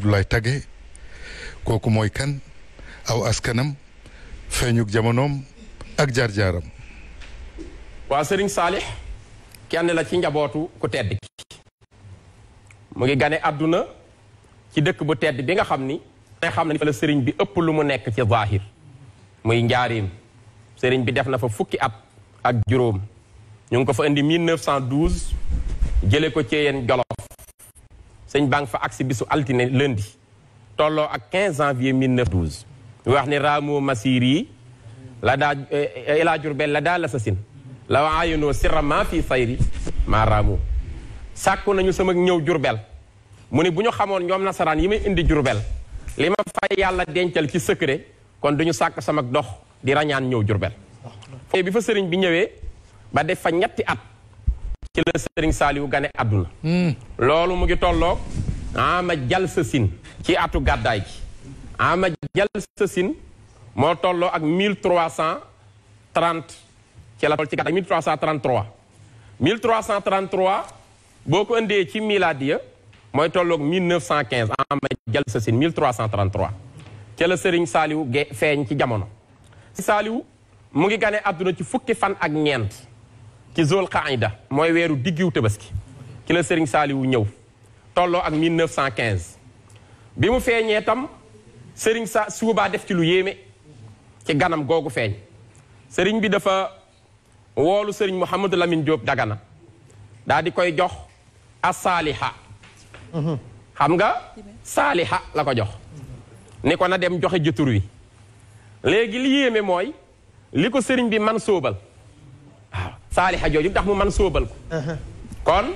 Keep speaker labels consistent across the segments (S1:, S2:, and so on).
S1: Abdoulaye Tagué kooku mooy kan aw askanam feeñuk jamonoom ak jaar-jaaram
S2: waa sëriñ saalix kenn la ci njabootu ku tedd ki mu ngi gane àdduna ci dëkk bu tedd bi nga xam ni ne xam na ni fa la sëriñ bi ëpp lu mu nekk ci zaahir muy njaareem sëriñ bi def na fa fukki at ak juróom ñu ngi ko fa indi 1912 jële ko ci yeen jolof sëñ Bang fa aksi bisu altine lundi Tolo ak 15 janvier 1912 wax ni Ramu Masiri la da eh, eh, ilaa Jurbel la da daa la sasin la waayenoo sirama fii sayri maa raamu sàkku nañu sama ñew Jurbel mu buñu xamone ñom nasaran ñoom indi Jurbel Lima fay yalla dencal ci secret kon duñu sak sama dox di rañan ñew Jurbel bi fa sëriñ bi ñewé ba def fa ñetti at ci la Serigne Saliou gane àdduna hmm. loolu mu ngi tolloo ama jal sa ci atu gàddaay gi ama jal sa moo tolloo ak 1330 ci la toll ci gàddaay 1333 1333 boo ko indee ci miladiya mooy tolloog 1915 ama jal sa sin 1333 ci la Serigne Saliou ge feeñ ci jamono Saliou mu ngi gane àdduna ci fukki fan ak ñeent ci zul qaida mooy weeru diggiw tabaski ci la Serigne Saliou ñëw tolloo ak 1915 bi mu feeñee tam sëriñ sa suubaa def ci lu yéeme ci ganam googu feeñ sëriñ bi dafa woolu Serigne Mouhamadou Lamine Diop Dagana daal di koy jox a saaliha mhm. xam nga saaliha la ko jox ni ko na dem joxe jutur wi léegi li yéeme mooy li ko sëriñ bi man sóobal saalixa jooju tax mu man sóobal ko uh-huh. kon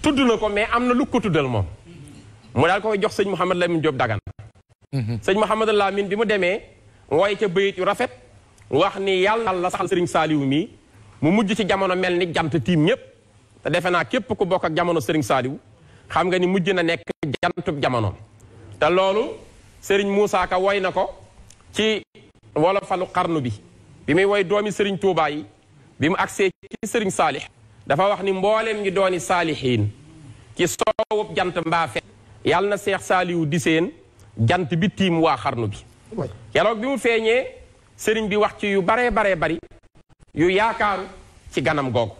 S2: tudd na ko mais am na lu ko tuddal moom mu daal koy jox sëñ Mouhamad Lamine Diop Dagana uh-huh. sëñ Mouhamad Lamine bi mu demee ngooy ca bayit yu rafet wax ni yàlla la saxal sëriñ saaliw mii mu mujj ci jamono mel ni jant tiim ñépp te defe naa képp ku bokk ak jamono sëriñ saaliw xam nga ni mujj na nekk jantub jamono te loolu sëriñ Moussa Ka woy na ko ci wolofalu xarnu bi bi muy woy doomi sëriñ Touba yi bi aksé ci serigne salih dafa wax ni mbooleem ñu doni salihin ki soowub jant mba fe yàlla na seex saaliwu di seen jant bi tim wa xarnu bi yarok bimu feñé serigne bi wax ci yu bare bare bari yu yaakaaru ci ganam gog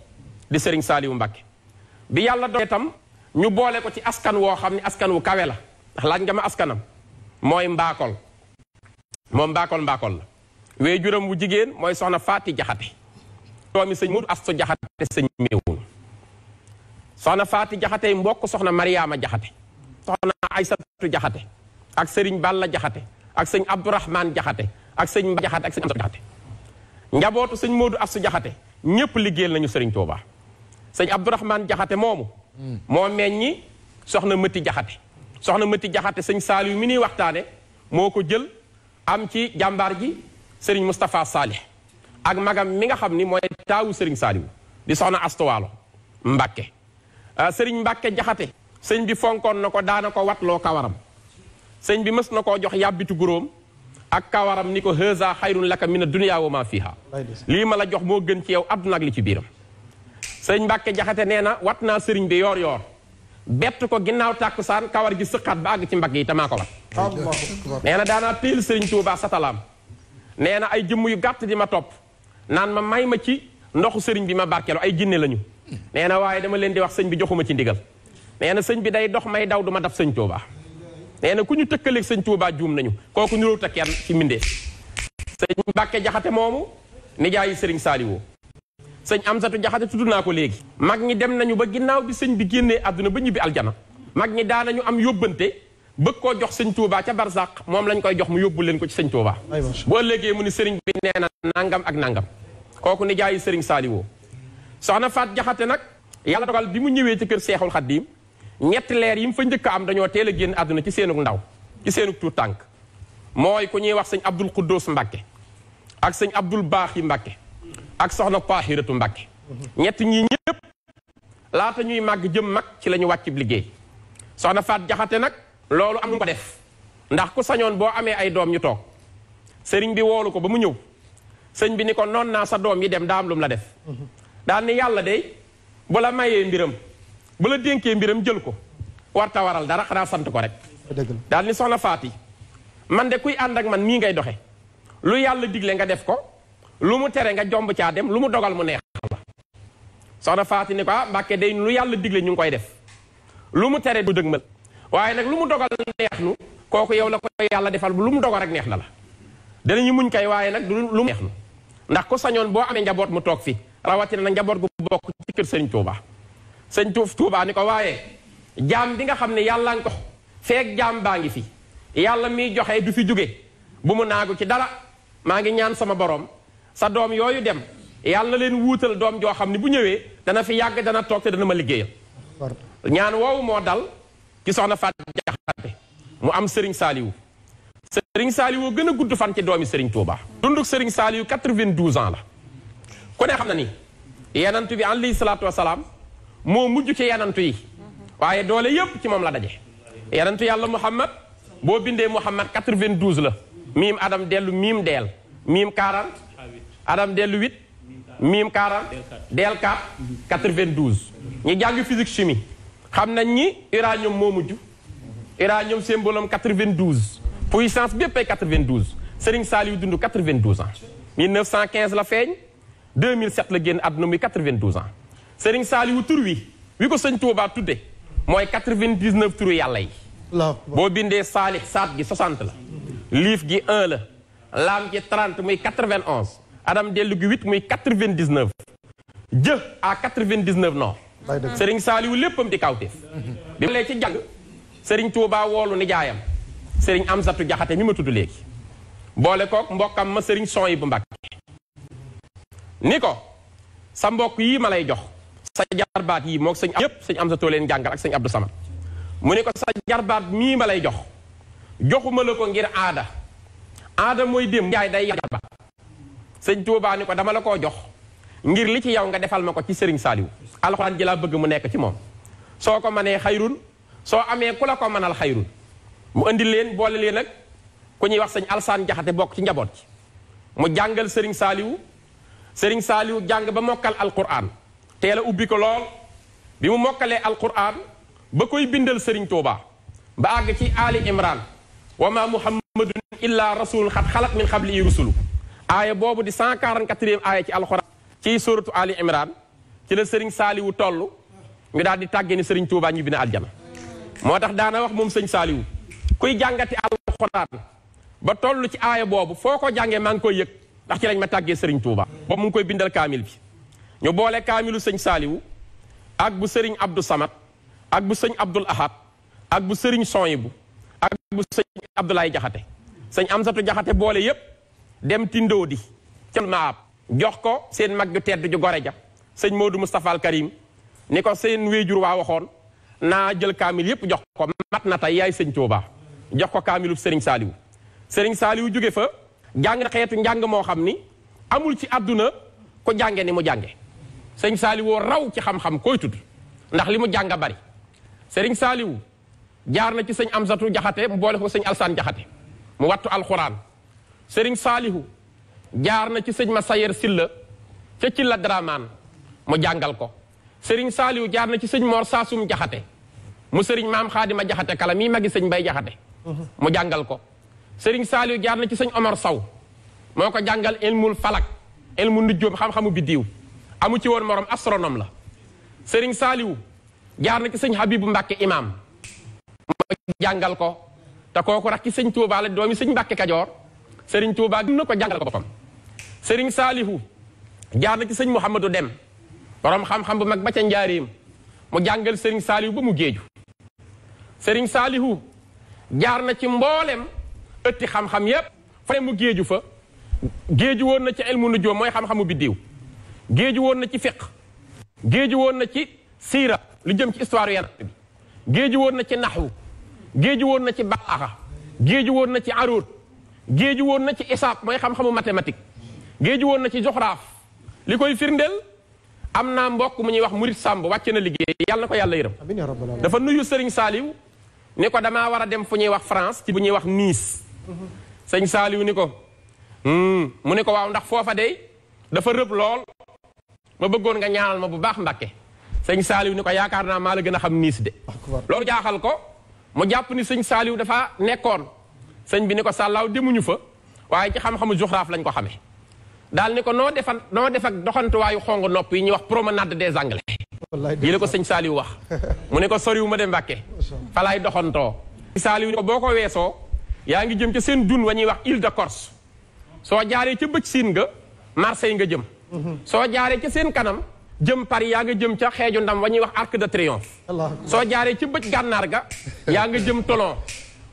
S2: di serigne saaliwu mbàkke bi yalla do itam ñu bolé ko ci askan wo xamni askan wu kawe la ndax lañ nga ma askanam moy mbakol mom mbakol mbakol wé juram wu jigen moy soxna fatih jahati doomi sëñ Moodu Asta Jaxate sëñ Meewoon soxna Faati Jaxate mbokk soxna Mariama Jaxate soxna Aysatu Jaxate ak sëriñ Balla Jaxate ak sëñ Abdourahman Jaxate ak ak sëñ Amsa Jaxate njabootu sëñ Moodu Asta Jaxate ñépp liggéey lañu sëriñ Touba sëñ Abdourahman Jaxate moomu moo meññi soxna Mëti Jaxate soxna Mëti Jaxate sëñ Saaliw mi nuy waxtaane moo ko jël am ci jàmbaar ji sëriñ Moustapha Saalih ak magam mi nga xam ni mooy taawu Serigne Saliou di soxna astuwaalo Mbacke euh, sëriñ Mbacke jaxate sëñ bi fonkoon na ko daana ko watloo kawaram sëñ bi mës na koo jox yàbbitu guróom ak kawaram ni ko hëza xayrun laka mi dunya wa ma fiha lii ma la jox moo gën ci yow àdduna ak li ci biiram sëñ Mbacke jaxate nee na wat naa sëriñ bi yoor yoor bett ko ginnaaw tàkkusaan kawar gi sëqaat ba àgg ci mbagg yi te maa ko wat nee na daanaa sëriñ Tuubaa ay jëmm yu gàtt di ma topp naan ma may ma ci ndoxu sëriñ bi ma barkeelu ay jinne lañu nee na waaye dama leen di wax sëñ bi joxuma ci ndigal nee na sëñ bi day dox may daw du ma daf sëñ Tuuba nee ku ñu tëkkaleek sëñ Tuuba juum nañu kooku nu ta kenn ci mbindee sëñ Mbàkke Jaxate moomu nijaayu sëriñ Saaliwoo sëñ Amsatu Jaxate tudd naa ko léegi mag ñi dem nañu ba ginnaaw bi sëñ bi génnee àdduna ba ñibbi aljana mag ñi daa nañu am yóbbante bëgg koo jox sëñ Tuuba ca barsàq moom lañ koy jox mu yóbbu leen ko ci sëñ Tuuba boo léegi mu ni sëriñ bi nee na nangam ak nangam kooku nijaayu jaayu Serigne soxna Faat Jaxate nag yàlla dogal bi mu ñëwee ci kër Seexul Xaddiim ñetti leer yi mu fa njëkk a am dañoo teel a génn àdduna ci seenug ndaw ci seenug tuut tànk mooy ku ñuy wax sëñ Abdul Quddus Mbàkke ak sëñ Abdul Baaxi Mbàkke ak soxna Tahiratu Mbàkke ñett ñi ñëpp laata ñuy màgg jëm mag ci lañu ñu wàcc liggéey soxna Faat Jaxate nag loolu am ko def ndax ku sañoon boo amee ay doom ñu toog sëriñ bi woolu ko ba mu ñëw sëñ bi ni ko noon naa sa doom yi dem daam lum la def daal ni yàlla de bu la mayee mbiram bu la dénkee mbiram jël ko warta waral dara xanaa sant ko rek daal ni soxna faati man de kuy ànd ak man mii ngay doxe lu yàlla digle nga def ko lu mu tere nga jomb caa dem lu mu dogal mu neex la soxna faati ni ko ah mbàkke day lu yàlla digle ñu ngi koy def lu mu tere du dëgmal waaye nag lu mu dogal neex nu kooku yow la ko yàlla defal bu lu mu dogal rek neex na la danañu muñ kay waaye nag du lu neex lu ndax ko sañoon boo amee njaboot mu toog fi rawatina nag njaboot gu bokk ci kër sëñ Touba sëñ Tuuf ni ko waaye jaam bi nga xam ne yàlla nga ko feeg jaam baa ngi fi yàlla miy joxe du fi jóge bu mu naagu ci dara maa ngi ñaan sama borom sa doom yooyu dem yàlla na leen wuutal doom joo xam ne bu ñëwee dana fi yàgg dana toog te dana ma liggéeyal ñaan woowu moo dal ci soxna Faat Jaxate mu am sëriñ Saaliwu Serigne Saliou gëna gudd fan ci doomi Serigne Touba. dunduk Serigne Saliou 92 ans la ku ne xam ni yanantu bi alayhi salaatu wassalam mo mujj ci yanantu yi waye doole yépp ci mom la dajé yanantu yàlla Muhammad bo bindé Muhammad 92 la Mim Adam delu mim del, mim 40 Adam delu 8 Mim 40 Del 4 92 ñi jàng physique chimie xamnañ ni uranium mo mujj uranium symbole 92. puissance bi yëpp ay 92 Serigne Saliou dund 92 ans 1915 la feeñ 2007 la génn àdduna muy 92 ans Serigne Saliou tur wi wi ko sëñ Touba tudde mooy 99 turu yàlla yi. boo bindee saali saat gi 60 la. liif gi 1 la. laam gi 30 muy 91. adam dellu gi 8 muy 99. jë à 99 non. Serigne Saliou léppam di kawteef. bi mu ci jàng Serigne Touba woolu nijaayam. sëriñ Amsatu Jaxate mi ma tudd léegi boole kook mbokkam ma sëriñ son yi bu Mbàkke ni ko sa mbokk yii ma lay jox sa jarbaat yii moog sëñ yëpp sëñ Amsatu leen jàngal ak sëñ Abdou sama mu ni ko sa jarbaat mii ma lay jox joxuma la ko ngir aada aada mooy démb njaay day jarbaat sëñ Tuubaa ko dama la koo jox ngir li ci yow nga defal ma ko ci sëriñ Saaliw alxuraan ji laa bëgg mu nekk ci moom soo ko mënee xayrul soo amee ku la ko mënal xayrun mu indi leen boole leen ak ku ñuy wax sëñ Alsaan Jaxate bokk ci njaboot ci mu jàngal sëriñ saaliwu sëriñ saaliwu jàng ba mokkal alquran teel a ubbi ko lool bi mu mokkalee alquran ba koy bindal sëriñ Touba ba àgg ci Ali Imran wa ma muhammadun illa rasulun xat xalat min xablihi rusulu aaya boobu di 144e aaya ci alquran ci suratu Ali Imran ci la sëriñ saaliwu toll ñu daal di tàggee ni sëriñ Touba ñibbi na aljana moo tax daana wax moom sëñ saaliwu kuy jàngati alxuraan ba toll ci aaya boobu foo ko jàngee maa ngi koy yëg ndax ci lañ ma tàggee Serigne Touba ba mu ngi koy bindal kaamil bi ñu boole kaamilu sëñ Saaliwu ak bu Serigne Abdou Samad ak bu sëñ Abdoul bu Serigne Soyibu ak bu sëñ Abdoulaye Jaxate sëñ Amsatu Jaxate boole yépp dem tindoo di ca naab jox ko seen mag ju tedd ju gore ja sëñ Modou Moustapha al Karim ni ko seen wéjur waa waxoon naa jël kaamil yépp jox ko mat na tey yaay sëñ Touba. jox ko kaamilu Serigne Saliou sëriñ Saliou jóge fa jàng xeetu njàng moo xam ni amul ci àdduna ko jànge ni mu jànge Serigne Saliou raw ci xam-xam koy tudd ndax li mu jàng bari Serigne Saliou jaar na ci sëñ Amsatu Jaxate mu boole sëñ Alsaan Jaxate mu wattu alxuraan sëriñ Saliou jaar na ci sëñ ma Masayer Silla ca ci la Dramane mu jàngal ko Serigne Saliou jaar na ci sëñ Mor Saasum Jaxate mu sëriñ maam xaadima jaxate kala mii magi sëñ bay jaxate mu jàngal ko Serigne Saliou jaar na ci sëñ Omar saw moo ko jàngal ilmul falak ilmu nujjoom xam-xamu biddiw amu ci woon moroom astronome la Serigne Saliou jaar na ci sëñ Habibu Mbàkke imam moo jàngal ko te kooku rak sëñ Touba la doomi sëñ Kajoor Serigne Touba gëm na ko jàngal ko boppam Serigne sëñ Mouhamadou Dem borom xam-xam bu mag ba ca njaareem mu jàngal Serigne Saliou ba mu géeju Serigne Saliou jaar na ci mboolem ëtti xam-xam yépp fa mu géeju fa géeju woon na ci ilmu nujuum mooy xam-xamu biddiw géeju woon na ci fiq géeju woon na ci siira lu jëm ci histoire yenn bi géeju woon na ci naxwu géeju woon na ci balaaxa géeju woon na ci aruut géeju woon na ci isaab mooy xam-xamu mathématique géeju woon na ci joxraaf li koy firndeel am naa mbokk mu ñuy wax murit sàmb wàcce na liggéey yàlla na ko yàlla yërëm dafa nuyu sëriñ saaliw ni ko damaa war a dem fu ñuy wax France ci bu ñuy wax Nice. sëñ Saaliw ni ko. Hmm. mu ni ko waaw ndax foofa de dafa rëb lool. ma bëggoon nga ñaanal ma bu baax Mbàkke. sëñ Saaliw ni ko yaakaar naa maa la gën a xam niis de. loolu jaaxal ko mu jàpp ni sëñ Saaliw dafa nekkoon. sëñ bi ni ko sàllaaw demuñu fa. waaye ci xam-xamu juxraaf lañ ko xamee. daal ni ko noo defan noo def ak doxantuwaayu xong nopp yi ñuy wax promenade des Anglais. yi la ko sëñ Saliou wax mu ne ko soriwu ma de Mbàkke fa laay doxantoo Saliou ne ko boo ko weesoo yaa ngi jëm ca seen dun wa ñuy wax Île de Corse soo jaaree ca bëj siin nga Marseille nga jëm soo jaaree ca seen kanam jëm Paris yaa nga jëm ca xeeju ndam wa ñuy wax Arc de Triomphe soo jaaree ca bëj gànnaar ga yaa nga jëm Toulon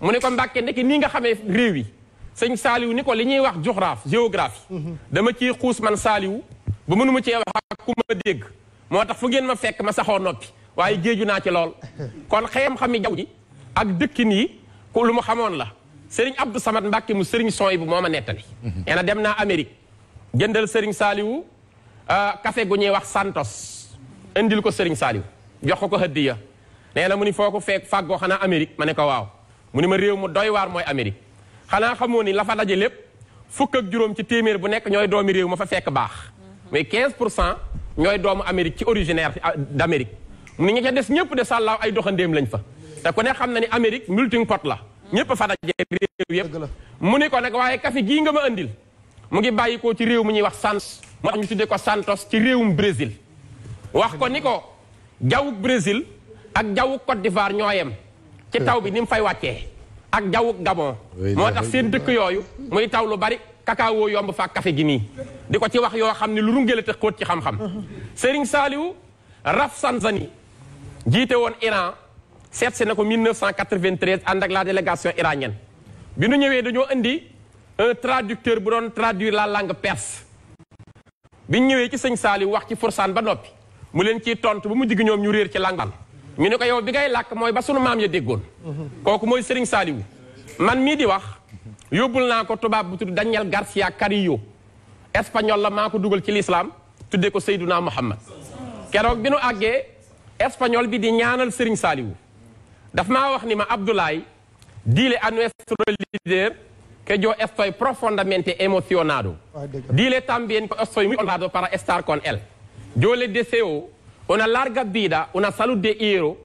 S2: mu ne ko Mbàkke ndeke nii nga xamee réew yi sëñ Saliou ni ko li ñuy wax géographe géographie mm-hmm. dama ciy xuus man Saliou ba mënuma cee wax ak ku ma dégg motax fu ngeen ma fekk ma saxo nopi waye geejju na ci lol kon xam-xami jaww ak dekk ni ko luma xamone la serigne Abdou Samad mbacke mu serigne Soy bu moo ma nettali nee mhm. na amerique naa serigne jëndal euh Saaliwu café gu ñuy wax Santos andil ko serigne saliw jox ko hadiya hëddiya nee na mu ni foo ko fekk fàggoo ma ko waw mu ni ma rew mu doy war moy amerique xana xamoni la fa dajé lepp fukk ak juroom ci témèr bu nek ñoy doomi rew ma fa fek bax mhm. mais 15 ñooy doomu Amérique ci originaire ah, d' Amérique ni nga ca des ñëpp de sàllaaw ay doxandéem lañ fa te ku ne xam na ni Amérique melting pot la ñëpp fa daje réew yëpp mu ni ko nag waaye café gii nga ma andil mu ngi bàyyi ko ci réew mu ñuy wax Santos moo ngi ñu tuddee ko Santos ci réewum Brésil wax ko ni ko jawwuk Brésil ak jawwuk Côte d'Ivoire ñoo yem ci taw bi ni mu fay wàccee ak jawwuk Gabon
S3: moo tax seen dëkk yooyu
S2: muy taw lu bari kakaawoo yomb faa kafe gi nii di ko ci wax yoo xam ne lu rungele te xóot ci xam-xam Serigne Saliou Rafsanjani jiite woon Iran seet si na ko 1993 ànd ak la délégation iranienne bi nu ñëwee dañoo indi traducteur bu doon traduire la langue perse bi ñëwee ci sëñ Saliou wax ci forsaan ba noppi mu leen ciy tontu bu mu jigi ñoom ñu réer ci langue ñu ne ko yow bi ngay làkk mooy ba sunu maam ya déggoon mhm. kooku mooy Serigne Saliou man mii di wax yóbbul naa ko tubaab bu tudd Daniel Garcia Carillo espagnol la maa ko dugal ci lislaam tuddee ko Seyduna Muhammad keroog bi nu àggee espagnol bi di ñaanal Serigne Saliou daf maa wax ni ma Abdoulaye dile a nuestro líder que yo estoy profundamente emocionado ah, dile también que estoy muy honrado para estar con él yo le deseo una larga vida una salud de hierro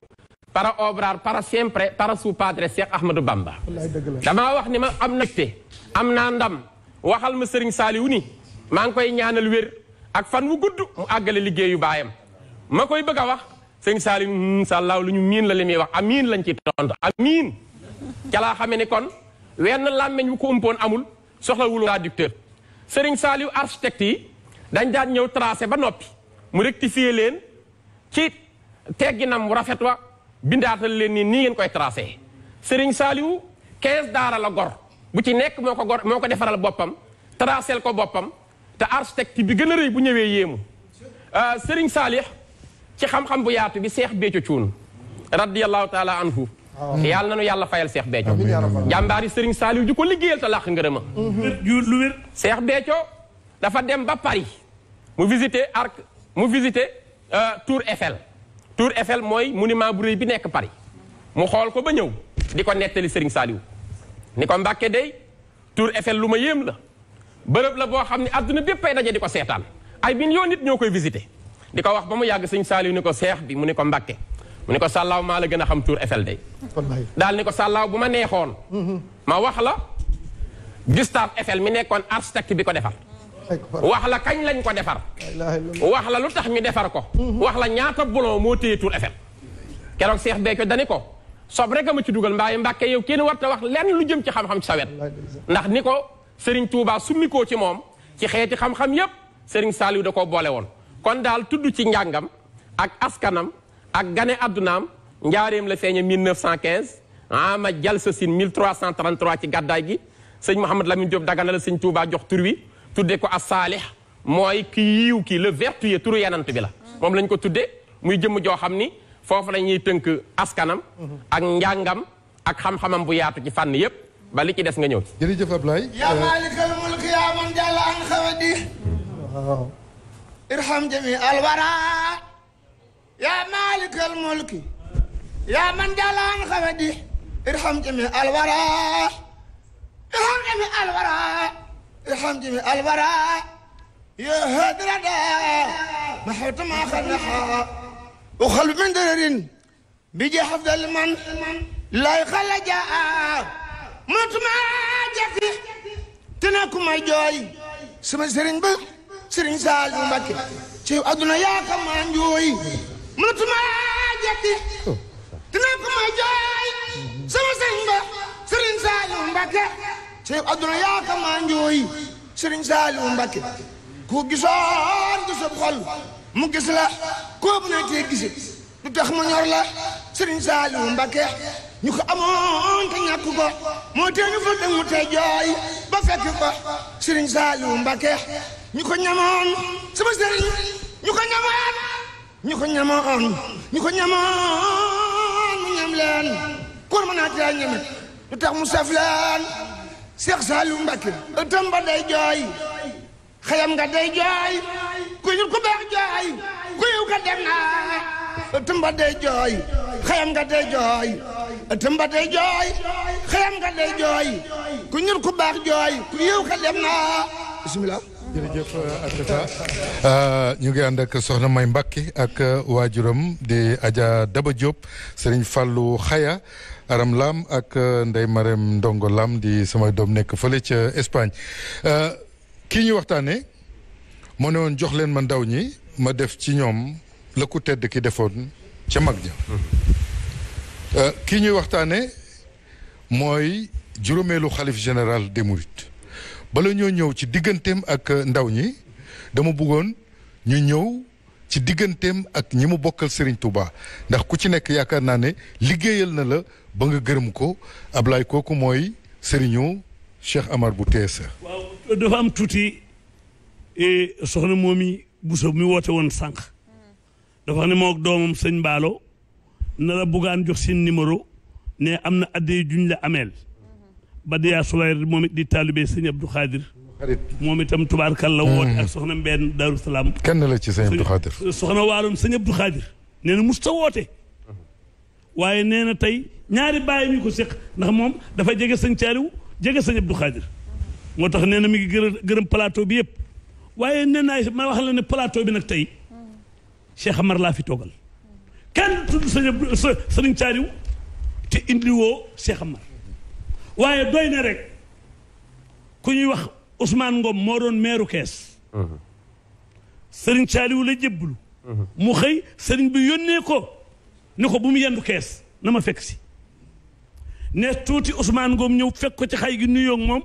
S2: para obrar para sempre para su padre Cheikh Ahmadou Bamba dama wax ni ma am nëgte am na ndam waxal ma Serigne Saaliwu ni mang koy ñaanal wér ak fan wu gudd mu agale liggéeyu baayam ma bëgg wax Serigne Saaliwu sallahu luñu min la limi wax amin lañ ci tond amin ca laa ni kon wenn lamagne wu ko amul soxla wulu traducteur Serigne Saaliwu architecte yi dañ daan ñew tracer ba nopi mu rectifier len ci tegginam rafet wa bindaatal leen nii nii ngeen koy tracé Serigne Saliou 15 daara la gor bu ci nekk moo ko gor moo ko defaral boppam tracel ko boppam te architecte bi gën a rëy bu ñëwee yéemu euh, Serigne Salih ci xam-xam bu yaatu bi Cheikh Béthio Thioune radiyallahu taala anhu yàlla na nu yàlla fayal Cheikh Béthio jàmbaari Serigne Saliou ju ko liggéeyal te làq ngërëma lu wér Cheikh Béthio dafa dem ba Paris mu visité arc mu visité euh, Tour Eiffel Tour Eiffel mooy mu monument bu rëy bi nekk Paris mu xool ko ba ñëw di ko nettali Serigne Saliou ni ko Mbàkke day Tour Eiffel lu ma yéem la bërëb la boo xam ne adduna bépp ay daje di ko seetaan ay millions nit ñoo koy visité di ko wax ba mu yàgg Serigne Saliou ni ko seex bi mu ni ko Mbàkke mu ni ko sàllaaw maa la gën a xam Tour Eiffel day daal ni ko sàllaaw bu ma neexoon mm-hmm. ma wax la Gustave Eiffel mi nekkoon architecte bi ko defal wax la kañ lañ ko defar wax la lu tax ñu defar ko mhm. wax la ñaata bulon moo téye Tour FM keroog Seex Béthio dani ko sob rek a ma ci dugal mbaayi Mbàkke yow kenn war ta wax lenn lu jëm ci xam-xam sawet sa ndax ni ko Serigne Touba summikoo ci moom ci xeeti xam-xam yépp Serigne Saliou da koo boole woon kon daal tudd ci njàngam ak askanam ak gane addunaam njaareem la feeñe 1915 ama jal sa sin 1333 ci gàddaay gi sëñ Mouhamad Lamine Diop dagana la sëñ Touba jox tur wi tudde ko a saalih mooy ki yiiw kii le turu yanant bi la moom lañ ko tudde muy jëmm joo xam ni foofu lañuy ñuy tënk askanam ak njàngam ak xam-xamam bu yaatu ci fànn yépp ba li ci des nga ñëw ci yaa
S4: maalikal mulk mulki yaa man jàlla an xawadi irham jami alwara irham الحمد لله الورى يا ما محوت ما خلقها وخل من درين بيجي حفظ المن لا يخلى جاء مطمع جفي تناكو ما جوي سما سرين بل سرين سال مبكي شيء أدنى يا كمان جوي مطمع جفي تناكو ما جوي سما سرين بل سرين سال مبكي Cheikh Abdoulaye yaaka maa njooy Serigne Saliou Mbacké ku gisoon ci xol mu gis la koo bu na du tax mu ñor la Serigne Saliou Mbacké ñu ko amoon te ñàkk ko moo tee ñu fa mu tee ba fekk ko Serigne Saliou Mbacké ñu ko ñamoon sama sëriñ ñu ko ñamoon ñu ko ñamoon ñu ko ñamoon mu ñam leen koor mën naa tee ñamet du tax mu saf leen Seex Saalu Mbakke ëttam ba xayam nga ku ñu ku baax jooy ku yiw ka dem na ëttam ba xayam nga day jooy xayam nga ku ñu ku baax jooy ku yiw ka dem na bismillah
S1: euh, ñu ngi ànd ak soxna May Mbakke ak euh, waajuram di aja Daba Diop Serigne Fallou Xaya Aram Lam ak uh, Ndeye Marème Ndongo Lam di samay doom nekk fële ca Espagne uh, kii ñuy waxtaanee moo ne woon jox leen ma ndaw ñi ma def ci ñoom la ku tedd ki defoon ca mag ja mm-hmm. uh, kii ñuy waxtaane mooy juróomeelu xalif général des Mourides bala ñoo ñëw ci digganteem ak ndaw ñi dama bëggoon ñu ñëw. ci digganteem ak ñi mu bokkal Serigne Touba ndax ku ci nekk yaakaar naa ne liggéeyal na la ba nga gërëm ko Ablaye kooku mooy Serigne Cheikh Amar bu TSE. dafa am tuuti
S5: e, soxna moomi Bousso mi woote woon sànq dafa ne moog doomam sëñ mbaalo na la buggaan jox seen numéro ne am na adde juñ la ameel Badia Souleir moom it di taalibe sëñ Abdou Khadir. moom itam tubaarkalla woote ak soxna mbenn Daaru Salaam
S1: kenn la ci sëñ Abdou Khadir
S5: soxna Waaloon sëñ Abdou Khadir nee na musta woote waaye nee na tey ñaari bàyyi ñu ko séq ndax moom dafa jege sëñ caariw jege sëñ Abdou Khadir moo tax nee na mi ngi gërëm gërëm plateau bi yëpp waaye nee naa ma wax la ne plateau bi nag tey Cheikh Amar laa fi toogal kenn tudd sëñ sëriñ caariw te indiwoo Cheikh Amar waaye doy na rek ku ñuy wax Ousmane Ngom moo doon meeru kees mhm. sëriñ Saaliwu la jébbalu mhm. mu xëy sëriñ bi yónnee ko ni ko bu mu yendu kees na ma fekk si ne tuuti Ousmane Ngom ñëw fekk ko ci xay gi nuyoo moom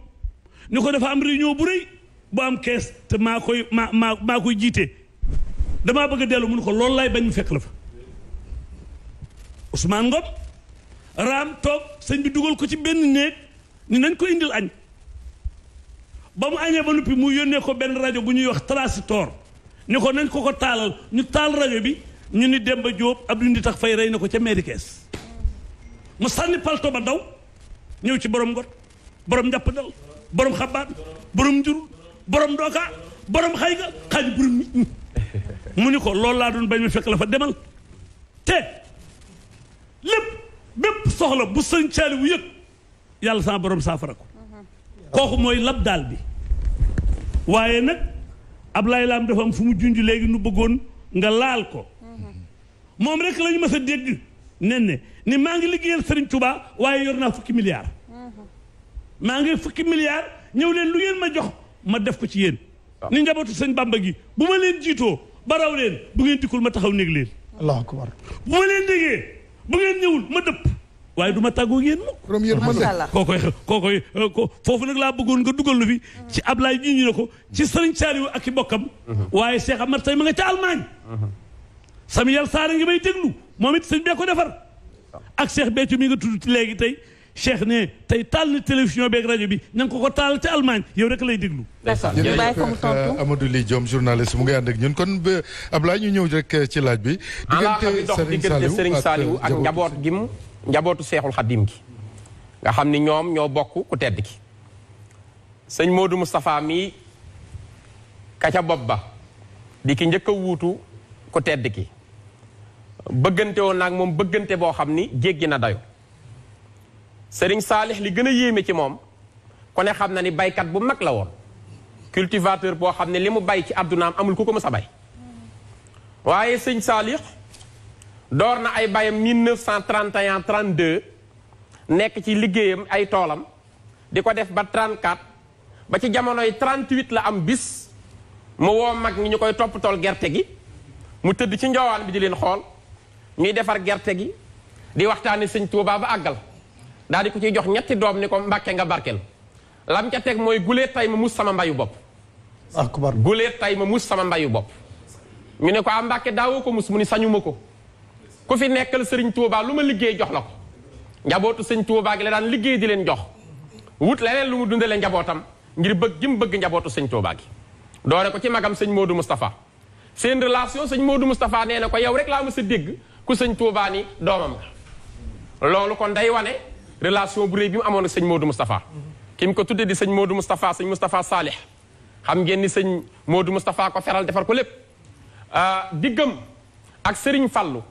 S5: ni ko dafa am réunion bu rëy bu am kees te maa koy maa maa koy jiite damaa bëgg a dellu mun ko loolu laay bañ mu fekk la fa Ousmane Ngom raam toog sëñ bi dugal ko ci benn néeg ni nañ ko indil añ ba mu añee ba noppi mu yónnee ko benn rajo bu ñuy wax transistor ni ko nañ ko ko taalal ñu taal rajo bi ñu ni dem Demba Diop Abdou Ndi tax fay rey na ko ca mairie Kees mu sànni palto ba daw ñëw ci borom ngot borom njàpp dal borom xabaat borom njurul borom dooka borom xayga xaaj borom nit ñi mu ni ko loolu laa doon bañ ma fekk la fa demal te lépp bépp soxla bu sëñ caali bu yëg yàlla sama borom saafara ko kooku mooy lab daal bi waaye nag ab lay Lam dafa am fu mu juñ junj léegi nu bëggoon nga laal ko moom rek lañu mës a dégg nen ne ni maa ngi liggéeyal Serigne Touba waaye yor naa fukki milliards maa ngi fukki milliards ñëw leen lu ngeen ma jox ma def ko ci yéen ah. ni njabootu sëñ Bamba gi bu ma leen jiitoo baraw leen bu ngeen dikkul ma taxaw néeg leen allahu akbar bu ma leen déggee bu ngeen ñëwul ma dëpp waaye du ma tàggoo yéen mukk macha allah kookoy kookoy euh, foofu nag laa bëggoon nga dugal lu fi ci Ablaye ji ñu ne ko ci Sëriñ Saaliw ak i bokkam waaye Cheikh mat tey ma nga ca Allemagne Samuel Sarr ngi may déglu moom it sëñ bee ko defar ak Cheikh Béthio mi nga tudd ci léegi tey Cheikh ne tey taal na télévision beeg rajo bi ña ko ko taal ca Allemagne yow rek lay déglu. d'accord jërëjëf
S1: euh, Amadou Ly Diome journaliste mu ngi ànd ak ñun kon euh, Ablaye ñu ñëw rek ci laaj bi. diggante Serigne Saliou ak njaboot gi mu njabootu seexul xaddim gi
S2: nga xam ni ñoom ñoo bokk ku tedd ki sëñ Modou Moustapha mii ka ca bopp ba di ki njëkk wuutu ku tedd ki bëggante woon nag moom bëggante boo xam ni jéggi na dayo sëriñ Saalix li gën a yéeme ci moom kone xam na ni baykat bu mag la woon cultivateur boo xam ne li mu bay ci àddunaam amul ku ko mës a bay waaye sëñ Saalix door na ay bayam 1931 32 nekk ci liggéeyam ay toolam di ko def ba 34 ba ci jamonoy 38 la am bis mu woo mag ñi ñu koy topp tool gerte gi mu tëdd ci njoowaan bi di leen xool ñuy defar gerte gi di waxtaani sëñ Tuubaa ba àggal daal di ko ciy jox ñetti doom ni ko mbàkke nga barkel lam ca teg mooy gulee tay ma mus sama mbayu bopp gulee tay ma mus sama mbayu bopp ñu ne ko am ah, mbàkke daawoo ko mus mu ni sañuma ko ku fi nekkal sëriñ Touba lu ma liggéey jox la ko njabootu sëñ Touba gi la daan liggéey di leen jox wut leneen lu mu dundalee njabootam ngir bëgg gi bëgg njabootu sëñ Touba gi. doore ko ci magam sëñ moodu Moustapha seen relation sëñ moodu Moustapha nee na ko yow rek laa mës a dégg ku sëñ Touba ni doomam loolu kon day wane relation bu rëy bi amoon ak sëñ Modou Moustapha. ki mu ko tuddee di sëñ Modou Moustapha sëñ Moustapha Salih xam ngeen sëñ moodu Moustapha ko feral defar ko lépp ah, diggam ak sëriñ fallu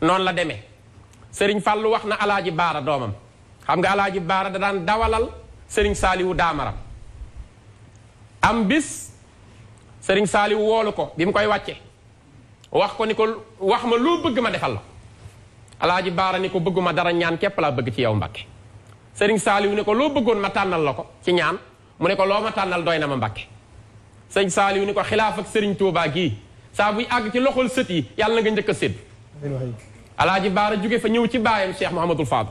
S2: noonu la demee sëriñ Fallou wax na alaaji baara doomam xam nga alaaji baara da daan dawalal sëriñ saaliwu daamaram am bis sëriñ saaliwu woolu ko bi mu koy wàcce wax ko ni ko wax ma loo bëgg ma defal la alaaji baara ni ko bëgguma dara ñaan képp laa bëgg ci yow mbakke sëriñ saaliwu ne ko loo bëggoon ma tànnal la ko ci ñaan mu ne ko loo ma tànnal doy na ma mbakke sëriñ saaliwu ni ko xilaaf ak sëriñ tuubaa gii saa buy àgg ci loxol sët yi yàlla na nga njëkk alaaji a jóge fa ñëw ci baayam cheikh mouhamadul fadl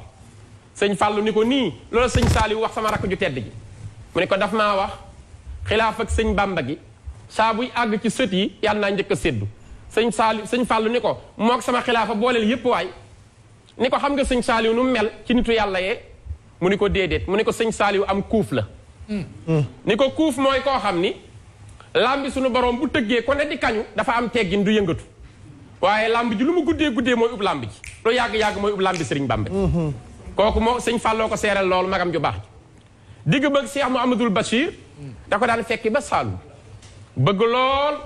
S2: sëñ fàllu ni ko nii loolu sëñ saaliw wax sama rakk ju tedd ji mu ne ko daf maa wax xilaaf sëñ bàmba gi saa buy àgg ci sët yi yàlla naa njëkk a séddu sëñ saaliw sëñ fàllu ni ko mook sama xilaafa booleel yépp waay ni ko xam nga sëñ saaliw nu mel ci nitu yàlla yee mu ni ko déedéet mu ni ko sëñ saaliw am kuuf la ni ko kuuf mooy koo xam ni lambi suñu borom bu tëggee ko ne di kañu dafa am teggin du yëngatu waye lamb ji lu mu guddee guddee mooy ub lamb ji lu yag yag moy ub lamb ji sëriñ Bamba mhm. koku mo serigne fallo ko seeral lol magam ju bax ji digg bëgg Cheikh mohamedoul Bachir da ko daan fekki ba sal bëgg lol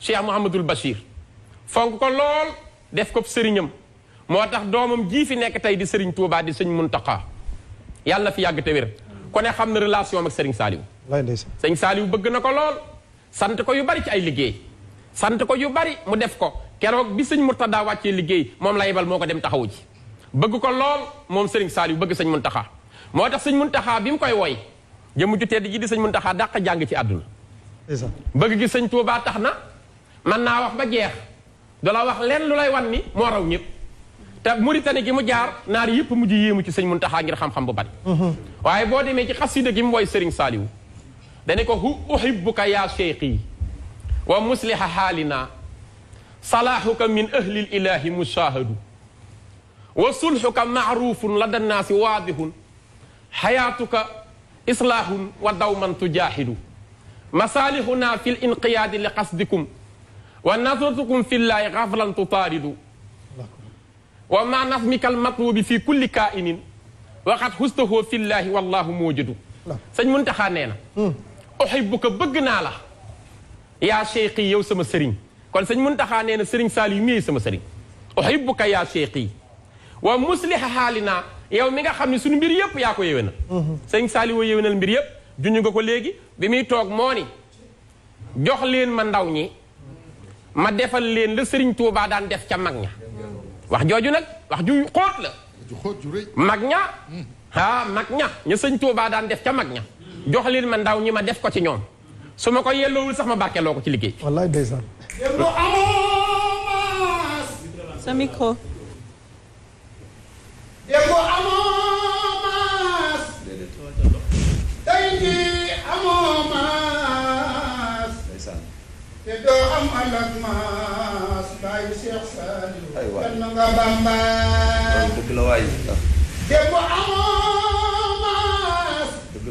S2: Cheikh mohamedoul Bachir fonk ko lol def ko serignam motax domam ji fi nek tay di serigne Touba di serigne muntaka yalla fi yag te wér ne xamna relation ak sëriñ Saliou sëñ Saliou bëgg na ko lool ko yu bari ci ay liggéey sant ko yu bari mu def ko keroog bi sëñ Murtada wàccee liggéey moom la yebal moo ko dem taxawu ci bëgg ko lool moom Serigne Saliou bëgg sëñ Muntaxa moo tax sëñ Muntaxa bi mu koy woy jëmm ju tedd ji di sëñ Muntaxa daq jàng ci àdduna bëgg gi sëñ Tuubaa tax na man naa wax ba jeex du la wax lenn lu lay wan ni moo raw ñëpp te Mauritanie gi mu jaar naar yëpp mujj yéemu ci sëñ mun Muntaxa ngir xam-xam bu bari mm-hmm. waaye boo demee ci xasida gi mu woy Serigne Saliou dane ko hu uhibbuka yaa ومصلح حالنا صلاحك من أهل الإله مشاهد وصلحك معروف لدى الناس واضح حياتك إصلاح ودوما تجاهد مصالحنا في الانقياد لقصدكم ونظرتكم في الله غفلا تطارد ومع نظمك المطلوب في كل كائن وقد حسته في الله والله موجد نعم. سيد منتخى نينا أحبك بقنا له yaa cheikh yi yow sama sëriñ kon sëñ Muntaxa nee na sëriñ Saaliw mii sama sëriñ uhibbuka yaa cheikh yi wa musliha naa yow mi nga xam ne suñu mbir yëpp yaa ko yéwénal sëriñ Saaliw yéwénal mbir yëpp ñu ga ko léegi bi muy toog moo ni jox leen ma ndaw ñi ma defal leen la sëriñ Tuubaa daan def ca mag ña jooju nag wax ju xóot la mag ña ah mag ña ña sëñ daan def ca mag ña jox leen ma ndaw ñi ma def ko ci ñoom su ma ko yelloowul sax ma bàkkeeloo ko ci liggéey. wallaay ndeysaan.
S6: sa micro.
S7: te doo am alal maas bàyyi Cheikh Saliou. aywa kan nga bambaay. dëgg la waay. te bu amoon.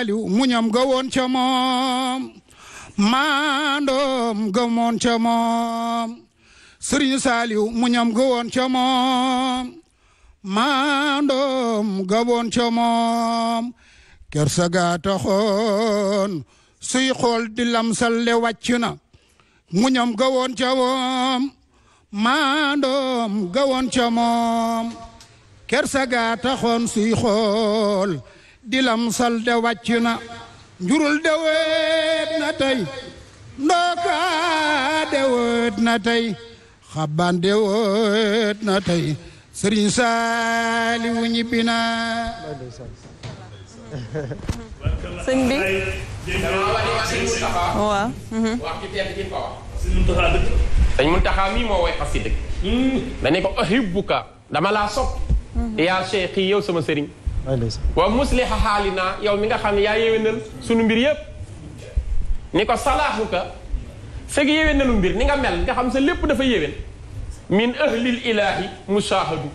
S7: saaliw muñam ga woon ca moom maandoom ga moon ca moom sëriñ saaliw muñam ga woon maandoom ga woon ca taxoon suy xool di lamsal le wàcc muñam ga woon maandoom ga woon ca taxoon suy xool dilam sal de wàcc na njurul de wéet na tey ndooka de wéet na tey xaban de wéet na tey sëriñ Saaliwu ñibbi na
S2: sëñ bi waaw dañ mun way xas si dëkk mm. dañ ne ko dama laa sopp mm-hmm. yaa cheikh yi yow sama sëriñ wa musliha xaalinaa yow mi nga xam ne yaa yéwénal sunu mbir yépp ni ko salaaxuka fekk yéwénalu mbir ni nga mel nga xam sa lépp dafa yéwén min ahlil ilaahi musaahadu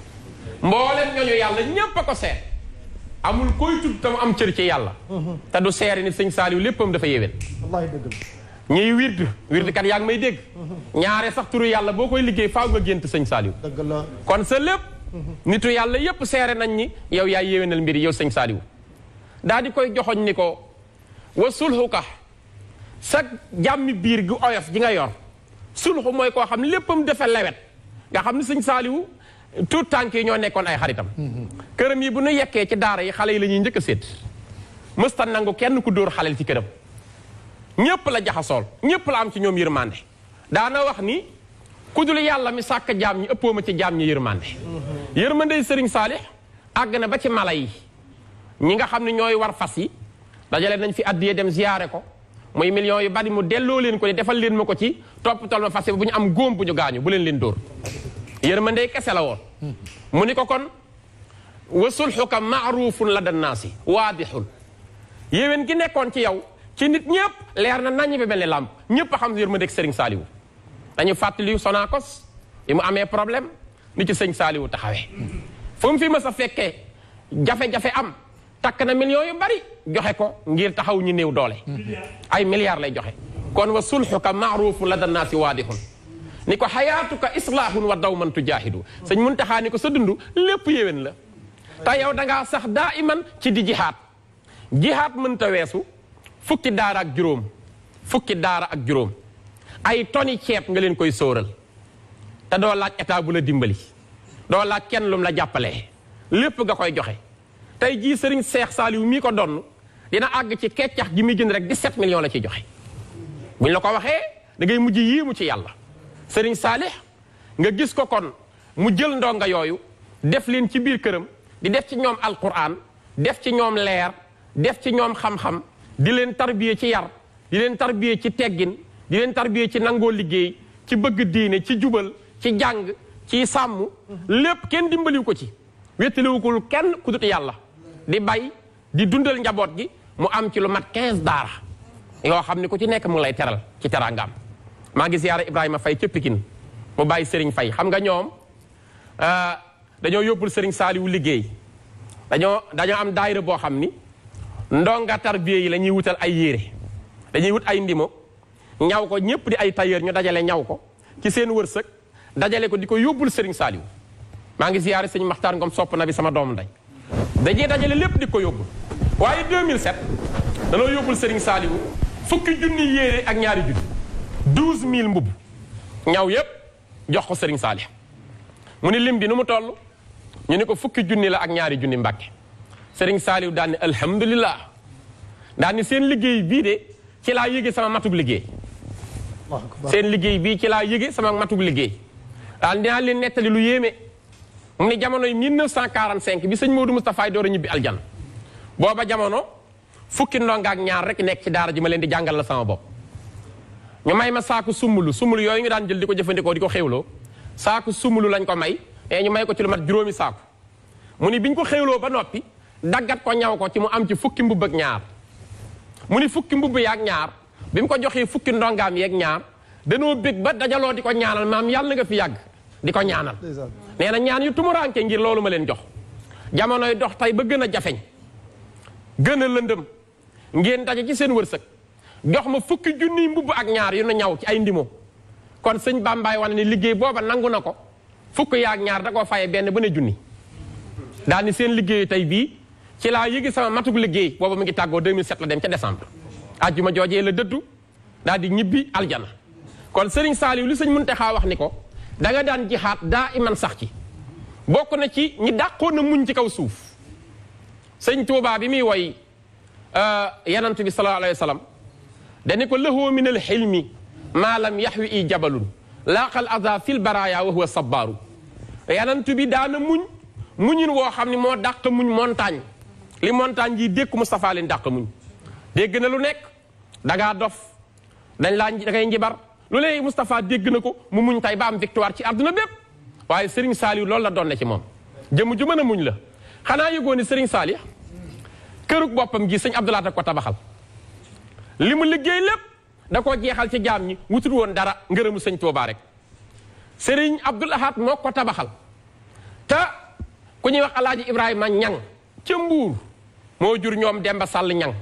S2: mboolem ñooñu yàlla ñépp a ko seet amul koy tudd tam am cër ci yàlla te du seeri ni sëñ saaliw léppam dafa yéwén wallaahi dëgg la yaa ngi may dégg mhm. ñaare sax turu yàlla boo koy liggéey faaw nga gént sëñ saaliw dëgg kon sa lépp nitu yàlla yépp seere nañ ni yow yaay yéwénal mbir yow sëñ Saliou daa di koy joxoñ ni ko wa sulxu ka sa jàmmi biir gu oyof ji nga yor sulxu mooy koo xam léppam dafa lewet nga xam ne sëñ Saliou tuut tànk yi ñoo nekkoon ay xaritam këram yi bu nu yekkee ci daara yi xale yi lañuy njëkk a séet mësta nangu kenn ku dóor xaleel ci këram ñépp la jaxasool ñépp la am ci ñoom yërmande daana wax ni ku dul yàlla mi sàkk jaam ñi ëppoo ma ci jaam ñi yërmande yërmande sëriñ Saalix àgg na ba ci mala yi ñi nga xam ne ñooy war fas yi dajale nañ fi addiyee dem ziyaare ko muy millions yu bari mu delloo leen ko ne defal leen ma ko ci toppatoo ma fas yi bu ñu am góom bu ñu gaañu bu leen leen dóor yërmande kese la woon mu ni ko kon wa sulxuka maarufun la dan naasi waadixun yéwén gi nekkoon ci yow ci nit ñëpp leer na nañ bi mel ni làmp ñëpp a xam yërmandeeg sëriñ Saaliwu dañu fàttali Sonacos yi mu amee problème ni ci sëñ Saaliwu taxawee fu mu fi mës a fekkee jafe-jafe am takk na millions yu bari joxe ko ngir taxaw ñu néew doole ay milliards lay joxe kon wa sulxuka maaruufu la dannaasi waadihun ni ko xayaatuka islaahun wa daw man tujaahidu sëñ Muntaxaa ni ko sa dund lépp yéwén la ta yow da sax daa iman ci di jihaat jihaat mënta weesu fukki daara ak juróom fukki daara ak juróom ay toni ceeb nga leen koy sooral te doo laaj état bu la dimbali doo laaj kenn lum la jàppale lépp nga koy joxe tey jii sëriñ Seex Saaliw mii ko donn dina àgg ci keccax gi muy jënd rek 17 millions la ciy joxe buñ la ko waxee da ngay mujj yii mu ci yàlla sëriñ Saalix nga gis ko kon mu jël ndonga yooyu def leen ci biir këram di def ci ñoom alquran def ci ñoom leer def ci ñoom xam-xam di leen tarbiye ci yar di leen tarbiye ci teggin di len tarbiye ci nango liggéey ci bëgg diiné ci jubal ci jang ci sammu lepp kenn dimbali ko ci wéttaliwukul kenn ku dut yalla di bay di dundal njabot gi mu am ci lu mat 15 dara yo xamni ku ci nekk mu lay téral ci teraangaam ma ngi ziaré ibrahima fay ci pikine mu bay serigne fay xam nga euh dañoo yobul serigne saliw liggéey dañoo dañoo am daayira bo xamni ndonga tarbiye yi lañuy wutal ay yéré dañuy wut ay ndimo ñaw ko ñëpp di ay tailleur ñu dajale ñaw ko ci seen wërsëg dajale ko di ko yóbbul Serigne Saliou maa ngi ziyaare sëñ Maxtaar Ngom sopp na bi sama doom nday dañuy dajale lépp di ko yóbbul waaye 2007 danoo yóbbul Serigne Saliou fukki junni yéere ak ñaari junni 12000 mbubb ñaw yépp jox ko Serigne Saliou mu ni lim bi nu mu toll ñu ne ko fukki junni la ak ñaari junni mbàkke Serigne Saliou daan ni alhamdulilah daan ni seen liggéey bii de ci laa yéege sama matug liggéey seen liggéey bii ci laa yëge sama matug liggéey daal dinaa leen nettali lu yéeme mu ne jamono yi 1945 bi sëñ Modou Moustapha door a ñibbi aljan booba jamono fukki ndonga ak ñaar rek nekk ci daara ji ma leen di jàngal la sama bopp ñu may ma saaku sumbulu sumbulu yooyu ñu daan jël di ko jëfandikoo di ko xéwloo saaku sumbulu lañ ko may e ñu may ko ci lu mat juróomi saaku mu ni biñ ko xéwloo ba noppi daggat ko ñaw ko ci mu am ci fukki mbubb ak ñaar mu ni fukki mbubb yaak ñaar bi mu ko joxee fukki ndongaam yeeg ñaar danoo bég ba dajaloo di ko ñaanal maam yàlla nga fi yàgg di ko ñaanal nee na ñaan yu tumuraanke ngir loolu ma leen jox jamonoy dox tey ba gën a jafeñ gën a lëndëm ngeen daje ci seen wërsëg jox ma fukki junniy mbubb ak ñaar yu nu ñaw ci ay ndimo kon sëñ bàmbaay wane ne liggéey booba nangu na ko fukk yaag ñaar da koo faye benn bu ne junni daal ni seen liggéey tey bii ci laa yëgi sama matuk liggéey booba mu ngi tàggoo 2007 ajjuma joojee la dëddu daal di ñibbi aljana kon sëriñ Serigne Saliou li sëñ Muntaxa wax ni ko danga daan jihaat daa iman sax ci bokk na ci ñi dàqoon na muñ ci kaw suuf sëñ Tuubaa bi muy woy euh, yanant bi sallallahu alayhi wa sallam dani ko lahoo min al xilmi maa lam yaxwi i jabalun laaqal aza fil baraya wa huwa sabbaaru yanant bi daana muñ muñin woo xam ne moo dàq muñ montagne li montagne yi dékku Moustapha leen dàq muñ dégg na lu nekk dangaa dof dañ laa da ngay njibar lu léegi Moustapha dégg na ko mu muñ tay ba am victoire ci àdduna bépp waaye Serigne Saliou loolu la doon ne ci moom jëmm ju mën a muñ la xanaa yëgoo ni Serigne Saliou kërug boppam gi sëñ Abdoulaye ko tabaxal li mu liggéey lépp da koo jeexal ci jaam ñi wutul woon dara ngërëmu sëñ Touba rek Serigne Abdoulaye moo ko tabaxal te ku ñuy wax Alaaji Ibrahima Ñang ca Mbuur moo jur ñoom Demba Sall Ñang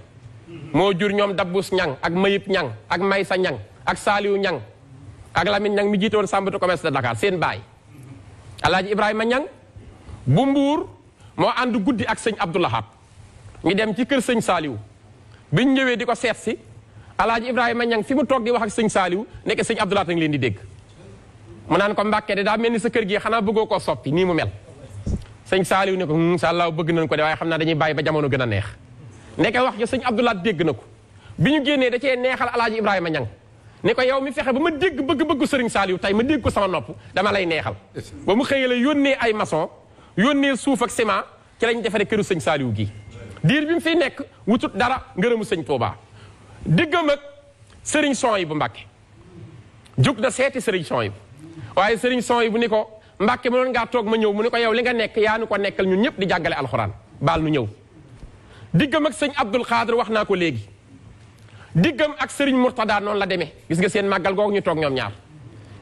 S2: mo jur ñom dabbus ñang ak mayib ñang ak maysa ñang ak saliw ñang ak lamine ñang mi jiitoon sambatu commerce de dakar seen bay alhaji ibrahim ñang bu mbuur mo ànd guddi ak abdullah hab ñi dem ci kër seigne saliw biñ ñëwee di sétsi alhaji ibrahim ñang fi mu tok di wax ak seigne saliw nek seigne abdullah ngi leen di dégg mu nan ko mbacké da melni sa kër gi xana bëggo ko soppi ni mu mel seigne saliw ne ko incha hmm, bëgg nañ ko dé way xamna dañuy bay ba jamono gëna neex nekke wax ja sëñ Abdoulaat dégg na ko bi ñu génnee da cee neexal alaaji Ibrahima Ñang ne ko yow mi fexe ba ma dégg bëgg-bëggu sëriñ Saliou tey ma dégg ko sama nopp dama lay neexal ba mu xëyee la yónnee ay maçon yónnee suuf ak ci lañ defaree këru sëñ Saliou gi diir bi mu fiy nekk wutut dara ngërëmu sëñ Touba diggam ak sëriñ son yi bu Mbàkke jug na seeti sëriñ son yi waaye sëriñ son yi bu ni ko Mbàkke mu doon ngaa toog ma ñëw mu ni ko yow li nga nekk yaa nu ko nekkal ñun ñëpp di jàngale alxuraan baal nu ñëw diggam ak sëñ Abdul Xaadir wax naa ko léegi diggam ak sëriñ Murtada noonu la demee gis nga seen màggal googu ñu toog ñoom ñaar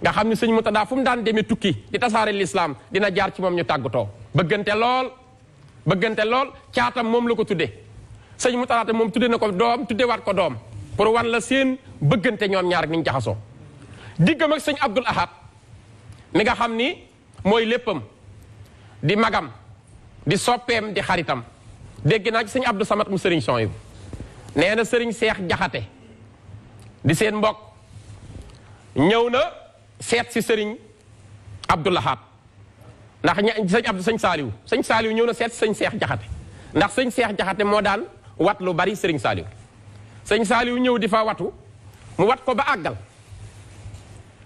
S2: nga xam ne sëñ Murtada fu mu daan demee tukki di tasaare lislaam dina jaar ci moom ñu tàggatoo. bëggante lool bëggante lool caatam moom la ko tuddee sëñ Murtada te moom tudde na ko doom tuddewaat ko doom pour wan la seen bëggante ñoom ñaar ak ni ñu jaxasoo diggam ak sëñ Abdul Ahad mi nga xam ni mooy léppam di magam di soppeem di xaritam. dégg naa sëñ Abdou samat mu sëriñ son yi nee sëriñ seex jaxate di seen mbokk ñëw na seet si sëriñ Abdou Lahad ndax ña sëñ Abdou sëñ Saaliw sëñ Saaliw ñëw na seet sëñ seex jaxate ndax sëñ seex jaxate moo daan wat lu bari sëriñ Saaliw sëñ Saaliw ñëw di fa watu mu wat ko ba àggal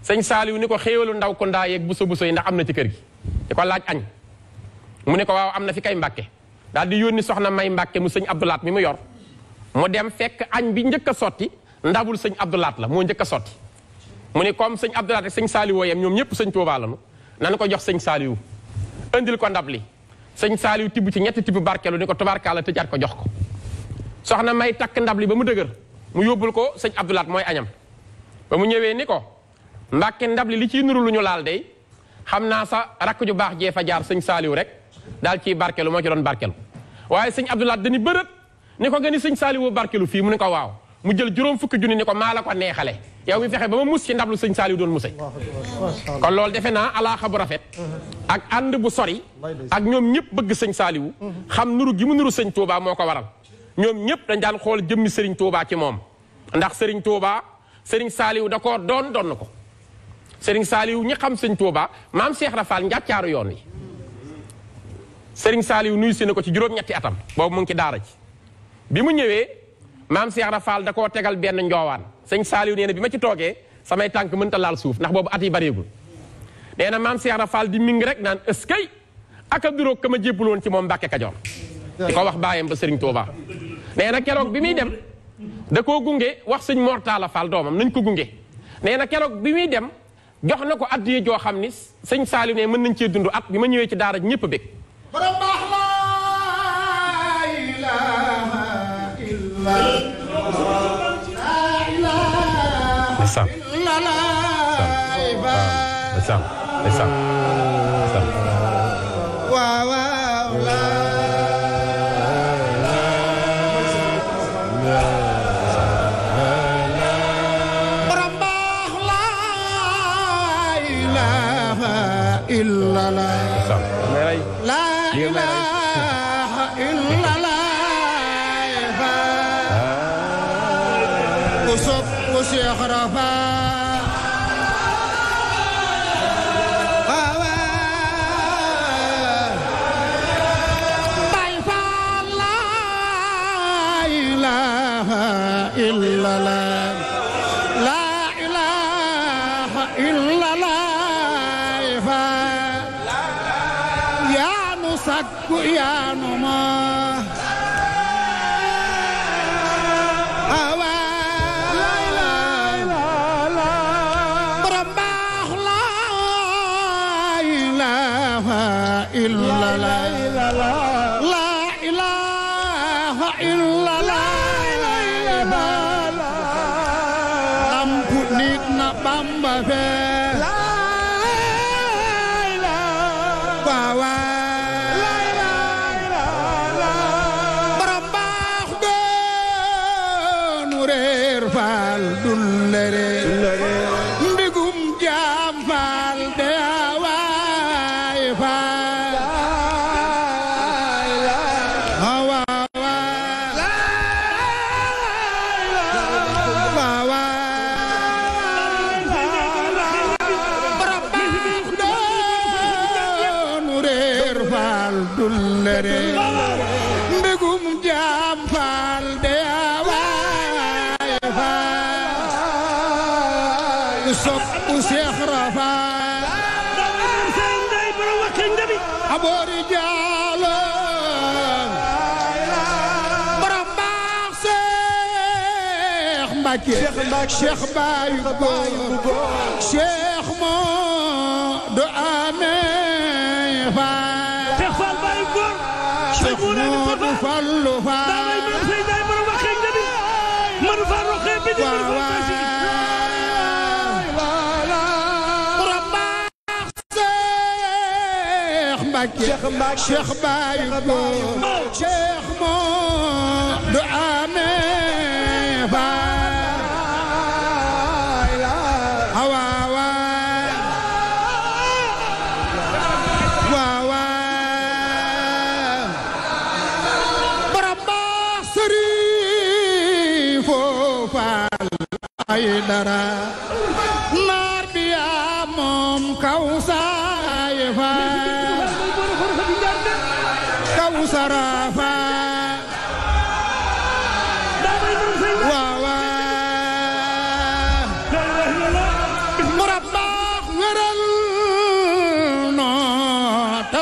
S2: sëñ Saaliw ni ko xéewalu ndaw ko ndaa yeeg buso buso yi ndax am na ci kër gi di ko laaj añ mu ne ko waaw am na fi kay mbàkke daal di yónni soxna May Mbàkke mu sëñ Abdulaat mi mu yor mu dem fekk añ bi njëkk sotti ndabul sëñ Abdulaat la moo njëkk a sotti mu ne comme sëñ Abdulaat ak sëñ Saaliwu yem ñoom ñëpp sëñ Tuubaa la nu ko jox sëñ Saaliwu indil ko ndab li sëñ Saaliwu tibb ci ñetti tibb barkeelu ni ko tubaarkaala tëjaat ko jox ko soxna May takk ndab li ba mu dëgër mu yóbbul ko sëñ Abdulaat mooy añam ba mu ñëwee ni ko Mbàkke ndab li li ciy nuru lu ñu laal day xam naa sa rakk ju baax jee fa jaar sëñ Saaliwu rek daal ciy barkeelu moo ci doon barkeelu waaye sëñ Abdoulaat dañu bërët ni ko nga sëñ Saaliwu barkelu fii mu ne ko waaw mu jël juróom fukki junni ni ko maa la ko neexale yow mi fexe ba ma mus ci ndablu sëñ Saaliwu doon musay kon loolu defe naa alaaxa bu rafet ak ànd bu sori ak ñoom ñëpp bëgg sëñ Saaliwu xam nuru gi mu nuru sëñ Touba moo ko waral ñoom ñëpp dañ daan xool jëmmi sëriñ Touba ci moom ndax sëriñ Touba sëriñ Saaliwu da koo doon doon ko sëriñ Saaliwu ñi xam sëñ Touba maam Cheikh Rafal njàccaaru yoon wi Serigne Saliou nuyu si na ko ci juróom-ñetti atam boobu mu ngi ci daara ci bi mu ñëwee maam Cheikh Ibra Fall da koo tegal benn njoowaan sëñ Saliou nee na bi ma ci toogee samay tànk mënta laal suuf ndax boobu at yi bareegul nee na maam Cheikh Ibra Fall di ming rek naan ëskay ak a duróog ma jébbaloon ci moom Mbàkke Kajoor di ko wax baayam ba Serigne Touba nee na keroog bi muy dem da koo gunge wax sëñ Mortala Fall doomam nañ ko gunge nee na keroog bi muy dem jox na ko addiye joo xam ni sëñ Saliou ne mën nañ cee dund at bi ma ñëwee ci daara ñëpp a bég
S7: borom baax laa ilaaha illallah إلا
S2: لا ilaha
S7: illallah ku sopp ku Seex
S3: Rafaa
S7: la la Bamba fe Hare Cheikh de Cheikh Modou Amé
S4: Cheikh
S7: Cheikh Cheikh Cheikh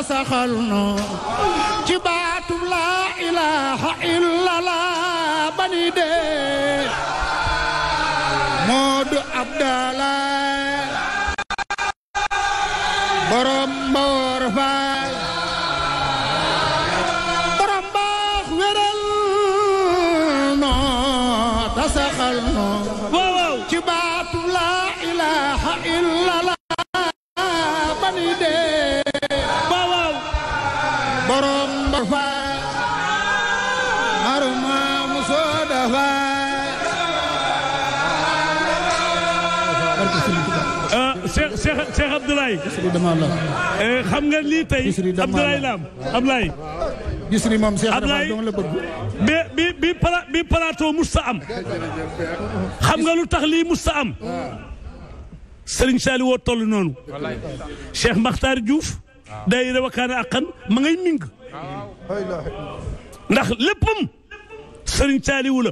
S7: saxal nu ci baatu laa ilaaha illallah bani dee Moodu Abdallah
S5: Cheikh Abdoulaye. xam nga lii tey. Abdoulaye Lam Abdoulaye. Bichri moom Cheikh Abdoulaye dama la bëgg. bi bi bi para bi plateau musta am. xam nga lu tax lii musta am. Serigne Saliou woo toll noonu. Cheikh Makhtar Diouf. day rewakaana akkan ma ngay ming. ndax léppam Serigne Saliou la.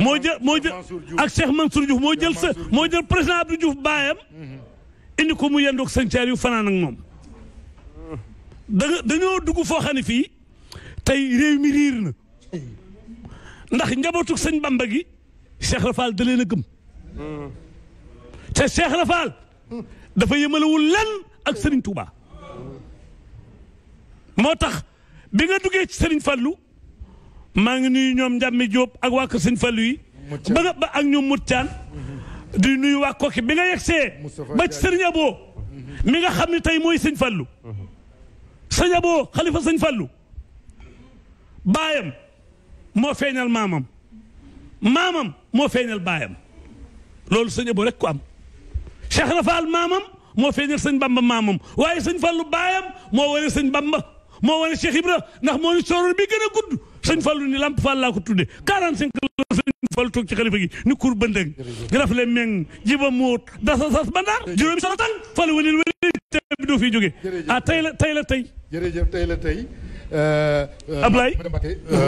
S5: moo jël moo jël ak Cheikh Mansour Diouf moo jël sa moo jël président Abdou Diouf baayam. indi ko mu yendoog sëñ Saaliw fanaan ak moom da dañoo dugg foo xam ne fii tey réew mi riir na ndax njabootu sëñ Bamba gi Cheikh Rafaal da leen gëm te Cheikh Rafaal dafa yemalewul lenn ak sëriñ Touba moo tax bi nga duggee ci Serigne maa ngi nuyu ñoom Ndiame Diop ak waa kër Serigne yi. ba nga ba ak ñoom Moutiane. di nuyu waa kokki bi nga yegsee ba ci sëriñ Abo mi nga xam ne tey mooy sëñ Fallu sëñ Abo xalifa sëñ Fallu baayam moo feeñal maamam maamam moo feeñal baayam loolu sëñ Abo rek ko am Cheikh Rafaal maamam moo feeñal sëñ Bamba maamam waaye sëñ Fallu baayam moo wane sëñ Bamba moo wane Cheikh Ibra ndax moo ni soror bi gën a gudd sëñ Fallou ni Lamp Fall laa ko tudde 45 la sëñ toog ci xalifa gi ni kur bëndëng rafle meng jiba muut dasa bandaar juróomi soxna tànk Fallou wanil wanil te doo fiy jóge ah tey la tey
S1: la tey jërëjëf tey la tey euh, euh, Ablaye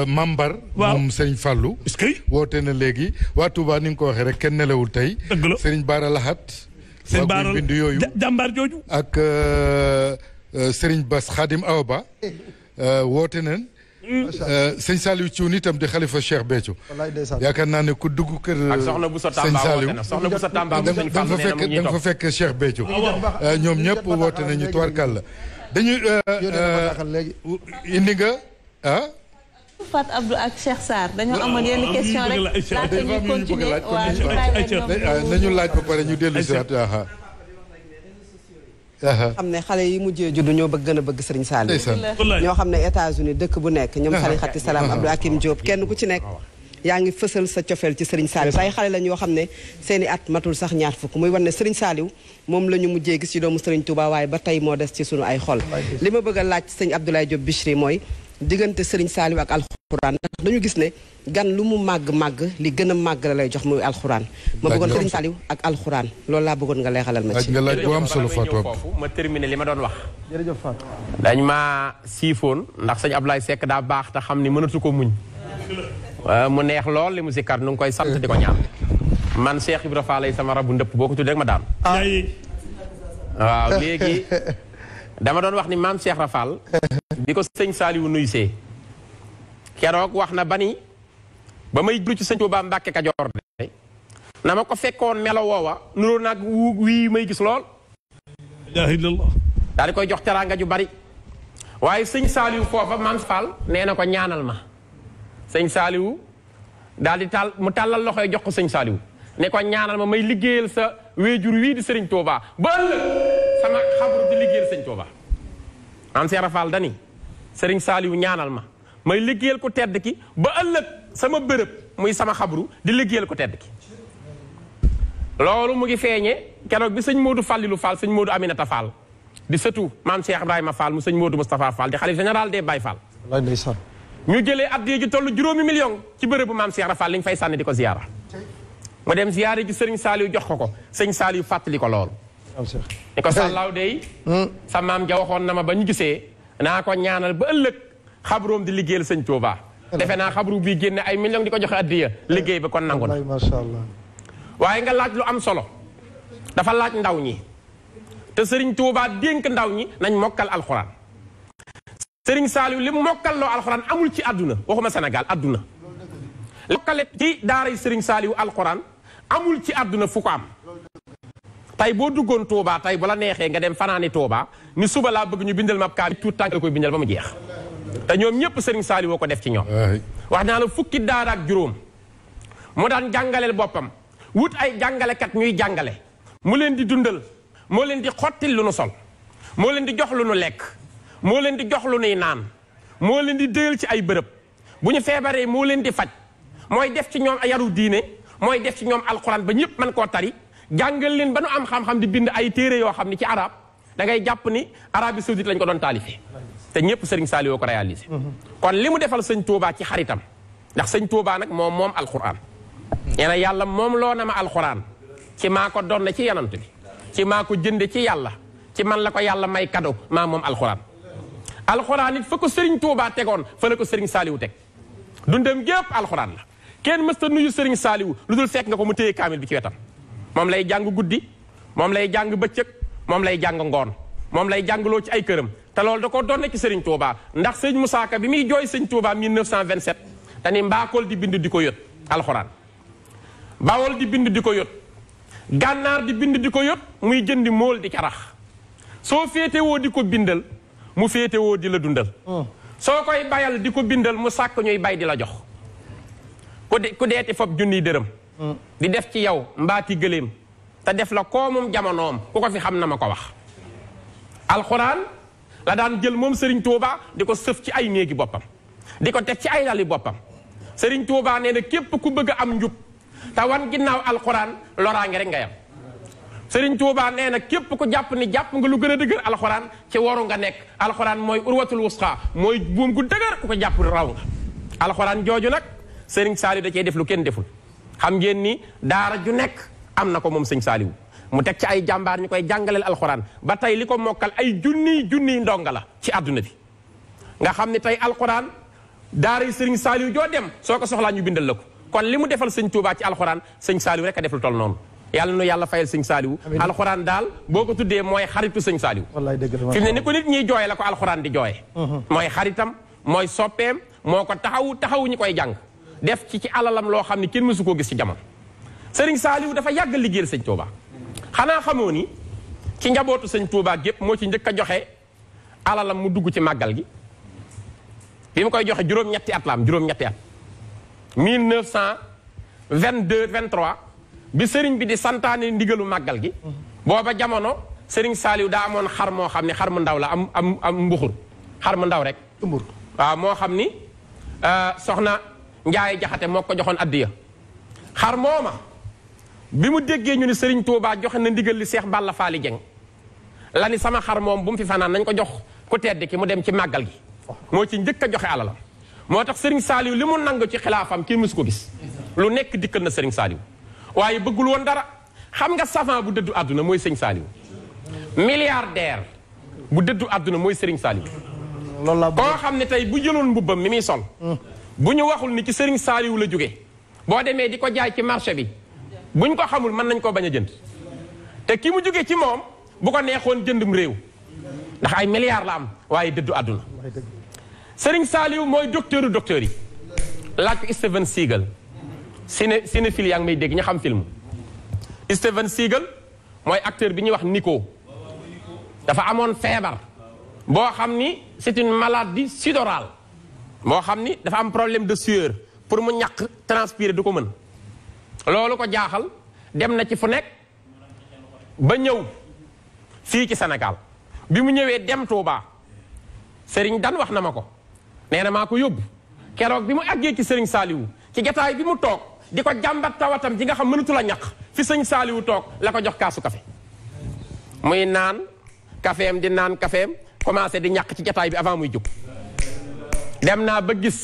S1: Mambar euh, moom sëñ Fallou est-ce que woote na léegi waa Touba ni nga ko waxee rek kenn nelawul tey sëriñ Baara Laxat sëñ Baara yooyu jàmbaar jooju ak sëriñ Bas Xaadim Awba eh. woote nañ Euh, sëñ Saliou Thioune itam di xalifa Cheikh Béthio. yaakaar naa ne ku dugg kër. sëñ Saliou bu sa Tamba da nga fa fekk da nga fa fekk Cheikh Béthio. Euh, ñoom ñëpp woote nañu tubarkàlla. dañuy euh, indi nga ah.
S6: Fat Abdou ak Cheikh Sarr dañoo amoon yenn question rek laata ñuy
S1: continuer waaw nañu laaj ba pare ñu dellu si waat
S8: xam ne xale yi mujjee juddu ñoo bëgg gën a bëgg Serigne Sall ñoo xam ne États-Unis dëkk bu nekk ñoom xati Salam Abdou Hakim Diop kenn ku ci nekk yaa ngi fësal sa cofeel ci Serigne Sall say xale lañ yoo xam ne seeni at matul sax ñaar fukk muy wane ne Serigne Saliou moom la ñu mujjee gis ci doomu Serigne Touba waaye ba tey moo des ci sunu ay xol li ma bëgg a laaj sëñ Abdoulaye Diop Bichri mooy diggante Serigne Saliou ak alxuraan ndax dañu gis ne gan lu mu màgg màgg li gën a màgg la lay jox muy alxuraan. ma bëggoon Serigne Saliou ak alxuraan
S2: lool laa bëggoon nga leexalal ma ci. nga laaj bu am solo Fatou foofu ma terminé li ma doon wax. jërëjëf Fatou. dañ maa siifoon ndax ab Ablaye sekk daa baax te xam ni mënatu ko muñ. Euh, mu neex lool li mu sikkar nu ngi koy sant di ko ñaan. man Cheikh Ibra Fall lay sama rabu ndëpp boo ko tudd rek ma daan. Ah. waaw léegi. dama doon wax ni maam Cheikh Rafal bi ko sëñ Saaliwu nuyu see keroog wax na ba ni ba may jublu ci sëñ Tuubaa Mbàkke Kajoor ko fekkoon melo woowa nuroo nag wu wii may gis lool ilaha illallah di koy jox teraanga ju bari waaye sëñ Saaliwu foofa maam Fall nee na ko ñaanal ma sëñ Saaliwu daal di tàll mu tàllal loxo jox ko sëñ Saaliwu ne ko ñaanal ma may liggéeyal sa wéejur wii di sëriñ Touba ba ëllëg sama xabru di liggéeyal sëriñ Touba. maam Cheikh Rafal dani sëriñ Saliou ñaanal ma may liggéeyal ko tedd ki ba ëllëg sama bërëb muy sama xabru di liggéeyal ko tedd ki. loolu mu ngi feeñe keroog bi sëñ Modou Fallilou Fall sëñ Modou Aminata Fall di sëtu maam Cheikh Ibrahima Fall mu sëñ Modou Moustapha Fall di xalif général des Baye Fall. ñu jëlee addiya ju toll juróomi million ci bërëbu maam Cheikh Rafal liñ fay sànni di ko ziyaara. moo dem ziyaare ji sëriñ Saaliw jox ko ko sëñ Saaliw fàttali ko loolu ni ko sàllaaw dey sa maam ja na ma ba ñu gisee naa ko ñaanal ba ëllëg xabroom di liggéeyal sëñ Tuubaa defe naa xabru bii génne ay million di ko joxe addiya liggéey ba kon nangu na waaye nga laaj lu am solo dafa laaj ndaw ñi te sëriñ Tuubaa dénk ndaw ñi nañ mokkal alxuraan sëriñ Saaliw li mokkal loo alxuraan amul ci àdduna waxuma senegal àdduna mokkale ci daaray sëriñ Saaliw amul ci àdduna fu ko am tey boo duggoon Touba tey bu la neexee nga dem fanaani Touba ni suba laa bëgg ñu bindal ma ab kaamil tuut tànk la koy bindal ba mu jeex te ñoom ñëpp Serigne Saliou woo ko def ci ñoom wax naa la fukki daara juróom mu daan jàngaleel boppam wut ay jàngalekat ñuy jàngale mu leen di dundal moo leen di xottil lu nu sol moo leen di jox lu nu lekk moo leen di jox lu nuy naan moo leen di dëyal ci ay bërëb bu ñu feebaree moo leen di faj mooy def ci ñoom yaru diine mooy def ci ñoom alxuraan ba ñëpp mën koo tari jàngal leen ba nu am xam-xam di bind ay téere yoo xam ni ci araab da ngay jàpp ni Arabie Saoudite lañ ko doon taalifee te ñëpp Serigne Saliou ko réalisé. kon li mu defal sëñ Touba ci xaritam ndax sëñ Touba nag moom moom alxuraan. nee na yàlla moom loo na ma alxuraan ci maa ko doon na ci yanant bi ci maa ko jënde ci yàlla ci man la ko yàlla may cadeau maa moom alxuraan. alxuraan it fa ko Serigne tegoon fa la ko Serigne Saliou teg dundam gépp alxuraan la. kenn mës ta nuyu Serigne Saliou lu dul fekk nga ko mu téye kaamil bi ci wetam moom lay jàng guddi moom lay jàng bëccëg moom lay jàng ngoon moom lay jàngloo ci ay këram te loolu da ko doon ci Serigne Touba ndax sëñ Moussa Ka bi muy jooy sëñ Touba 1927 dañuy mbaakool di bind di ko yot alxuraan bawol di bind di ko yot gànnaar di bind di ko yot muy jëndi mool di carax soo féetewoo di ko bindal mu féetewoo di la dundal. Oh. soo koy bayal di ko bindal mu sàkk ñuy bay di la jox. ku de ku deeti fob junniy dërëm mm. di def ci yow mbaati gëléem te def la koomum jamonoom ku ko fi xam na ma ko wax alxuraan la daan jël moom sëriñ Touba di ko sëf ci ay néegi boppam di ko teg ci ay lali boppam sëriñ Touba nee na képp ku bëgg am njub te wan ginnaaw alxuraan loraange rek nga yam sëriñ Touba nee na képp ku jàpp ni jàpp nga lu gën a dëgër alxuraan ci waru nga nekk alxuraan mooy urwatul wusqa mooy buum gu dëgër ku ko jàpp raw nga alxuraan sëriñ Saliou da cee def lu kenn deful xam ngeen ni daara ju nekk am na ko moom sëñ saaliw mu teg ci ay jàmbaar ñu koy jàngaleel alxuraan ba tey li ko mokkal ay junniy junniy ndonga la ci àdduna bi nga xam ni tey alxuraan daara yi sëriñ Saliou joo dem soo ko soxlaa ñu bindal la ko kon li mu defal sëñ Touba ci alxuraan sëñ Saliou rek a def lu toll noonu yàlla nu yàlla fayal sëñ Saliou alxuraan daal boo ko tuddee mooy xaritu sëñ Saliou fi mu ne ni ko nit ñiy jooye la ko alxuraan di jooye mhm. mooy xaritam mooy soppeem moo ko taxawu taxawu ñu koy jàng def ci ci alalam loo xam ne kenn mësu koo gis ci jamono sëriñ Saaliwu dafa yàgg liggéeyal sëñ Touba xanaa xamoo ni ci njabootu sëñ Touba gépp moo ci njëkk a joxe alalam mu dugg ci màggal gi bi mu koy joxe juróom-ñetti at la am juróom-ñetti at bi sëriñ bi di santaane ndigalu màggal gi booba jamono sëriñ Saaliw daa amoon xar moo xam ne xar mu ndaw la am am am mbuxur xar mu ndaw rek. moo xam ni euh, soxna. Njaay Jaxate moo ko joxoon addiya xar mooma bi mu déggee ñu ne sëriñ Touba joxe na ndigal li Seex Balla Faali Jeng la ni sama xar moom bu mu fi fanaan nañ ko jox ku tedd ki mu dem ci màggal gi moo ci njëkk a joxe alalam moo tax Serigne saaliw li mu nangu ci xilaafam kii mus ko gis lu nekk dikkal na sëriñ Saliou waaye bëggul woon dara xam nga savant bu dëddu àdduna mooy Serigne Saliou milliardaire bu dëddu àdduna mooy sëriñ Saliou loolu la koo xam ne tey bu jëloon mbubbam mi muy sol mm. bu ñu waxul ni ci sëriñ saaliwu la jóge boo demee di ko jaay ci marché bi buñ ko xamul mën nañ koo bañ a jënd te ki mu jóge ci moom bu ko neexoon jëndum réew ndax ay milliards la am waaye dëddu àdduna sëriñ saaliwu mooy docteuru docteur yi laaj ko Steven Seagal ciné cinéphile yaa ngi may dégg ñu xam film Steven Seagal mooy acteur bi ñuy wax Nico dafa amoon feebar boo xam ni c'est une maladie sudorale moo xam ni dafa am problème de sueur pour mu ñàq transpirer du ko mën loolu ko jaaxal dem na ci fu nekk ba ñëw fii ci Sénégal bi mu ñëwee dem Touba Serigne Dan wax na ma ko nee na maa ko yóbbu keroog bi mu àggee ci Serigne Saliou ci jataay bi mu toog di ko jàmbat tawatam ji nga xam mënatu la ñàq fi sëñ saaliwu toog la ko jox kaasu café muy naan kafeem di naan kafeem commencer di ñàq ci jataay bi avant muy jóg dem naa ba gis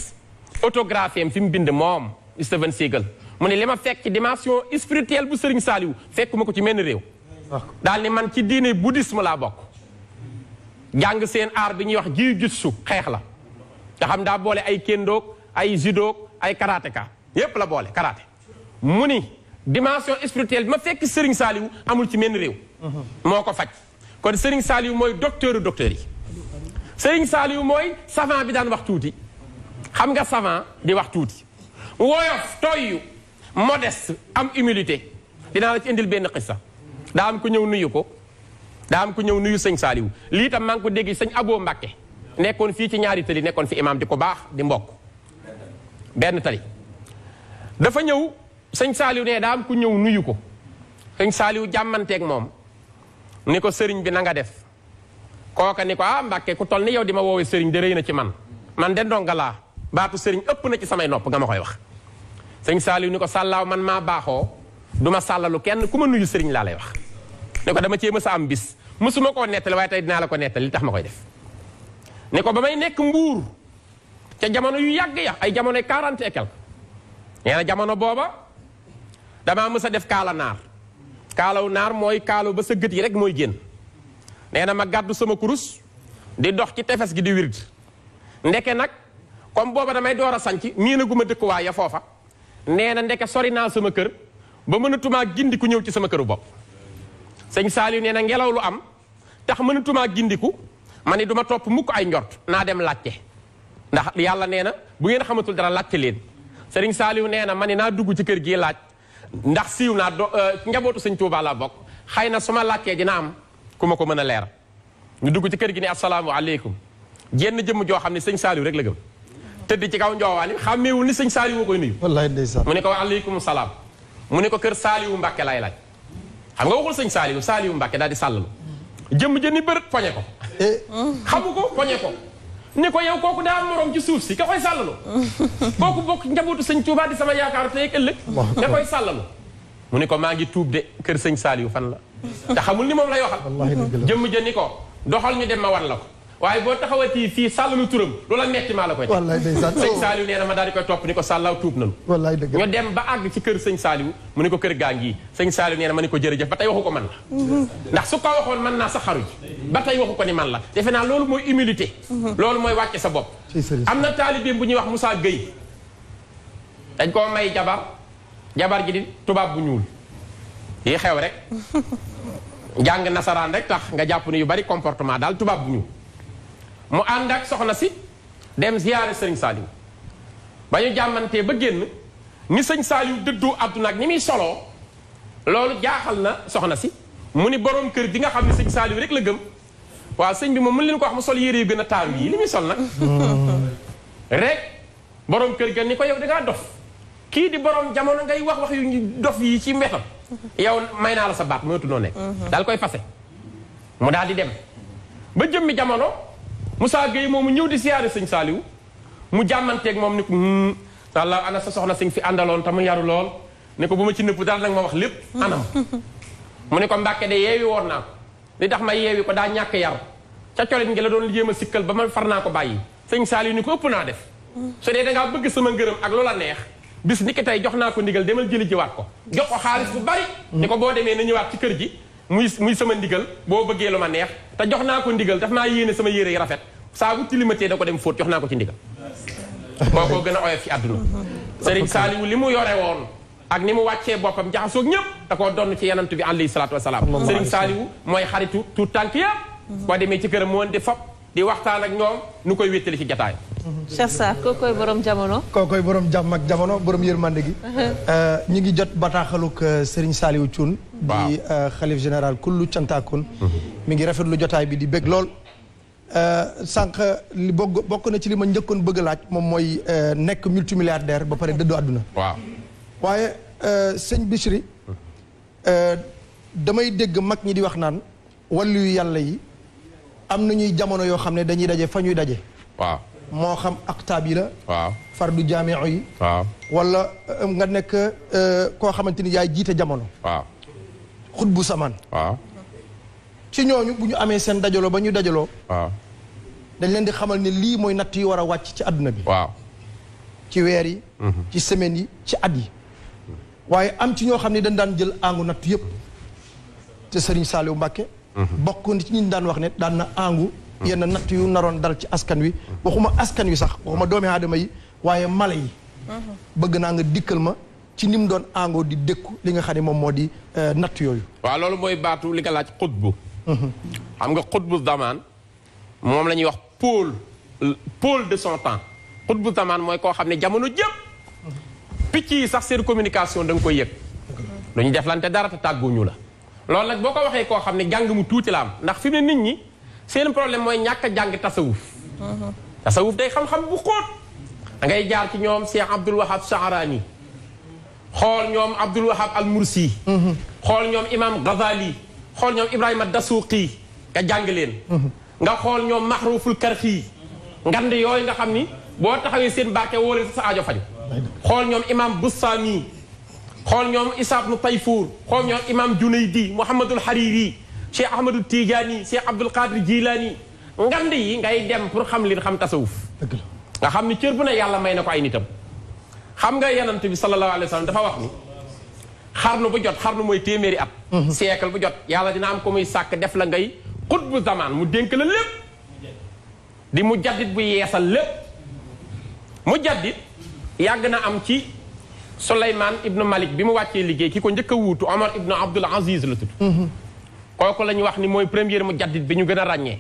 S2: autographie am fi mu bind moom Steven Seagal mu ne li ma fekk dimension spirituelle bu Serigne Saliou fekk ma ko ci menn réew daal ni man ci diine bouddhisme laa bokk jàng seen aar bi ñuy wax jiu jutsu xeex la nga xam daa boole ay kendoog ay judoog ay karatéka yépp la boole karaté mu ni dimension spirituelle ma fekki Serigne Saliou amul ci menn réew mhm. moo ko faj kon Serigne Saliou mooy docteuru docteur yi Sëriñ Saaliw mooy savant bi daan wax tuuti xam nga savant di wax tuuti woyof toyyu modeste am humilité dinaa la ci indil benn xissa daa am ku ñëw nuyu ko daa am ñëw nuyu sëñ Saaliw lii tam ko dégg sëñ Abo Mbàkke nekkoon fii ci ñaari tali nekkoon fi imaam di ko baax di mbokk benn tali dafa ñëw sëñ Saaliw ne daa am ñëw nuyu ko sëñ Saaliw jàmmanteeg moom ni ko sëriñ bi na nga def kooka ni ko ah mbàkke ku toll ni yow di ma woowee sëriñ de rëy na ci man man de ndonga laa baatu sëriñ ëpp na ci samay nopp nga ma koy wax sëñ Saaliw ni ko sàllaaw man maa baaxoo du ma sàllalu kenn ku ma nuyu sëriñ laa lay wax ne ko dama cee mës a am bis mësuma koo nettali waaye tey dinaa la ko nettali li tax ma koy def ne ko ba may nekk mbuur ca jamono yu yàgg ya ay jamonoy quarante et nee na jamono booba damaa mës a def kaala naar kaalaw naar mooy kaalaw ba sa gët yi rek mooy génn nee na ma gàddu sama kurus di dox ci tefes gi di wird ndeke nag comme booba damay door a sanc ma dëkkuwaay ya foofa nee na ndeke sori naa sama kër ba mënatumaa gindiku ñëw ci sama këru bopp sëñ Saliou nee na ngelaw lu am tax mënatumaa gindiku ma ni du topp mukk ay njort naa dem laajte ndax yàlla nee na bu ngeen xamatul dara laajte leen sëriñ Saliou nee na ma ni naa dugg ci kër gi laaj ndax siiw naa do euh, njabootu sëñ Touba bokk xëy na suma ma laajtee dina am ku ma ko mën a leer ñu dugg ci kër gi ni ne asalaamaaleykum jenn jëmm joo xam ne sëñ Saliou rek la gëm tëdd ci kaw njoowaali xàmmeewul ni sëñ Saliou moo koy nuyu wallaay mu ne ko waaleykum salaam mu ne ko kër Saliou Mbacke laay laaj xam nga waxul sëñ Saliou Saliou Mbacke daal di sàllalu jën jënni bërët poñe ko eh. xamu ko poñe ko ni ko yow kooku daa morom ci suuf si ka koy sàllalu kooku bokk njabootu sëñ Touba di sama yaakaar tey ëllëg nga koy sàllalu mu ne ko maa ngi tuub de kër sëñ Saliou fan la te xamul ni moom lay jëm jëmm jëndi ko doxal ñu dem ma wan la ko. waaye boo taxawati fii sàllalu turam loola metti maa la koy def wallaay ndeysaan sëñ oh. Saaliw nee na ma daal di koy topp ni ko sàllaw tuub nañu wallaay ñu dem ba àgg ci kër sëñ Saaliw mu ne ko kër gaa ngi sëñ Saaliw nee na ma ne ko jërëjëf ba tey waxu ko man la mm-hmm. ndax su ko waxoon man naa sa xaru ji ba tey waxu ko ni man la defe naa loolu mooy humilité mm-hmm. loolu mooy wàcce sa bopp am na taalibeem bu ñuy wax Moussa Gueye dañ koo may jabar jabar ji di tubaab bu ñuul yi xew rek jàng nasaraan rek tax nga jàpp ni yu bari comportement daal tubaab bu ñu mu ànd ak soxna si dem ziyaare sëriñ Saliou ba ñu jàmmantee ba génn ni sëñ Saliou dëddoo àdduna ak ni muy solo loolu jaaxal na soxna si mu ni borom kër gi nga xam ne sëñ Saliou rek la gëm waaw sëñ bi moom mën leen ko wax mu sol yére yu gën a taaru yi li muy sol nag rek borom kër ga ni ko yow da ngaa dof kii di borom jamono ngay wax wax yu dof yi ci mbetam yow may naa la sa baat mënatu noo nekk daal koy fase mu daal di dem ba jëmmi jamono Moussa Gueye mu ñëw di siyaare sëñ saaliw mu jàmmanteeg moom ni ko walla hmm, ana sa soxna sëñ fi àndaloon te mu yaru lool ne ko bu ma ci nëpp dara nag ma wax lépp hmm. anam mu ne ko Mbàkke yeewi woon naa di li tax ma yeewi ko daa ñàkk yar ca colit ngi la doon jéem a sikkal ba ma far naa ko bàyyi sëñ Saliou ni ko ëpp naa def hmm. su dee dangaa bëgg sama ngërëm ak loola neex bis ni ki tey jox naa ko ndigal demal jëli jiwaat ko jox ko xaalis bu bari ni ko boo demee na ñëwaat ci kër gi muy muy sama ndigal boo bëggee lu ma neex te jox naa ko ndigal daf maa yéene sama yére yi rafet saa bu tilimatee da ko dem fóot jox naa ko ci ndigal moo ko gën a oyof ci àdduna sëriñ Saaliwu li mu yore woon ak ni mu wàccee boppam jaxasoog ñëpp da koo donn ci yanant bi alayhi salaatu wasalaam sëriñ Saaliwu mooy xaritu tuut tànk yëpp boo demee ci këram moon di fop di waxtaan ak ñoom nu koy wéttali ci jataay
S6: Cheikh Sarr kookoy borom jamono. kookoy borom jàmm ak jamono borom
S9: yërmande gi. Uh-huh. Uh, ñu ngi jot bataaxaluk uh, Serigne Saliou Thioune. waaw di uh, xalif général kullu cantakun. Uh-huh. mi ngi rafet lu jotaay bi di bég lool. sànq li bokk bokk na ci lima njëkkoon bëgg laaj moom mooy nekk multimilliardaire ba pare dëddu àdduna. waaw waaye sëñ Bichri. damay dégg mag ñi di wax naan wàllu yàlla yi am na ñuy jamono yoo xam ne dañuy daje fa ñuy daje. moo xam aktaab yi la. waaw fardu jaamio yi. walla euh, nga nekk euh, koo xamante ni yaay jiite jamono.
S2: xut xutbu samaan. waaw
S9: ci ñooñu bu ñu amee seen dajaloo ba ñu dajaloo. dañ leen di xamal ne lii mooy natt yi war a wàcc ci àdduna bi. waaw ci weer yi. Mhm. ci semaine yi ci at yi. waaye am ci ñoo xam ne dañ daan jël àngu natt yëpp. te saali Saliou Mbacke. Mhm. bokk ci ñi daan wax ne daan na àngu. yenn natt yu naroon dal ci askan wi waxuma askan wi sax waxuma doomi aadama yi waaye mala yi bëgg naa nga dikkal ma ci ni mu doon àngoo di dëkku li nga xam ne moom moo di euh, natt yooyu
S2: waaw loolu mooy baatu li nga laaj xutbu xam nga xutbu zamaan moom la ñuy wax pôle pôle de son temps xutbu zamaan mooy koo xam ne jamono jëpp picc yi sax seen communication da ko koy yëg duñu deflante dara te tàgguñu la loolu nag boo ko waxee koo xam ne jàng mu tuuti la ndax fi mu nit ñi seen problème mooy ñàkk a jàng tasawuf tasawuf day xam-xam bu xóot da ngay jaar ci ñoom Cheikh Abdul Wahab Saharani xool ñoom Abdul Wahab al Mursi xool ñoom Imam Ghazali xool ñoom Ibrahima Dasuqi nga jàng leen nga xool ñoom Maxruful Karxi ngand yooyu nga xam ni boo taxawee seen barke woo leen sa aajo faju xool ñoom Imam Bustami xool ñoom Isaab nu Tayfuur xool ñoom Imam Junaydi Muhammadul Hariri Cheikh Ahmadou Tidiane Cheikh Abdoul Qadir Jilani ngande yi ngay dem pour xam li xam tasawuf nga xam ni cër bu ne yàlla may na ko ay nitam xam nga yenant bi sallallahu alayhi wa dafa wax ni xarnu bu jot xarnu mooy téeméeri at mhm. seekal bu jot yàlla dina am ko muy sàkk def la ngay xut bu zamaan mu dénk la lépp di mu jaddit bu yeesal lépp mu jaddit yàgg na am ci Suleymaan ibnu Malik bi mu wàccee liggéey ki ko njëkk a wuutu Omar ibnu Abdul Aziz la tudd mhm. kooku la ñu wax ni mooy premier mu jaddit bi ñu gën a ràññee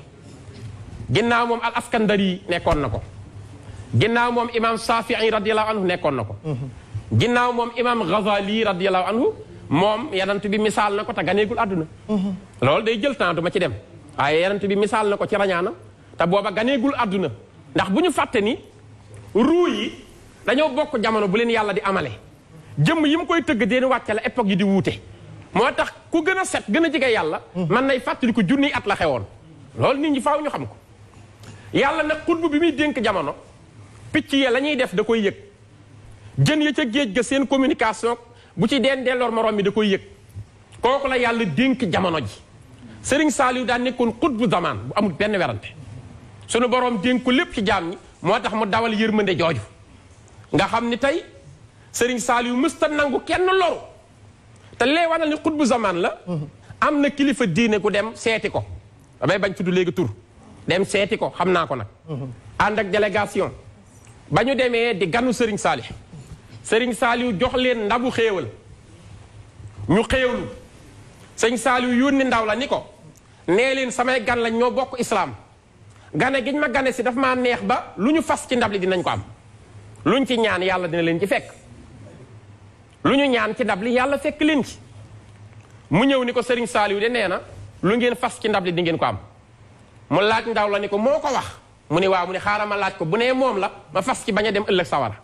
S2: ginnaaw moom al askandari nekkoon na ko ginnaaw moom imam Safii radiallahu anhu nekkoon na ko mhm. ginnaaw moom imam Ghazali radiallahu anhu moom yanant bi misaal na ko te ganeegul àdduna mhm. loolu day jël temps du ma ci dem waaye yanant bi misaal na ko ci rañaanam te booba ganeegul àdduna ndax bu ñu fàtte ni ruu dañoo bokk jamono bu leen yàlla di amale jëmm yi mu koy tëgg deen wàcce la époque yi di wuute moo tax ku gën a set gën a jege yàlla hmm. man nay fàttaliku ko junniy at la xewoon loolu nit ñi faw ñu xam ko yàlla nag xutb bi muy dénk jamono picc ya la ñuy def da koy yëg jën ya ca géej ga seen communication bu ci deen delloor moroom mi da koy yëg kooku la yàlla dénk jamono ji Sëriñ Saaliw daan nekkoon xutbu zamaan bu amul benn werante sunu borom dénk ko lépp ci jaam ñi moo tax mu dawal yërmande jooju nga xam ni tey Sëriñ Saaliw mësta nangu kenn loru te lee wanal ni xutbu zamaan la mhm. am na kilifa diine ku dem seeti ko damay bañ tudd léegi tur dem seeti ko xam naa ko nag mhm. ànd ak délégation ba ñu demee di ganu sëriñ saali sëriñ saaliw jox leen ndabu xéewal ñu xéewlu sëñ saaliw yónni ndaw la ni ko nee leen samay gan lañ ñoo bokk islaam gane giñ ma gane si dafa maa neex ba lu ñu fas ci ndab li dinañ ko am luñ ci ñaan yàlla dina leen ci fekk lu ñu ñaan ci ndab li yàlla fekk leen ci mu ñëw ni ko sëriñ Saaliw de nee na lu ngeen fas ci ndab li di ngeen ko am mu laaj ndaw la ni ko moo ko wax mu ne waaw mu ne xaaral ma laaj ko bu nee moom la ma fas ci bañ a dem ëllëg sawara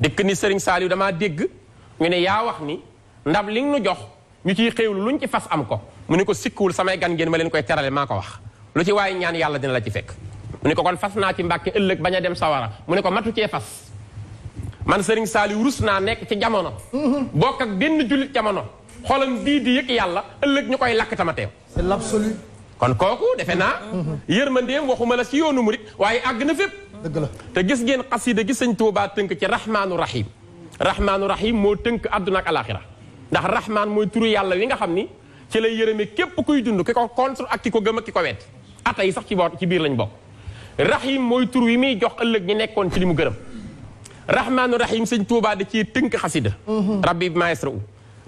S2: dëkk ni sëriñ Saaliw damaa dégg ñu ne yaa wax ni ndab li nga nu jox ñu ciy xéewlu luñ ci fas am ko mu ne ko sikkuwul samay gan ngeen ma leen koy terale maa ko wax lu ci waaye ñaan yàlla dina la ci fekk mu ne ko kon fas naa ci mbàkke ëllëg bañ a dem sawara mu ne ko matu cee fas man Serigne saali rus naa nekk ci jamono. Mhm. bokk ak benn jullit jamono. xolam bii di yëg yàlla ëllëg ñu koy lakk tamateew. c'est l'absolu. kon kooku defe naa. Mhm. yërmandeem waxuma la ci yoonu mu murit waaye àgg na fépp. la te gis ngeen xasida gis sëñ Tuubaa tënk ci rahmaanu rahim. rahmaanu rahim moo tënk àdduna ak alaxira ndax rahmaan mooy turu yàlla wi nga xam ni ci lay yërëme képp kuy dund ki ko contre ak ki ko gëm ak ki ko wet ata sax ci boor ci biir lañ bokk. rahim mooy tur wi muy jox ëllëg ñi nekkoon ci li mu gërëm. rahmaanu rahim sëñ Touba da ciy tënk xasida mhm. rabbi maestro u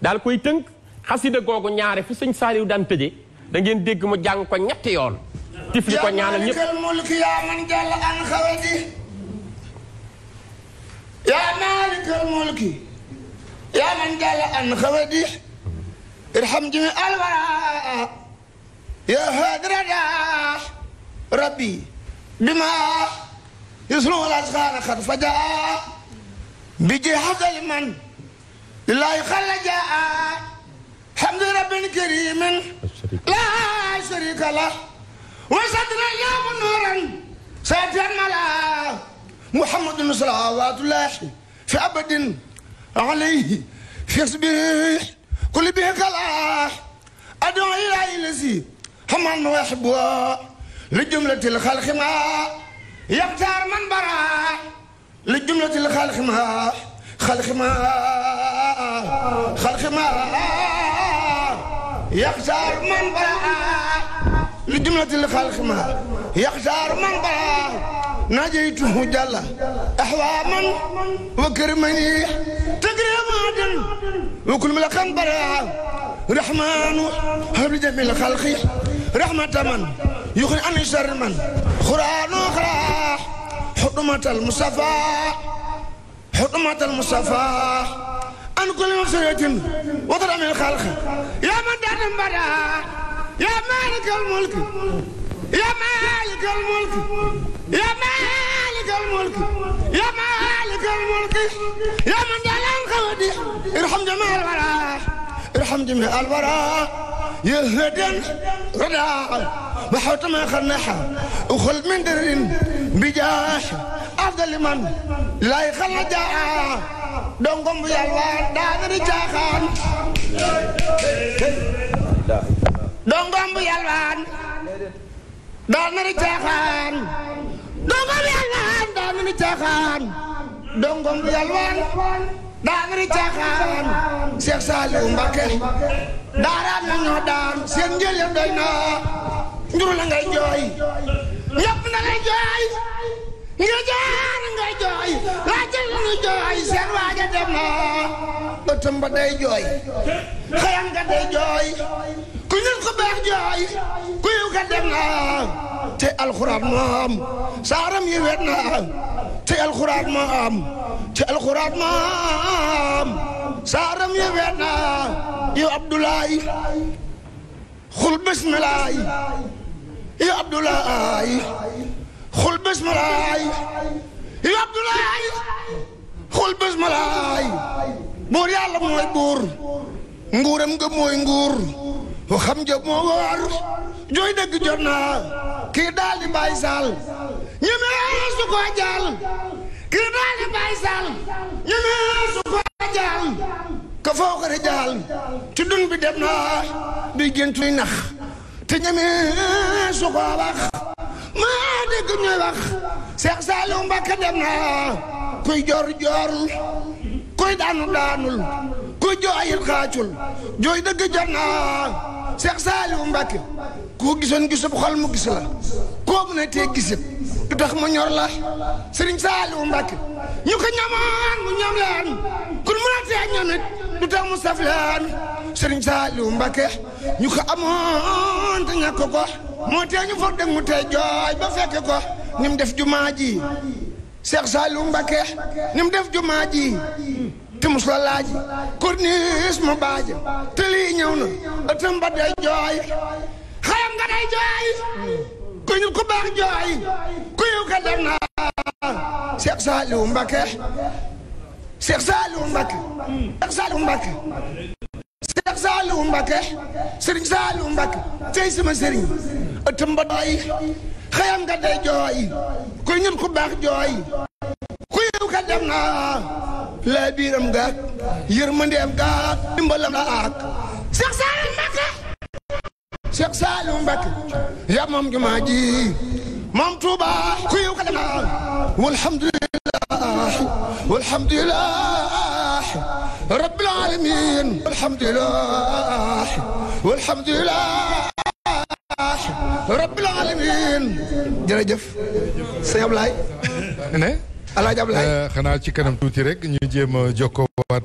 S2: daal koy tënk xasida googu ñaare fu sëñ Saaliw daan tëje da dégg mu jàng ko ñetti yoon tifli ko ñaanal ñëpp yaa mulki yaa
S4: man jàll an xawati yaa maalikal mulki yaa yaa hadrada rabbi bima يصنعوا الأصغار أخر فجاء بجهاز المن لا خل جاء حمد رب كريم لا شريك له وصدر اليوم نورا سيد الملا محمد صلى الله عليه في أبد عليه في صبيح كل به كلاح أدعو إلى الذي حمان ويحبه لجملة الخلق ما يختار من برا للجملة الخلق ما خلق ما خلق ما يختار
S3: من برا
S4: لجملة الخلق ما يختار من برا نجيته جل أحواما وكرمني تقري مادن وكل ملكا برا رحمن هبل جميل الخلق رحمة من يخن عن شر من قرآن أخرى حكمة المصطفى حكمة المصطفى ان كل مفسدة وضع من الخلق يا من دار برا يا مالك الملك يا مالك الملك يا مالك الملك يا مالك الملك يا من دار الخلق ارحم جميع الورى بالحمد من الوراء يهدن رداء بحوت ما خنحا وخل من در بجاح أفضل من لا يخل جاء
S3: دونكم يا الله دادري جاخان
S4: دونكم يا الله دادري جاخان دونكم يا الله دادري جاخان دونكم يا الله
S6: daagri caaxaan Cheikh Saliou Mbacké
S4: daaraan na ñoo daan seen njël ya doy na ngay jooy ñëpp na ngay jooy nga ngay jooy laajal la jooy seen waaja dem na ëttam ba day jooy xëyam nga day jooy ku ñun ko baax jooy ku yiw nga dem na te alxuraan moom saaram yi wet na ci alxuraan ma am ci alxuraan ma am saaram ya weena yow Abdoulaye xul bismilaay yow Abdoulaye xul bismilaay yow Abdoulaye xul mooy buur nguuram nga mooy nguur waxam nga moo war jooy dëgg jot naa kii daal di bàyyi saal ñemee ah su ko jaal kii daal di bàyyi saal ñemee ah su ko jaal ka foo dun bi dem naa di géntuy nax te ñemee ah su ko wax maa dégg ñuy wax Seex Saaliw Mbàkke dem naa kuy joor joorul kuy daanu daanul kuy jooyit xaacul jooy dëgg jot naa Seex Saaliw Mbàkke koo gisoon gisub xol mu gis la koo tee gisib du tax mu ñor la sëriñ Saaliwu Mbàkke ñu ko ñamaan mu ñoom leen kun mun a tee ñoomit du tax mu saf leen sëriñ Saaliwu Mbàkke ñu ko amoon te ñàkk ko moo tee ñu foog deg mu tey jooy ba fekk ko ni def jumaa ji Cheikh Saaliwu Mbàkke def jumaa ji te mus la laaj mu baaje te lii na ëttam ba day jooy xayam nga day jooy ku ñu ku baax jooy ku yiw ka dem na Cheikh Saliou Mbacké Cheikh Saliou Mbacké Cheikh Saliou Mbacké Cheikh Saliou Mbacké Serigne Saliou Mbacké tey sama Serigne ëttam ba doy xayam nga day jooy ku ñu ku baax jooy ku yiw ka dem na laa biiram gaak yërmandeem gaak dimbalam la ak Cheikh Saliou Mbacké Cheikh Saliou Mbacké yaa moom jumaa ji moom Touba ku yiw ka dangaan walhamdulillah walhamdulillah rabbil alamin walhamdulillah
S1: walhamdulillah
S4: rabbil alamin jërëjëf
S1: sëñ Ablaye ne Alaaji Ablaye eh, xanaa ci kanam tuuti rek ñu jéem a jokkoo waat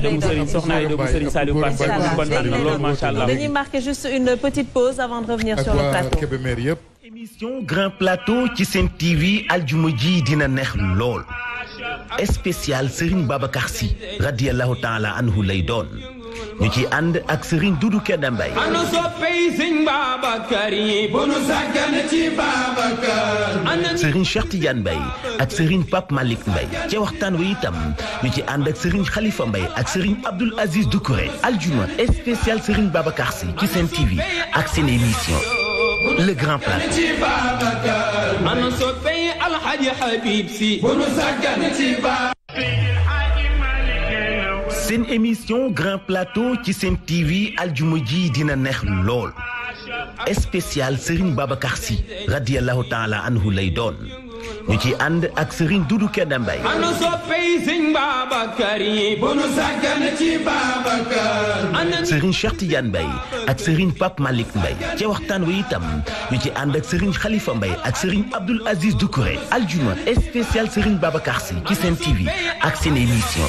S1: Denis Aida Serigne
S6: juste une petite pause avant de revenir sur le plateau
S1: émission Grand
S10: Plateau qui s'est TV al ji dina neex lool spécial Serigne Babacar Sy taala anhu lay ñu ci ànd ak Serigne Doudou Kenda Mbaye anu
S2: soppey Serigne Babacar yi bu nu sàggan ci Babacar Serigne
S10: Cheikh Tidiane Mbaye ak Serigne Pape Malick Mbaye ca waxtaan wi itam ñu ci ànd ak Serigne Khalifa Mbaye ak Serigne Abdoul Aziz Doucouré aljuma spécial Serigne Babacar Sy ci Sen TV ak seen émission le grand plateau
S4: anu soppey Alhaji Habib si. bu nu sàggan ci Babacar
S10: une émission grand plateau qui sen TV aljuma ji dina lol. lool spécial Serigne Babacar Sy Allah taala anhu lay don. ñu ci and ak Serigne Doudou Kedambay. anu
S2: soppey Serigne Babacar yi bu nu sàggan ci Babacar. Serigne
S10: Cheikh Tidiane ak Serigne Pape Malik Mbaye Ci waxtan wi itam ñu ci and ak Serigne Khalifa Mbaye ak Serigne Aziz doukore aljuma spécial Serigne Babacar Sy ci sen TV ak seen émission.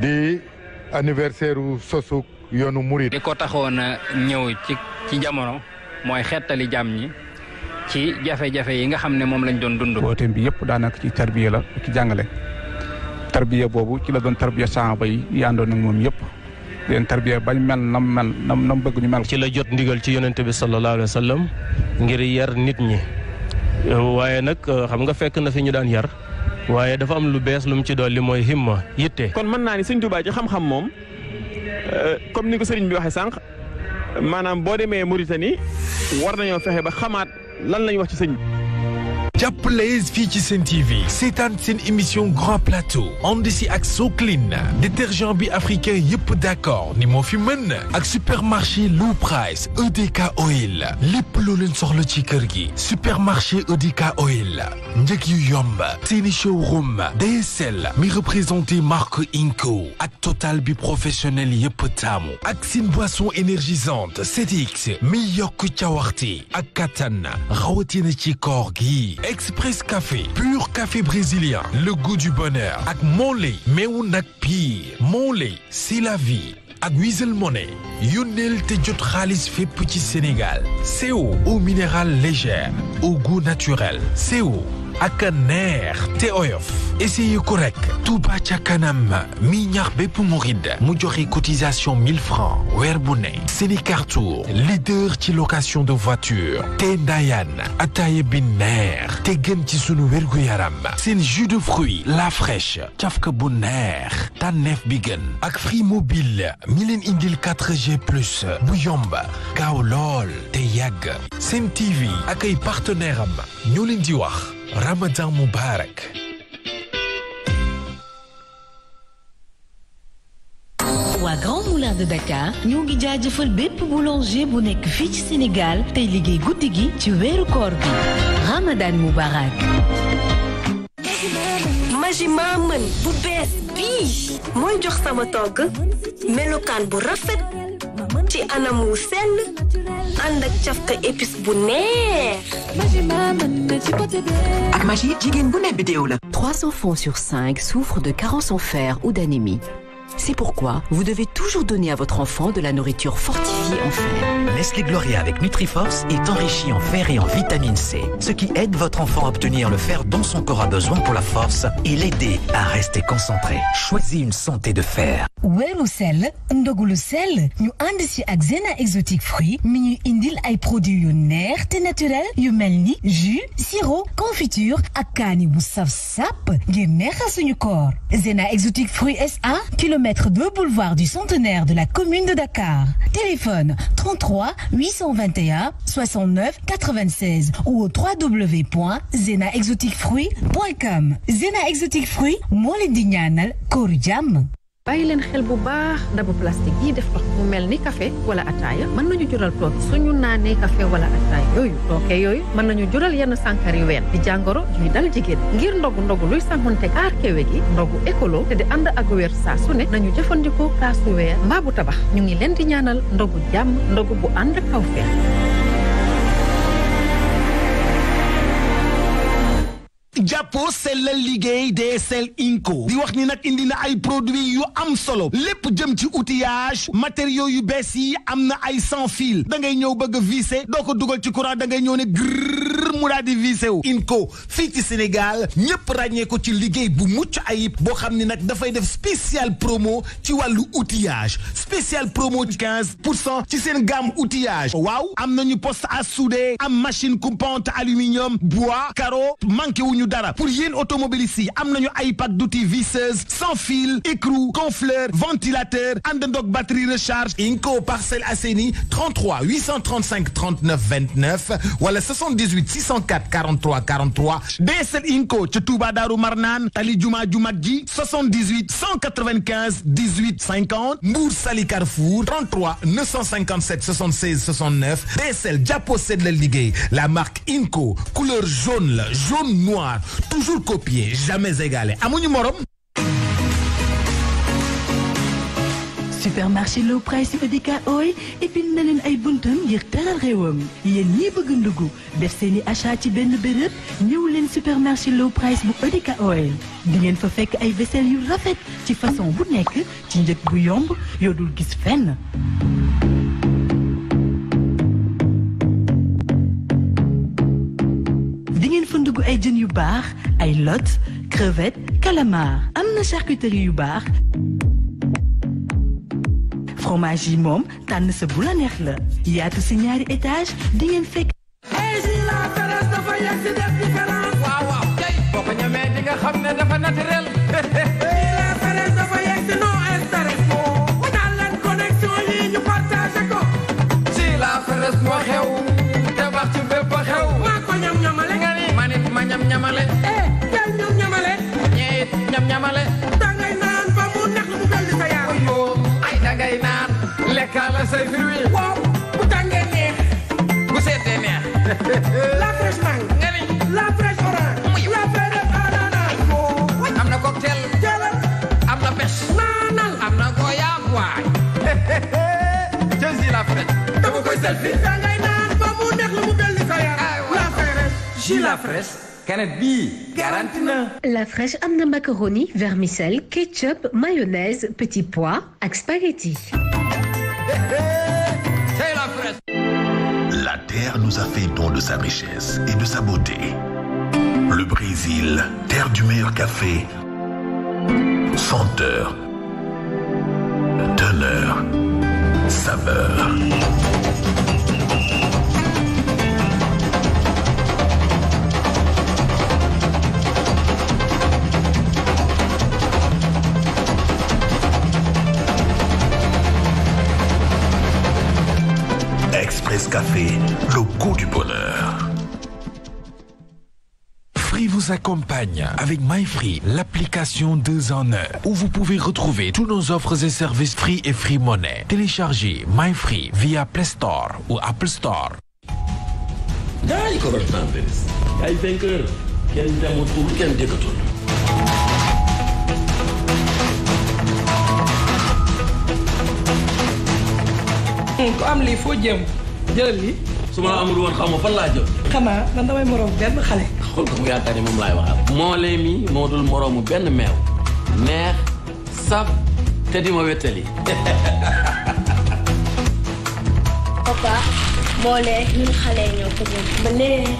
S1: di anniversaire sosuk yonu murid.
S7: li ko taxoon a ci ci jamono moy xettali jam ñi ci jafé jafé yi nga xamné mom lañ doon dund. wooteem bi da daanaka ci tarbiya la ci jangalé tarbiya bobu ci la doon tarbiya sahaba yi yi àndoon ak moom yëpp leen tarbiya bañ mel nam mel nam nam bëgg ñu mel. ci la jot
S2: ndigal ci yonente bi sallallahu alayhi wasallam ngir yar nit ñi waye nak xam nga fekk na fi ñu daan yar. waaye dafa am lu bees lu mu ci dolli mooy himma yitte. kon mën naa ni sëñ Tuubaa ci xam-xam moom euh, comme ni ko sëriñ bi waxee sànq maanaam boo demee Mauritanie war nañoo fexe ba xamaat lan lañ wax ci sëñ
S11: Place Fiji TV C'est une émission grand plateau On axo So Soclean détergent bi africain yep d'accord ni mon fi Avec supermarché low price EDK oil Lip loo le le supermarché EDK oil njëg yu yomb seeni showroom DSL mi représenté marque Inco Avec total bi professionnel yep taamu Avec une boisson énergisante CDX. mi yokk a ak kattan chikorgi. Express Café pur café brésilien le goût du bonheur ak lait, mais on a pire Mon c'est la vie ak Wiesel Money une te jot khalis fait ci Sénégal C'est eau minérale légère au goût naturel C'est au ak neex te oyof essayé Touba ca kanam mi ñax cotisation 1000 francs weer bu ne leader ci location de voiture te ndayan ataye bi neex te gën ci jus de fruit, la fraîche tafke bu neex tànneef akfri Mobile mi indil 4G plus bu yomb gaaw te TV ak partenaire Ramadan Mubarak.
S12: waa Grand Moulin de Dakar ñoo ngi jaajëfal bépp boulanger bu nekk fii ci Sénégal tey liggéey guddi gi ci weeru koor bi Ramadan Mubarak.
S6: Magima mën bu bees bii mooy jox sama togg bu rafet.
S12: 300 enfants sur 5 souffrent de carence en fer ou d'anémie. C'est pourquoi vous devez toujours donner à votre enfant de la nourriture fortifiée en
S11: fer. Nestlé Gloria avec Nutriforce est enrichi en fer et en vitamine C, ce qui aide votre enfant à obtenir le fer dont son corps a besoin pour la force et l'aider à rester concentré. Choisis une santé de fer.
S12: weeru sel, ndogulu sell ñu ànd si ak Zena exotique fruit mi ñuy indil ay produits yu des te naturel yu melni, jus sirop confiture ak kaani bu saf-sàpp ngir neexal suñu koor Zena exotique fruit SA kilomètre km de boulevard du centenaire de la commune de Dakar. Téléphone 33 821 69 96 ou au www.zenaexoticfruit.com Zena Exotic Fruits, moo d'Ignan,
S6: bàyyi leen xel bu baax dabu plastique yi def ndox mu mel ni café wala ataaya mën nañu jural tooke suñu naanee café wala ataaya yooyu tooke yooyu mën nañu jural yenn sànkar yu ween di jàngoro yuy dal jigéen ngir ndogu ndogu luy sàmmonte aar kewe gi ndogu écolo te di ànd ak weer saa su ne nañu jëfandikoo kaasu weer mbaa bu tabax ñu ngi leen di ñaanal ndogu jàmm ndogu bu ànd kaw feex
S13: Japo sellal liggéey DSL Inco di wax ni nag indi na ay produits yu am solo lépp jëm ci outillage matériaux yu bees yi am na ay sans fil da ngay ñëw bëgg a visser doo ko dugal ci courant da ngay ñëw ne grrr mu daal di visser wu Inco fii ci Sénégal ñëpp ràññee ko ci liggéey bu mucc ayib boo xam ni nag dafay def spécial promo ci wàllu outillage spécial promo 15 ci seen gamme outillage waaw am nañu poste à souder am machine coupante aluminium bois carreau manqué wuñu dara pour y automobilistes ici, am nañu iPad d'outils visseuse sans fil écrou confleur, ventilateur underdog batterie recharge Inco parcelle Assainies 33 835 39 29 ou la 78 604 43 43 DSL Inco ci Touba Marnan, Tali Juma Djumagi 78 195 18 50 Moursali Carrefour 33 957 76 69 DSL déjà possède la la marque Inco couleur jaune jaune noir toujours copié jamais égalé mon morom.
S12: supermarché low price et puis épine na leen ay buntam ngir teral réewam yéen ñii bëgg ndugg def goût. i achat ci ben béréb ñëw l'en supermarché low price bu EDK Oil di ngeen fa fekk ay vaisselle yu rafet ci façon bu nekk ci njëg bu yomb yoo dul gis fenn. am ay jën yu baax ay lot crevette calamar am na charcuterie yu baax fromage yi moom tànn sa bu la neex la yaatu si ñaari étage di ngeen fekk
S4: moo xew yaay ñam ñamale ñeet ñam ñamale dangay naan ba mu neex lu mu mel ni sa yaram yoo ay dangay naan lekkaala say fruit waaw bu tàngee neex bu seetee neex la fraîche mangue nga ni la fraîche orange
S8: la fraîche banana am na cocktail jëlal am na pêche naanal am na goyaab waay jësi la fraîche dama koy selfie dangay naan ba mu neex lu mu mel ni sa yaram la fraîche ji la fraîche
S12: La fraîche amna macaroni, vermicelle, ketchup, mayonnaise, petit pois ak spaghetti.
S11: la La terre nous a fait don de sa richesse et de sa beauté. Le Brésil, terre du meilleur café, senteur,
S10: teneur, saveur.
S11: Café, le goût du bonheur. Free vous accompagne avec MyFree, l'application 2 en 1, où vous pouvez retrouver tous nos offres et services Free et Free Money. Téléchargez MyFree via Play Store ou Apple Store.
S8: jëlal li su ma la amul woon xaw fan laa jëm xanaa man damay moroom benn xale xool ko mu yaakaar moom
S5: laay waxal moo lee mi moo dul moroomu benn meew
S10: neex saf te di ma wettali
S6: papa
S12: moo lee ñun xale ñoo ko jëm ba lee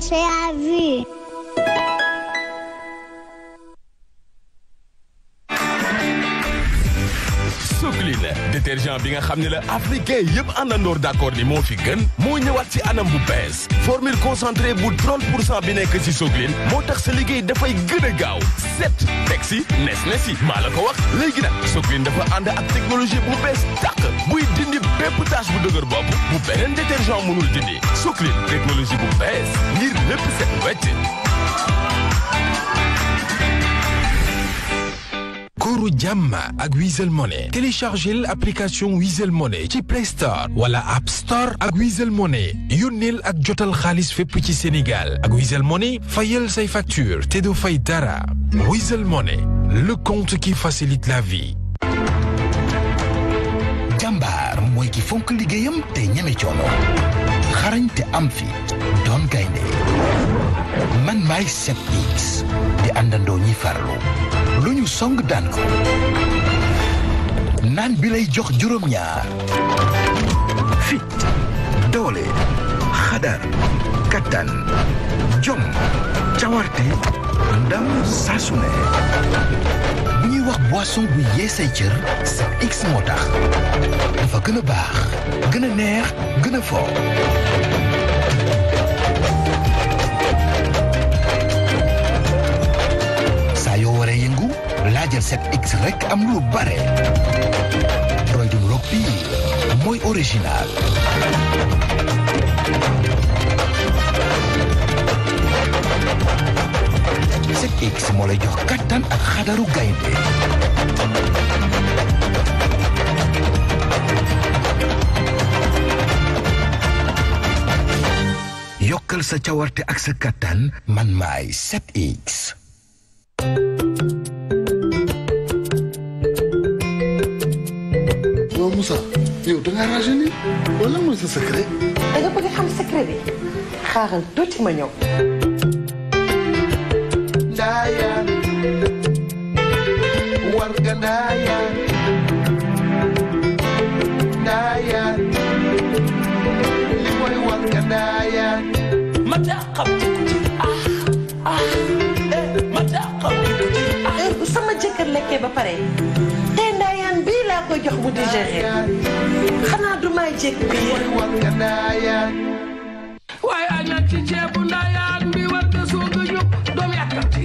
S3: c'est la vie moo c'est la vie
S10: détergent bi nga xam ni la africain yëpp àndandoor d'accord ni moo fi gën moo ñëwaat ci anam bu bees formule concentré bu 30 pour cent bi nekk ci Sogline moo tax sa liggéey dafay gën a gaaw set teg si nes ne si maa la ko wax léegi nag Sogline dafa ànd ak technologie bu bees tàq buy dindi bépp tâche bu dëgër bopp bu beneen détergent mënul dindi Sogline technologie bu bees ngir lépp set wecc
S11: góoru jàmm ak Wizall Money Téléchargez l'application Wizall Money ci Play Store wala App Store ak Wizall Money yónneel ak jotal khalis fépp ci Sénégal ak Wizall Money fayal say facture te fay dara Money le compte qui facilite la vie Jambar moy ki fonk liggéeyam te ñeme
S13: ciono. xarañ am fi don gaynde man maay set di andando ñi farlo. lu ñu song daan ko naan bi lay jox juróom-ñaar fit doole xadar kattan jom cawarte ndam saa su ne bu ñuy wax boo bu yeesay cër sa x moo tax dafa gën a baax gën a neex gën a fort xaajal set x rek am lu
S10: bare roydum rock bi original
S13: set x mulai jauh katan kattan ak xadaru gaynde yokkal sa cawarte ak man maay
S1: set x Moussa yow da ngaa rajeuni wala mooy sa
S4: secret. da nga bëgg xam secret bi xaaral tuuti ma ñëw. ndaayaan war nga ndaayaan ndaayaan li mooy war nga ndaayaan. ma daa xam ci ku ci ah ah
S6: eh ma daa xam ci ku ci ah. Eh, sama jëkkër lekkee ba pare. jox mu du may jég biir
S4: waaye ak nag ci ceebu ndaayaan bi war nga soog a jóg doom yàkkamti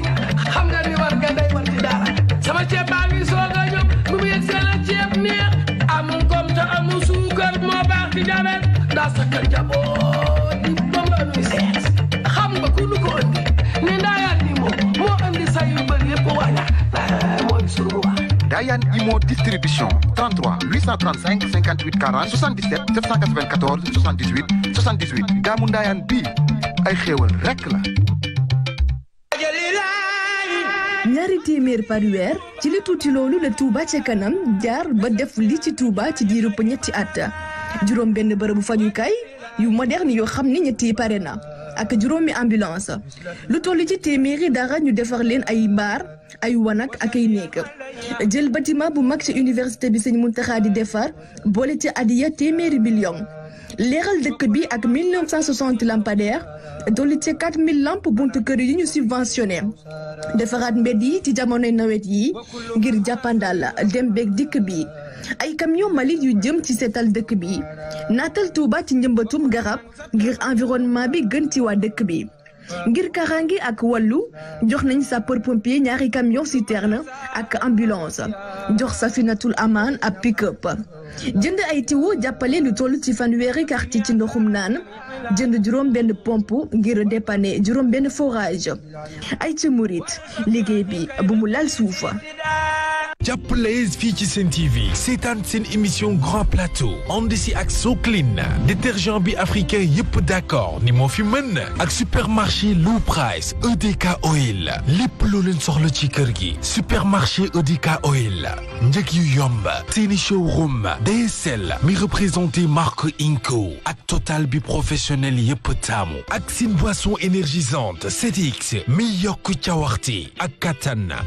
S4: xam nga ni war nga day war di dara sama ceeb baa ngi soog a jóg ceeb neex amul kom te suukar moo baax ci jabet daa sa kër di doom nga xam nga ku ko ëndi ni
S7: ndaayaan ni moom moo ëndi sa yu bëri yëpp wàñña mooy sunu waa Ndayane Imo distribution 33 835 58 40 77 794 78 78 Gaamu Ndaayaan bii ay xéewal rekk la
S12: ñaari téeméer par weer ci li tuuti loolu la Touba ca kanam jaar ba def li ci Touba ci diiru ba ñetti at juróom benn bërëbu fajukaay yu moderne yoo xam ne ñetti pare na ak juróomi ambulance lu toll ci téeméeri dara ñu defar leen ay mbaar ay wanag ak néeg jël bâtiment bu mag ci université bi sëñ Muntaxa di defar boole ci adiya téeméeri million leeral dëkk bi ak 1960 lampadaires dolli ci 4000 lampes buntu kër yi ñu subventionné defaraat mbedd yi ci jamonoy nawet yi ngir jàppandal dem beeg dikk bi ay camion malit yu jëm ci seetal dëkk bi naatal Touba ci njëmbatum garab ngir environnement bi gën ci waa dëkk bi. ngir kaaraange ak wallu jox nañ sapeur pompier ñaari camion citerne ak ambulance jox safinatul amaan ab pick-up jënd ay tiwo jàppale lu toll ci fanweeri quartier ci ndoxum naan jënd juróom benn pompe ngir dépanner juróom benn forage
S11: ay ci murit liggéey bi bu mu lal suufa Japlaise leen TV C'est une émission grand plateau On décide Clean Soclean détergent bi africain Yep d'accord ni mon fi supermarché low price EDK oil Lip loo le supermarché EDK oil njëg yu yomb seeni showroom DSL mi représenté marque Inco avec total bi professionnel Yep tamo, avec boisson énergisante 7X mi yokk cawaxti ak kattan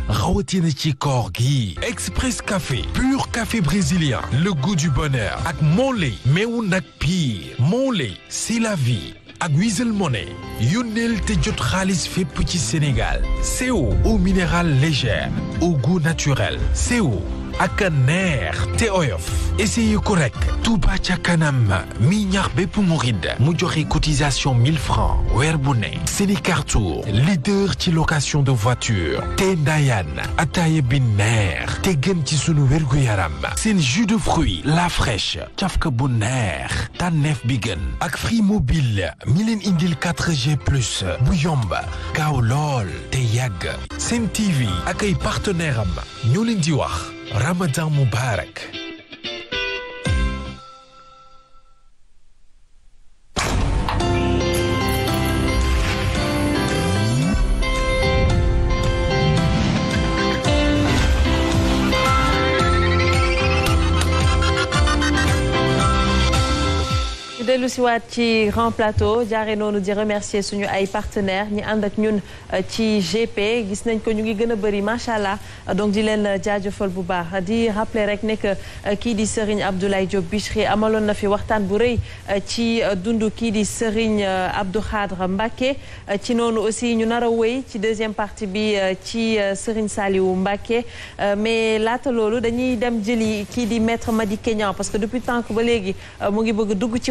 S11: Express Café pur café brésilien le goût du bonheur ak molé mais on n'a pire mon c'est la vie ak Wizall Money Yunel te jot Sénégal, c'est ci Sénégal C'est eau minérale légère au goût naturel c'est au ak neex te oyof Tuba ko Touba ca kanam mi ñax cotisation 1000 francs Werbune bu ne leader ci location de voiture te ndayan ataye bi te gën ci sunu jus de fruit. la fraîche tiafka bu neex tànneef akfri mobile mi indil 4G plus bu yomb te yàgg TV ak partenaire am Ramadan Mubarak
S6: De siwaat ci Grand Plateau jaare nous di remercier suñu ay partenaires ñi ànd ak ñun euh, ci GP gis nañ ko ñu ngi gëna a bëri euh, donc di len euh, jaajëfal bu baax di rappeler rek nek ki di Serigne Abdoulaye Diop Bichri amalon na fi waxtan bu reuy ci dundu ki di Serigne Abdou Khadre ci nonu aussi ñu nara a ci deuxième partie bi ci Serigne Saliou mbake mais lata lolu dañuy dem jëli ki di maître madi kenyan parce que depuis tant que ba légui mu ngi bëgg dugg ci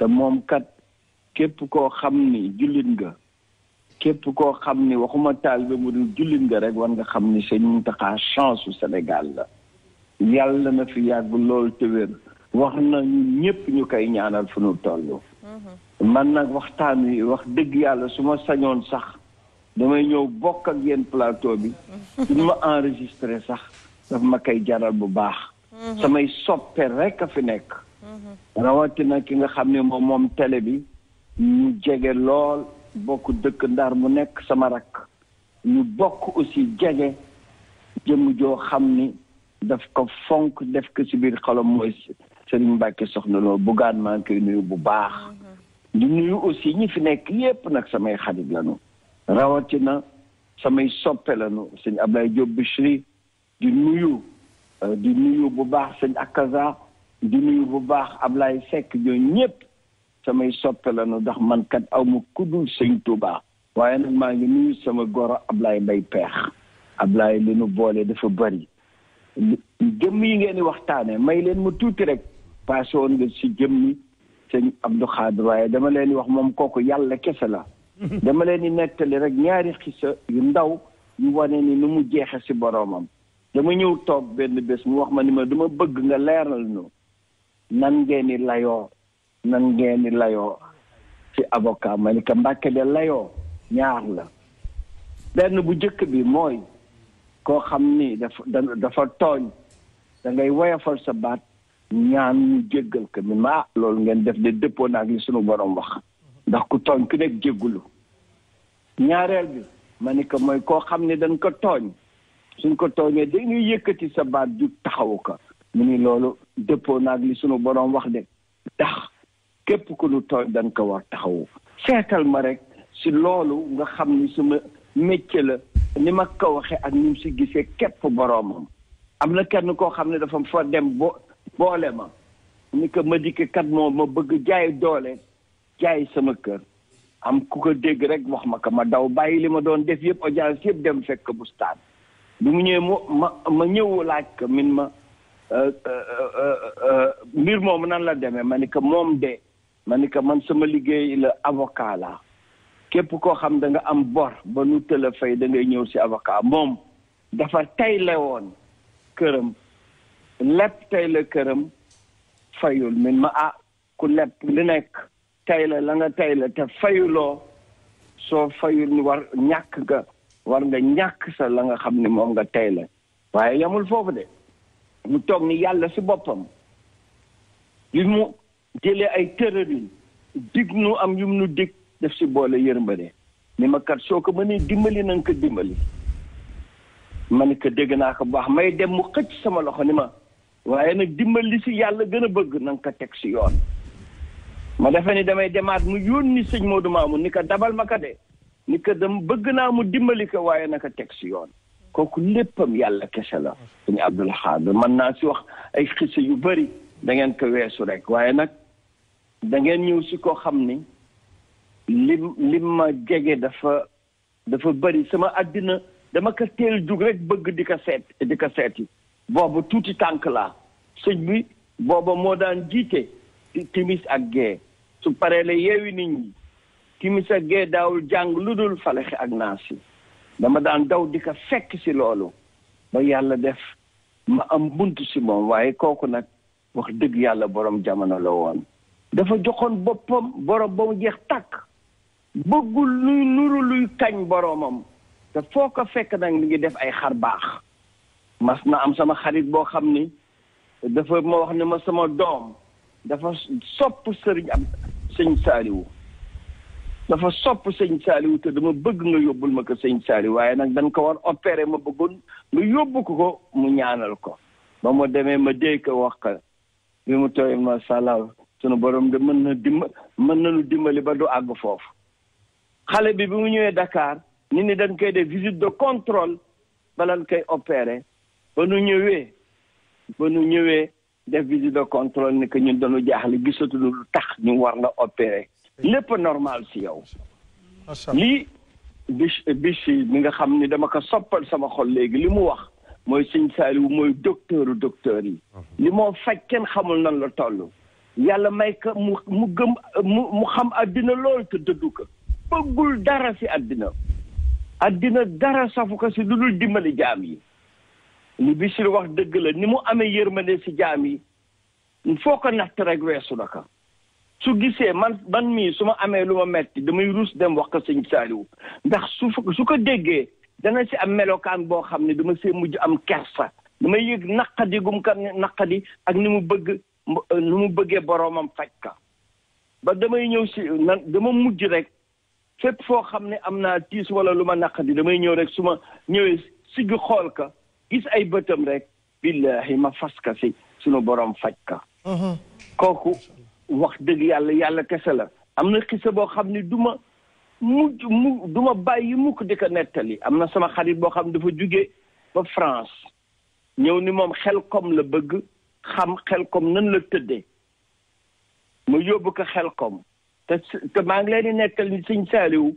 S8: te moom kat képp koo xam ni jullit nga képp koo xam ni waxuma taalibe mu dul jullit nga rek war nga xam ni sëñ Muntaxa chance su Sénégal la yàlla na fi yàgg lool te wax na ñu ñëpp ñu koy ñaanal fu nu toll. man nag waxtaan wi wax dëgg yàlla su ma sañoon sax damay ñëw bokk ak yéen plateau bi. suñ ma enregistré sax daf ma koy jaral bu baax. Mhm. samay soppe rekk a fi nekk. rawatina ki nga xam ne moom moom télé bi ñu jege lool bokk dëkk ndar mu nekk sama rakk ñu bokk aussi jege jëmm joo xam ni daf ko fonk def ko ci biir xolam mooy Serigne Mbacke soxna bu buggaan maa ngi koy nuyu bu baax di nuyu aussi ñu fi nekk yépp nag samay xarit lañu rawatina samay soppe lañu sëñ Ablaye Diop Bichri di nuyu di nuyu bu baax sëñ Akaza di nuyu bu baax ab Ablaye Seck ñooñu ñépp samay soppe la nu ndax man aw ma kuddul sëñ Touba waaye nag maa ngi nuyu sama goro ab Ablaye Mbaye Peex Ablaye li nu boole dafa bari jëmm yi ngeen di waxtaane may leen mu tuuti rek passé woon nga si jëmmi sëñ Abdou Khadre waaye dama leen di wax moom kooku yàlla kese la dama leen di nettali rek ñaari xisa yu ndaw yu wane ni nu mu jeexe si boroomam dama ñëw toog benn bés mu wax ma ni ma dama bëgg nga leeral nu Nanggeni layo, nanggeni layo. Si ngeen di layoo ci avocat ma ni ka mbàkke de layoo ñaar la bu bi moy, dafa da ngay woyafal sa baat ñaan ñu jéggal ko mi ma ah, loolu ngeen def de dëppoo naag li sunu borom wax ndax ku tooñ ku nekk jéggulu ñaareel bi ma ko mooy koo xam dañ ko tooñ suñ ko tooñee dañuy yëkkati sa baat ju taxawu ko mu ni loolu dëppoo naag li sunu boroom wax de ndax képp ku nu tooñ dañ ko war taxawu seetal ma rek si loolu nga xam ni suma métier la ni ma ko waxee ak ni mu si gisee képp boroomam am na kenn koo xam ne dafa fa dem bo boole ma ni ko ma dikk kat moom ma bëgg jaay doole jaay sama kër am ku ko dégg rek wax ma ko ma daw bàyyi li ma doon def yëpp audience yëpp dem fekk bustaan bi mu ñëwee mu ma ma ñëw laaj ko min ma mbir moom nan la demee ma ni que moom de ma ni que man sama liggéey la avocat la képp koo xam da nga am bor ba nu tëla fay da ngay ñëw si avocat moom dafa tey la woon këram lépp tey la këram fayul min ma ah ku lépp li nekk tey la la nga tey la te fayuloo soo fayul ni war ñàkk nga war nga ñàkk sa la nga xam ni moom nga tey la waaye yamul foofu de mu toog ni yàlla si boppam bi mu jëlee ay tërëriñ dig nu am yum nu dig def si boole yërmande ni ma kat soo ko mënee dimbali na nga ko dimbali ma ni ko dégg naa ko bu baax may dem mu xëcc sama loxo ni ma waaye nag dimbali si yàlla gën a bëgg na ko teg si yoon ma defe ni damay demaat mu yónni sëñ Modou Mamoun ni ko dabal ma ko de ni ko dem bëgg naa mu dimbali ko waaye na ko teg si yoon kooku léppam yàlla kese la dañu Abdul Xaadir mën naa si wax ay xisa yu bëri da ngeen ko weesu rek waaye nag da ngeen ñëw si koo xam ni lim lim ma jege dafa dafa bëri sama àddina dama ko teel jug rek bëgg di ko seet di ko seeti booba tuuti tànk laa sëñ bi booba moo daan jiite timis ak gee su paree la yeewi nit ñi timis ak gee daawul jàng lu dul falaxe ak naasi dama daan daw di ko fekk ci loolu ba yàlla def ma am bunt ci moom waaye kooku nag wax dëgg yàlla borom jamono la woon dafa joxoon boppam borom ba mu jeex tàkk bëggul luy nuru luy kañ boromam te foo ko fekk nag mi ngi def ay xar baax mas na am sama xarit boo xam ni dafa ma wax ne ma sama doom dafa sopp sëriñ am sëñ saaliwu dafa sopp sëñ Saaliw te dama bëgg nga yóbbul ma ko sëñ Saaliw waaye nag dañ ko war opéré ma bëggoon nga yóbbu ko ko mu ñaanal ko ba mu demee ma dee ko wax ka bi mu tooy ma salaw sunu borom de mën na dimba mën na nañu dimbali ba du àgg foofu xale bi bi mu ñëwee dakaar nit ni dañ koy def visite de contrôle balan koy opéré ba nu ñëwee ba nu ñëwee def visite de contrôle ni que ñun dañu jaaxle gisatuñu lu tax ñu war la opéré lépp normal si yow. lii bis bis mi nga xam ni dama ko soppal sama xol léegi li mu wax mooy sëñ Saliou mooy docteuru docteur yi. li moo faj kenn xamul nan la toll. yàlla may ka mu mu gëm mu mu xam àddina lool te dëddu ko bëggul dara si àddina àddina dara safu ko si lu dul dimbali jaam yi li Bichri wax dëgg la ni mu amee yërmande si jaam yi foo ko natt rek weesu na ko su gisee man man mii su ma amee lu ma metti damay ruus dem wax ko sëñ saaliwu ndax su su ko déggee dana si am melokaan boo xam ne dama see mujj am kersa damay yëg naqadi gum kan naqadi ak ni mu bëgg nu mu bëggee boroomam faj ka ba damay ñëw si nan dama mujj rek fépp foo xam ne am naa tiis wala lu ma naqadi damay ñëw rek su ma ñëwee sigg xool ka gis ay bëtam rek billahi ma fas ka si sunu boroom faj ka mhm. kooku wax dëgg yàlla yàlla kese la am na xisa boo xam ne mukk sama ne dafa ba France ni xel kom la bëgg xam xel kom nan la tëddee ma yóbbu xel kom te te maa ngi leen di ni sëñ Saaliw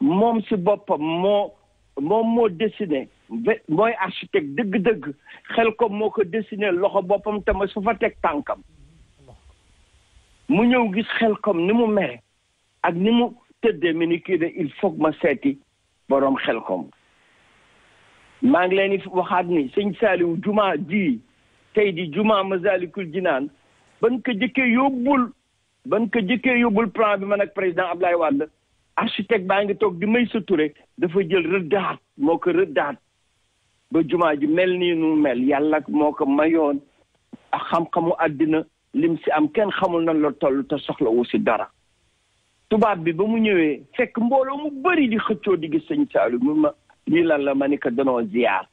S8: moom si boppam moo moom moo dessiné architecte dëgg-dëgg xel kom moo ko dessiné loxo ma su fa mu ñëw gis xel comme ni mu mere ak ni mu tëddee mi ni kii de il faut ma seeti borom xel comme maa ngi leen waxaat ni sëñ saaliw juma ji tey di juma masalikul jinaan ban ko jëkkee yóbbul ban ko jëkkee yóbbul plan bi man ak président Ablaye Wade architecte baa ngi toog di may sa ture dafa jël rëddaat moo ko rëddaat ba juma ji mel nii nu mel yàlla moo ko mayoon xam-xamu àddina lim si am kenn xamul nan la toll te soxlawu si dara tubaab bi ba mu ñëwee fekk mbooloo mu bëri di xëccoo di gis sëñ Saalu mun ma lii lan la ma ni ko danoo ziyaar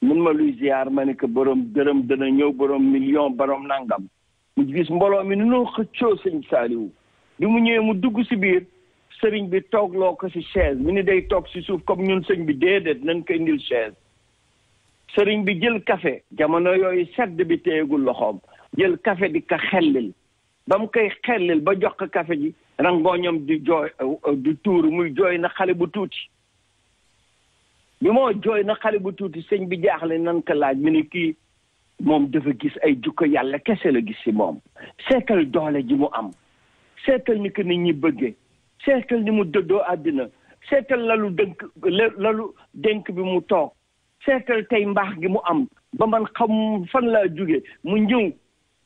S8: mun ma luy ziyaar ma ni ko borom dërëm dana ñëw borom million borom nangam mu gis mbooloo am ni noo xëccoo sëñ Saaliwu bi mu ñëwee mu dugg si biir sëriñ bi toogloo ko si chaise mi ni day toog si suuf comme ñun sëñ bi déedéet nañ ko indil chaise sëriñ bi jël kafe jamono yooyu sedd bi téyegul loxoom jël kafe di ko xellil ba mu koy xellil ba jox kafe ji rangooñam di jooy euh, di tuur muy jooy na xale bu tuuti bi moo jooy na xale bu tuuti sëñ bi jaaxle nan ko laaj mu ni kii moom dafa gis ay jukko yàlla kese la gis ci moom seetal doole ji mu am seetal ni ko nit ñi bëggee seetal ni mu dëddoo àddina seetal lalu dënk lalu dénk bi mu toog seetal tey mbaax gi mu am ba man xam fan laa jóge mu ñëw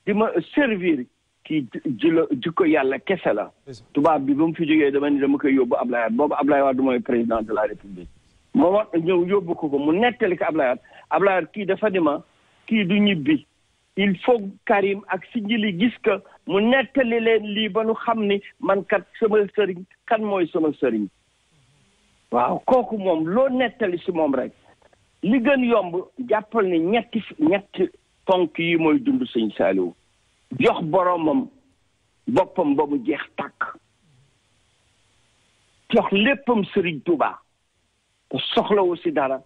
S8: di ma servir kii ji la ko yàlla kese la. tubaab bi ba mu fi jógee dama ni dama koy yóbbu Ablaye Wade boobu Ablaye Wade mooy président de la république. ma wax ñëw yóbbu ko ko mu nettali ko Ablaye Wade Ablaye Wade kii dafa di ma kii du ñibbi il faut Karim ak si njili gis ka mu nettali leen lii ba nu xam ni man kat sama sëriñ kan mooy sama sëriñ. waaw kooku moom loo nettali si moom rek. li gën yomb jàppal ni ñetti ñetti fonk yi mooy dund sëñ Saliou jox boromam boppam ba mu jeex tàkk jox léppam sëriñ Touba soxla soxlawu si dara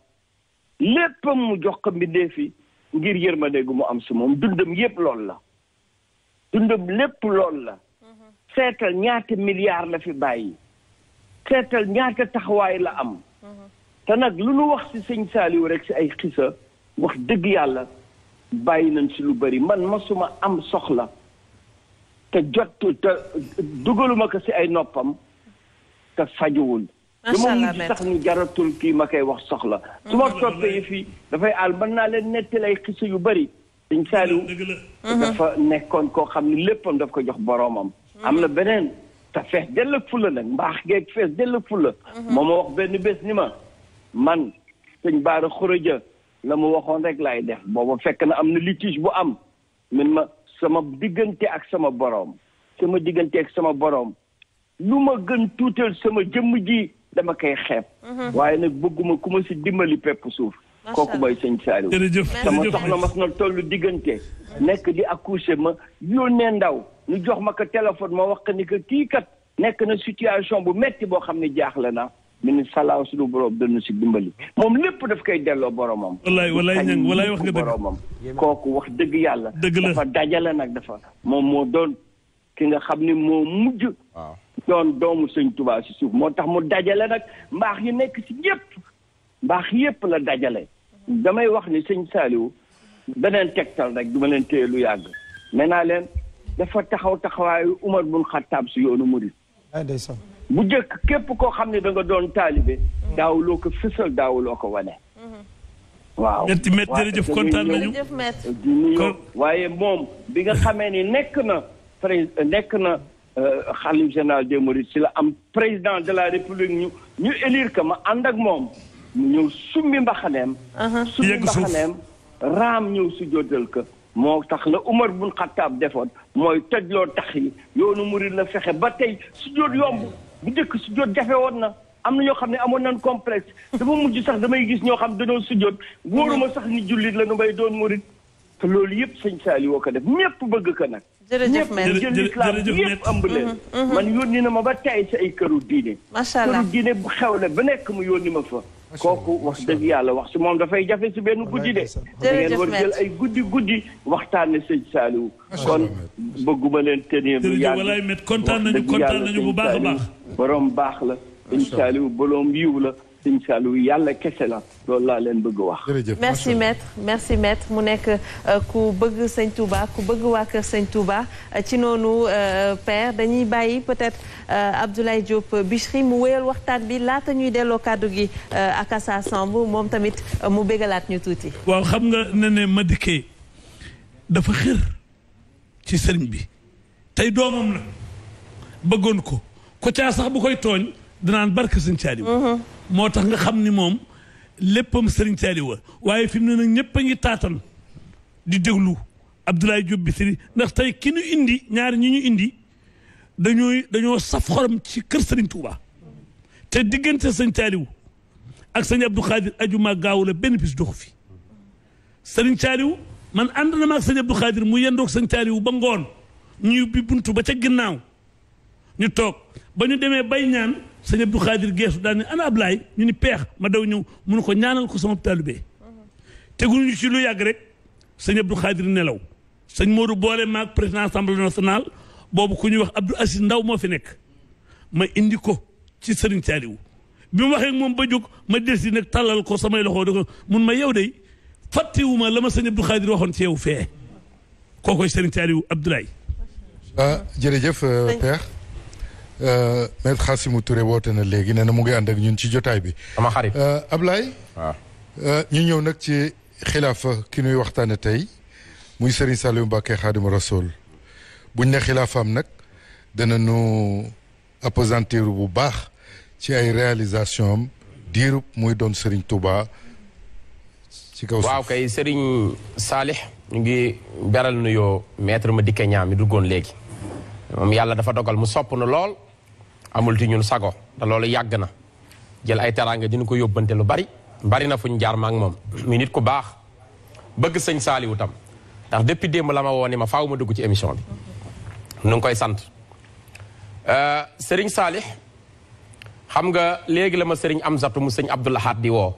S8: léppam mu jox ko mbindeef fi ngir yërmande gu mu am si moom dundam yépp lool la dundam lépp lool la seetal ñaata milliard la fi bàyyi seetal ñaata taxawaay la am te nag lu nu wax si sëñ Saliou rek si ay xisa wax dëgg yàlla bàyyi nañ lu bëri man masuma am soxla te jot te dugaluma ko si ay noppam te fajuwul dama mujj sax ni jaratul kii ma koy wax soxla su ma toppee fii dafay àll mën naa leen nettali ay xisa yu bëri dañ saaliw dafa nekkoon koo xam ne léppam daf ko jox boroomam am na beneen te fees dell ak fulla nag mbaax geeg fees dell ak fulla moo wax benn bés ni ma man sëñ baara xoroja la mu waxoon rek laay def boobu fekk na am na litige bu am min ma sama diggante ak sama boroom sama diggante ak sama boroom lu ma gën tuutal sama jëmm ji dama koy xeeb mhm. waaye nag bëgguma ku ma si dimbali pepp suuf kooku mooy sëñ Saliou sama soxna mas na tollu diggante nekk di accoucher ma yónnee ndaw ñu jox ma ko téléphone ma wax ni que kii kat nekk na situation bu metti boo xam ne jaaxle na mu ni si suñu borom dënnu si dimbali moom lépp daf koy delloo boromam. wallaay wallaay ñang wallaay wax nga dëgg boromam. kooku wax dëgg yàlla. dëgg la dafa dajale nag dafa. moom moo doon ki nga xam ni moo mujj. waaw doon doomu sëñ Tuubaa si suuf moo tax mu dajale nag mbaax yi nekk si ñëpp. mbaax yëpp la dajale. damay wax ni sëñ Saliou beneen tegtal rek duma leen téye lu yàgg. nee naa leen dafa taxaw taxawaayu Umar bun Xattaab si yoonu Murid. bu njëkk képp koo xam ne danga nga doon taalibe daawuloo ko fësal daawuloo ko wane. waaw
S5: metti metti
S6: jërëjëf kontaan nañu waaye
S8: moom bi nga xamee ni nekk na prés nekk na euh, xalif général des Mourides ci la am président de la république ñu ñu élire que ma ànd ak moom mu ñëw summi mbaxaneem uh-huh. summi mbaxaneem raam ñëw su jotal ko moo tax la Umar bun Xattaab defoon mooy tojloo tax yi yoonu Mouride la fexe ba tey su jot yomb bu njëkk sujjóot jafe woon na am na ñoo xam ne amoon nañ complexe dafa mujj sax damay gis ñoo xam dañoo sujjóot wóoruma sax ni jullit la nu may doon murit te loolu yëpp sëñ Saali woo ko def ñëpp bëgg ko nag jërëjëf maître jël lislaam yëpp ëmb leen mhm, mhm. man yónni na ma ba tey i ay këru diine
S6: macha allah këru diine bu
S8: xew la ba nekk mu yónni ma fa kooku wax dëgg yàlla wax si moom dafay jafe si benn guddi de. da ngeen war jël ay guddi guddi waxtaane sëñ Saliou. kon bëgguma leen tenir. lu yàgg wax
S5: dëgg yàlla sëñ Saliou
S8: borom baax la. sëñ Saliou borom yiw la. sëñ Saliou yàlla kese la loolu laa leen bëgg wax.
S6: merci maître merci maître mu nekk euh, ku bëgg sëñ Touba ku bëgg waa kër sëñ Touba euh, ci noonu euh, père dañuy bàyyi peut-être Abdoulaye Diop Bichri mu wéyal waxtaan bi laata ñuy delloo kàddu gi ak Assa Samb moom tamit mu bégalaat ñu tuuti.
S5: waaw xam nga ne ne Madické dafa xër ci sëriñ bi tey doomam la bëggoon ko ko caa sax bu koy tooñ danaan barke sëñ Saliou. Mhm. moo tax nga xam ni moom léppam Serigne Saliou waaye fi mu ne nag ñëpp a ngi taatal di déglu Abdoulaye Diop Bichri ndax tey ki ñu indi ñaar ñi ñu indi dañooy dañoo saf xorom ci kër Serigne Touba te diggante Serigne Saliou ak Serigne Abdou Khadir ajuma gaaw la benn bis doxu fi Serigne Saliou man ànd na ma ak Serigne Abdou Khadir mu yendoog Serigne Saliou ba ngoon ñuy bi buntu ba ca ginnaaw ñu toog ba ñu demee bay ñaan. sëñ Abdou Khadir geesu daal ne ana Ablaay ñu ni peex ma daw ñëw mun ko ñaanal ko sama taalibe teguñu ci lu yàgg rek sëñ Abdou Khadir nelaw sëñ Modou boole maag président assemblée nationale boobu ku ñuy wax Abdou Aziz Ndaw moo fi nekk ma indi ko ci sëriñ Saaliwu bi mu waxee moom ba jóg ma des di nag tàllal ko samay loxo da ko mun ma yow de fàttewuma la ma sëñ Abdou Khadir waxoon ci yow fee kookoy sëriñ Saaliwu Abdoulaye.
S1: ah jërëjëf euh, Père. Euh, maître Khassimou ture woote na léegi nee na mu ngi ànd ak ñun ci jotaay bi. sama xarit euh, Ablaye. waaw euh, ñu ñëw nag ci xilaafa ki nuy waxtaane tey muy Serigne Saliou Mbacké Khadimou Rassoul buñ ne xilaafaam nag dana nu appesantir bu baax ci ay réalisation am muy doon Serigne Touba. ci kaw waaw
S2: kay Serigne Salih ñu ngi beral nuyoo ma Madické Niang mi duggoon léegi. moom yàlla dafa dogal mu sopp na lool amul ti ñun sago te loolu yàgg na jël ay teraanga dina ko yóbbante lu bari bari na fuñ jaar maak moom mi it ku baax bëgg sëñ saaliwu tam ndax depuis démb la ma woo ma faaw ma dugg ci émission bi nu koy sant euh, sëriñ saalih xam nga léegi la ma sëriñ Amsatu mu sëñ Abdou Lahad di woo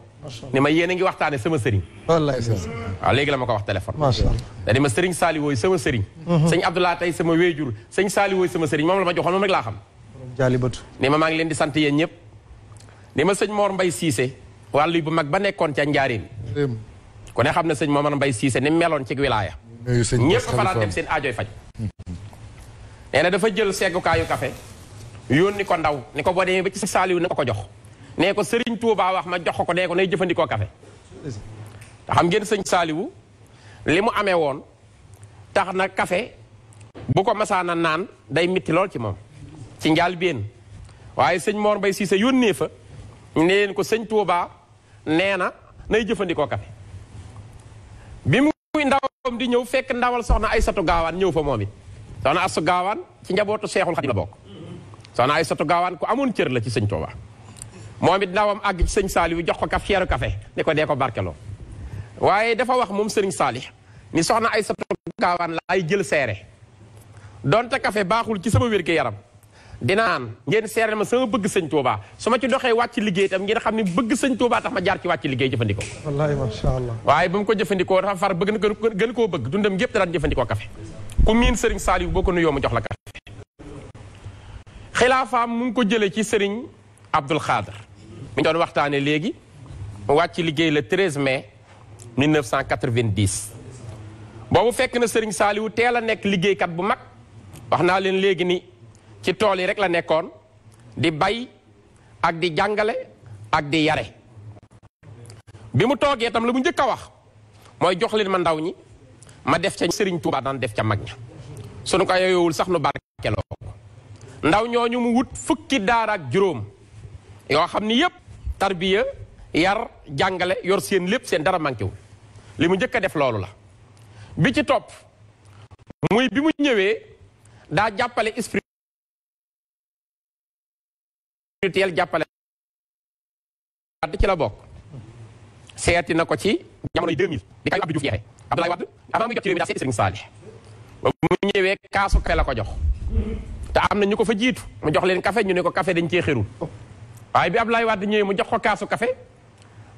S2: ni ma yéen a ngi sama sëriñ wallaay waaw léegi la ko wax téléphone macha ma sëriñ saali wooyu sama sëriñ mhm. sëñ Abdou Lahad tey sama wéejur sëñ saali wooyu sama sëriñ moom la ma joxoon moom rek laa xam jaalibatu ni ma maa ngi leen di sant yéen ñëpp ni ma sëñ Mor Mbay Siise wàllu bu mag ba nekkoon ca njaarim ku ne xam na sëñ Mor Mbay Siise ni meloon ci wilaaya
S1: ñëpp fa daan dem
S2: seen aajoy faj nee na dafa jël seggukaayu café yónni ko ndaw ni ko boo demee ba ci sa saaliw na ko ko jox nee ko sëriñ Tuubaa wax ma jox ko nee ko nay jëfandikoo café te xam ngeen sëñ saaliwu li mu amee woon tax na kafe bu ko masaana naan day mitti lool ci moom ci njaal benn waaye sëñ Mor Mbay Siise yónnee fa ne ko sëñ Tuubaa nee na nay jëfandikoo kafe bi muy ndawam di ñëw fekk ndawal soxna Aysatu Gaawaan ñëw fa moom it soxna Astu Gaawaan ci njabootu Seexul Xadiim la bokk soxna Aysatu Gaawaan ku amoon cër la ci sëñ moom it ndawam àgg ci sëñ wi jox ko kaf ceeru kafe ne ko dee ko barkeloo waaye dafa wax moom sëriñ saali ni soxna ay Aysatu Gaawaan laay jël seere donte kafe baaxul ci sama wér-gi-yaram dina am ngeen seeral ma sama bëgg sëñ Touba su ma ci doxee wàcc liggéey itam ngeen xam ne bëgg sëñ Touba tax ma jaar ci wàcc liggéey jëfandikoo. waaye ba mu ko jëfandikoo dafa far bëgg na gën koo bëgg dundam gépp daan jëfandikoo café ku miin Serigne Saliou boo ko nuyoo mu jox la café xilaafaam mu ngi ko jëlee ci Serigne Abdoul Khadr mi doon waxtaanee léegi mu wàcc liggéey le 13 mai 1990 boobu fekk na Serigne Saliou teel a nekk liggéeykat bu mag wax naa leen léegi ni. ci tool yi rek la nekkoon di bay ak di jàngale ak di yare bi mu toogee tam lu mu njëkk a wax mooy jox leen ma ndaw ñi ma def ca sëriñ Touba daan def ca mag ña sunu ko yooyowul sax nu barkeloo ndaw ñooñu mu wut fukki daara ak juróom yoo xam ni yépp tarbiya yar jàngale yor seen lépp seen dara manqué wul li mu njëkk a def loolu la bi ci topp muy bi mu ñëwee daa jàppale esprit ñu teel jàppale Wade bokk seeti na ko ci jamono yi 2000 bi kayu Abdou Diouf jeexee Abdoulaye Wade avant muy mi daa seeti Serigne Saliou ba mu ñëwee kaasu kafe la ko jox te am ñu ko fa jiitu mu jox leen kafe ñu ne ko kafe dañ cee xirul waaye bi Abdoulaye Wade ñëwee mu jox ko kaasu kafe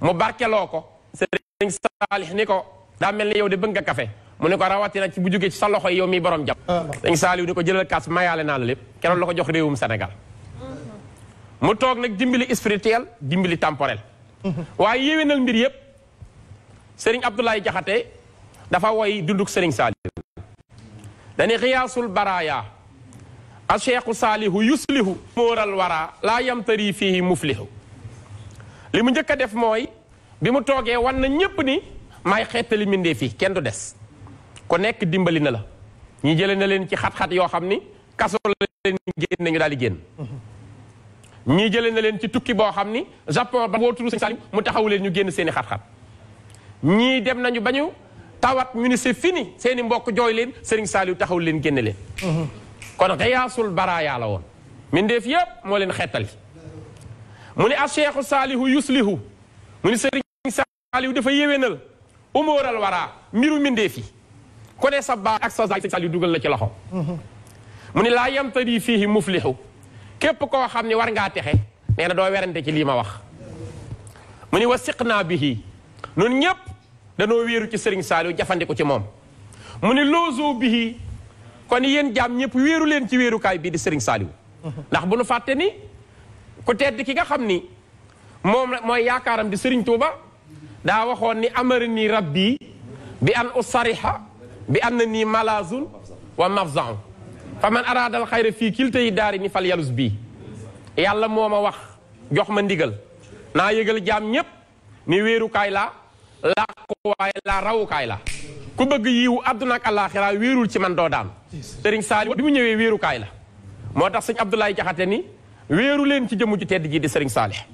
S2: mu barkeloo ko Serigne Saliou ni ko daa mel ni yow de bëgg nga kafe mu ne ko rawatina ci bu jógee ci sa loxo yow mi borom jàpp ah. Serigne Saliou ni ko jëlal kaas mayaale naa la lépp keroon la jox réewum Sénégal mu toog nag dimbali spirituel dimbali temporel. waaye yéwénal mbir yëpp Serigne Abdoulaye Jaxate dafa woy dunduk sëriñ Saalihu dani xiyaasul baraaya a cheikhu saalihu yuslihu móoral wara laa yamtari fii muflihu li mu njëkk a def mooy bi mu toogee wan na ñépp ni may xettali mindee fii kenn du des ku nekk dimbali na la ñu jële na leen ci xat-xat yoo xam ni kaso la leen génn nañu daal di génn ñi jëlé na leen ci tukki bo xamni japon ba woo turu sëñ Salim mu taxaw leen ñu génn seeni xat-xat ñi dem nañu bañu tawat ñu ni c'est fini seeni mbokk joy leen seigne salim taxaw leen genn leen kon xiyaasul baraayaa la won min def yeb mo leen xétal mu ni al cheikhu salih yuslihu mu ni seigne salim dafa yéwénal umóoral waraa mbiru mindeef yi kone sa ba ak sa zaay sëriñ Saaliw dugal la ci loxo mu ni laa yamtari fihi muflihu képp koo xam ne war ngaa texe nee na doo werante ci lii ma wax mu ni wa siq naa bihi nun ñépp danoo wéeru ci Serigne Saliou jafandiku ci moom mu ni loosoo bihi kon yéen jaam ñëpp wéeru leen ci wéerukaay bii di Serigne Saliou ndax bu nu fàtte ni ku tedd ki nga xam ni moom mooy yaakaaram di Serigne Touba daa waxoon ni amari nii rabbi bi an usariha bi am na nii malazun wa mafzaun fa man araadal xayra fii kilta yi daari ni fal yalus bii yàlla moo ma wax jox ma ndigal naa yëgal jaam ñépp ni wéerukaay laa làquwaay laa rawukaay la ku bëgg yiwu àdduna ak àllaaxira wéerul ci man doo daan sëriñ Saaliw bi mu ñëwee wéerukaay la moo tax sëñ Abdoulaye Jaxate ni wéeru leen ci jëmm ju tedd ji di sëriñ Saalix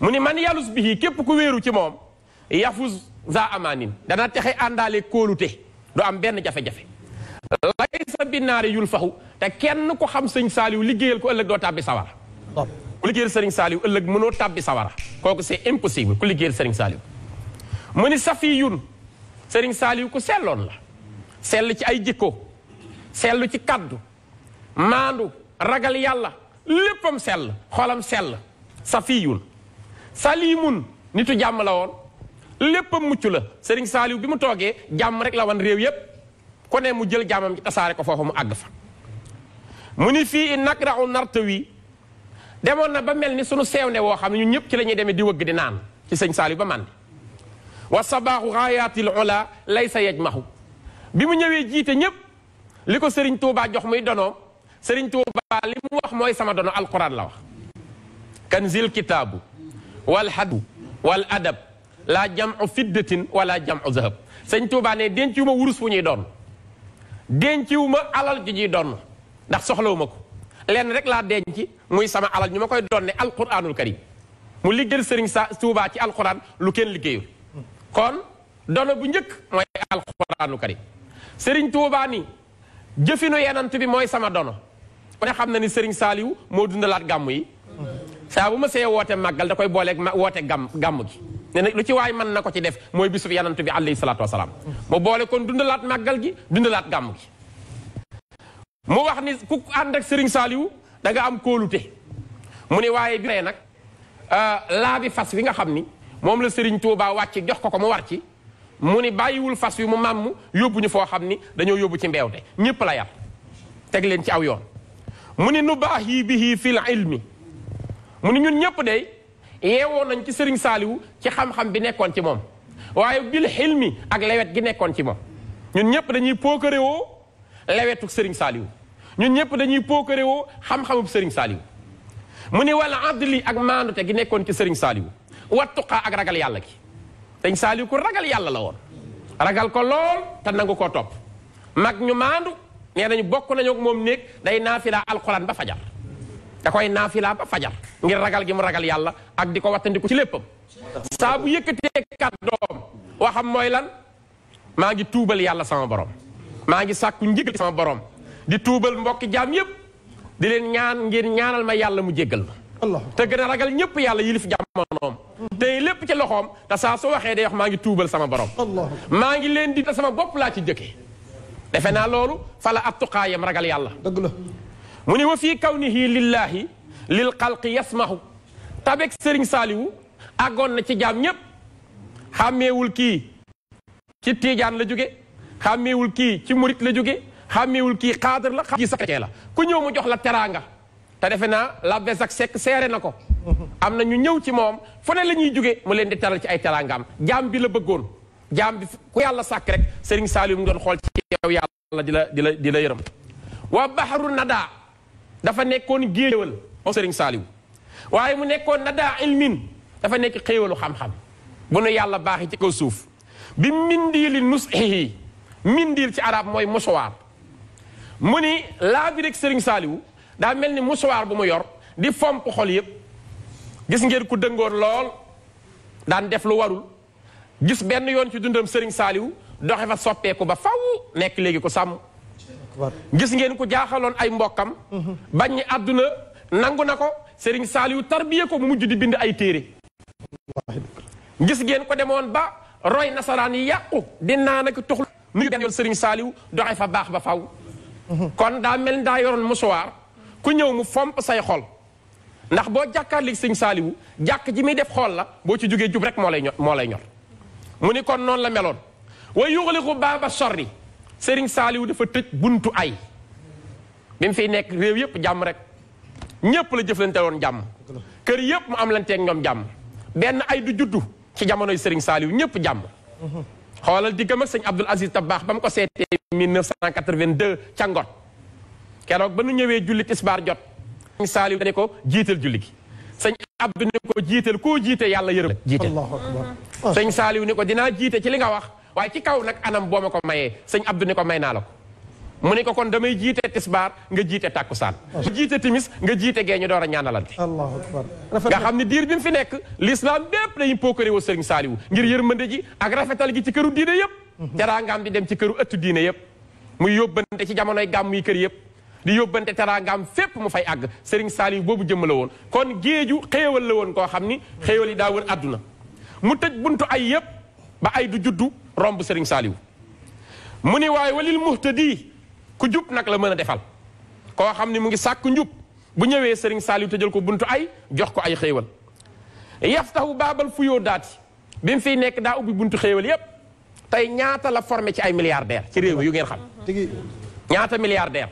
S2: mu ni man yalus bii képp ku wéeru ci moom yafuz sa amanin dana texe àndaale kóolute du am benn jafe-jafe bi naari yul faxu te kenn ko xam sëñ saaliw liggéeyal ko ëllëg doo tàbbi sawara ku liggéeyal sëriñ saaliw ëllëg mënoo tàbbi sawara kooku c'est impossible ku liggéeyal sëriñ saaliw mu ni safi yun sëriñ saaliw ku selloon la sell ci ay jikko sell ci kàddu maandu ragal yàlla léppam sell xolam sell safi yun salimun nitu jàmm la woon léppam mucc la sëriñ saaliw bi mu toogee jàmm rek la wan réew yépp كوني مو جيل جامم تاساري كو فوفو مو اغ فا موني في نقرا نرتوي ديمون نا با ملني سونو سيوني وو خامني نييب كي لا ني ديمي دي وغ دي نان سي سيغ سالي با مان وصباح غايات العلا ليس يجمعه بيمو نيوي جيتي نييب ليكو سيرن توبا جوخ موي دونو سيرن توبا لي مو واخ موي سما دونو القران لا واخ كنزل كتاب والحد والادب لا جمع فدة ولا جمع ذهب سيرن توبا ني دنتوما ورس فوني دونو denciwu ma alal ju ñuy donn ndax soxlawu ma ko lenn rek laa denc muy sama alal ñu ma koy donne alquranul karim mu liggéeyal sëriñ sa Tuubaa ci alquran lu kenn liggéeyul kon dono bu njëkk mooy alquranul karim sëriñ Tuubaa ni jëfinu yenant bi mooy sama dono ku ne xam na ni sëriñ Saaliw moo dundalaat gàmm yi saa bu ma see woote màggal da koy booleeg woote gàmm gàmm gi ne nag lu ci waay mën na ko ci def mooy bisub yanantu bi alayhi salaatu wasalaam mu boole kon dundalaat màggal gi dundalaat gàmm gi mu wax ni ku ànd ak sëriñ Saliou danga am kóolute mu ne waaye bi nag euh, laa bi fas wi nga xam ni moom la Serigne Touba wàcc jox ko ko mu war ci mu ni bàyyiwul fas wi mu màmm yóbbuñu foo xam ni dañoo yóbbu ci mbeewte ñëpp la yar teg leen ci aw yoon mu ni nu baax yi bi fil ilmi mu ni ñun ñëpp de yeewoo nañ ci sëriñ saaliwu ci xam-xam bi nekkoon ci moom waaye bil xilmi ak lewet gi nekkoon ci moom ñun ñëpp dañuy pookare woo lewetu sëriñ saaliwu ñun ñëpp dañuy pookare woo xam-xamub sëriñ saaliwu mu ni wala adli ak maandute gi nekkoon ci sëriñ saaliwu wattuka ak ragal yàlla ki sëriñ saaliwu ku ragal yàlla la woon ragal ko lool ta nangu ko topp mag ñu maandu nee nañu bokk nañu moom néeg day naafila alquran ba fajar da koy naafilaa ba fajar ngir ragal gi mu ragal yàlla ak di ko wattandiku ci léppam saa bu yëkkatee kàddoom waxam mooy lan maa ngi tuubal yàlla sama borom maa ngi sàkku njëgal sama borom di tuubal mbokki jaam yépp di leen ñaan ngir ñaanal ma yàlla mu jéggal ma te gën a ragal ñépp yàlla yilif jamonoom tey lépp ci loxoom te saa su waxee day wax maa ngi tuubal sama borom maa ngi leen di te sama bopp laa ci jëkke defe naa loolu fala ab tuqaayam ragal yàlla dëgg la mu ni wa fii kawnihi lillaahi lil xalqi yasmahu tabek sëriñ saaliwu àggoon na ci jaam ñépp xàmmeewul kii ci tiijaan la jóge xàmmeewul kii ci murit la jóge xàmmeewul kii xaadar la kii sakkee ku ñëw mu jox la teraanga te defe naa labbe ak sekk seere na ko am na ñu ñëw ci moom fu ne la ñuy jóge mu leen di teral ci ay teraangaam jaam bi la bëggoon jaam bi ku yàlla sàkk rek sëriñ saaliwu mu doon xool ci yow yàlla di la di la di la yërëm wa baxru nadaa dafa nekkoon géewal moom Serigne Saliou waaye mu nekkoon na daa ilmin dafa nekk xéewalu xam-xam bu nu yàlla baaxee ci kaw suuf bi mindiili nusihi mindiil ci arab mooy musuwaar mu ni laa bi rek Serigne daa mel ni musuwaar bu mu yor di fomp xol yëpp gis ngeen ku dëngoon lool daan def lu warul gis benn yoon ci dundam Serigne saaliw doxe fa soppeeku ba faw nekk léegi ko sàmm gis ngeen ku jaaxaloon ay mbokkam bañ ñi àdduna nangu na ko Serigne Saliou tarbiye ko mujj di bind ay téere gis ngeen ko demoon ba roy nasaraan yi yàqu di naan ak tuxlu nuyu benn yoon Serigne Saliou doxe fa baax ba faw kon daa mel daa yoroon musuwaar ku ñëw mu fomp say xol ndax boo jàkkaarlig Serigne Saliou jàkk ji muy def xool la boo ci jógee jub rek moo lay ñor moo lay ñor mu ni kon noonu la meloon way yuxaliku baaba sorri Serigne Saliou dafa tëj buntu ay bi mu nekk réew yëpp jàmm rek ñëpp la jëflante woon jàmm kër yëpp mu am lañ lanteeg ñoom jàmm benn ay du juddu ci jamonoy Serigne Saliou ñëpp jàmm xoolal diggam ak sëñ Abdoul Aziz Tabax ba mu ko seetee 1982 ca Ngot keroog ba nu ñëwee julli jot sëñ Saliou ko jiital julli gi sëñ Abdou ne ko jiital koo jiite yàlla yërëm jiite sëñ Saliou ne ko dinaa jiite ci li nga wax waaye ci kaw nag anam boo ma ko mayee sëñ Abdou ne ko may naa la ko mu ne ko kon damay jiite tisbaar nga jiite tàkkusaan nga jiite timis nga jiite gee ñu door a ñaanalante
S9: allahu akbar
S2: nga xam ne diir bi mu fi nekk l'islam bépp yi pokkare woo sëriñ Saaliwu ngir yërmande ji ak rafetal gi ci këru diine yëpp mhm. teraangaam di dem ci këru ëttu diine yëpp muy yóbbante ci jamonoy gàmm yi kër yëpp di yóbbante teraangaam fépp mu fay àgg sëriñ Saaliwu boobu jëmm la woon kon géeju xéewal la woon koo xam ni xéewal yi daa wër àdduna mu tëj buntu ay yëpp ba ay du romb Serigne saliw muni way walil muhtadi ku jub nak la meuna defal ko xamni mu ngi sakku njub bu ñewé Serigne saliw te jël ko buntu ay jox ko ay xewal yaftahu babal fu yoo daati bi mu fiy nekk buntu xewal yeb tay ñaata la formé ci ay milliardaire ci rew yu ngeen xam ñaata milliardaire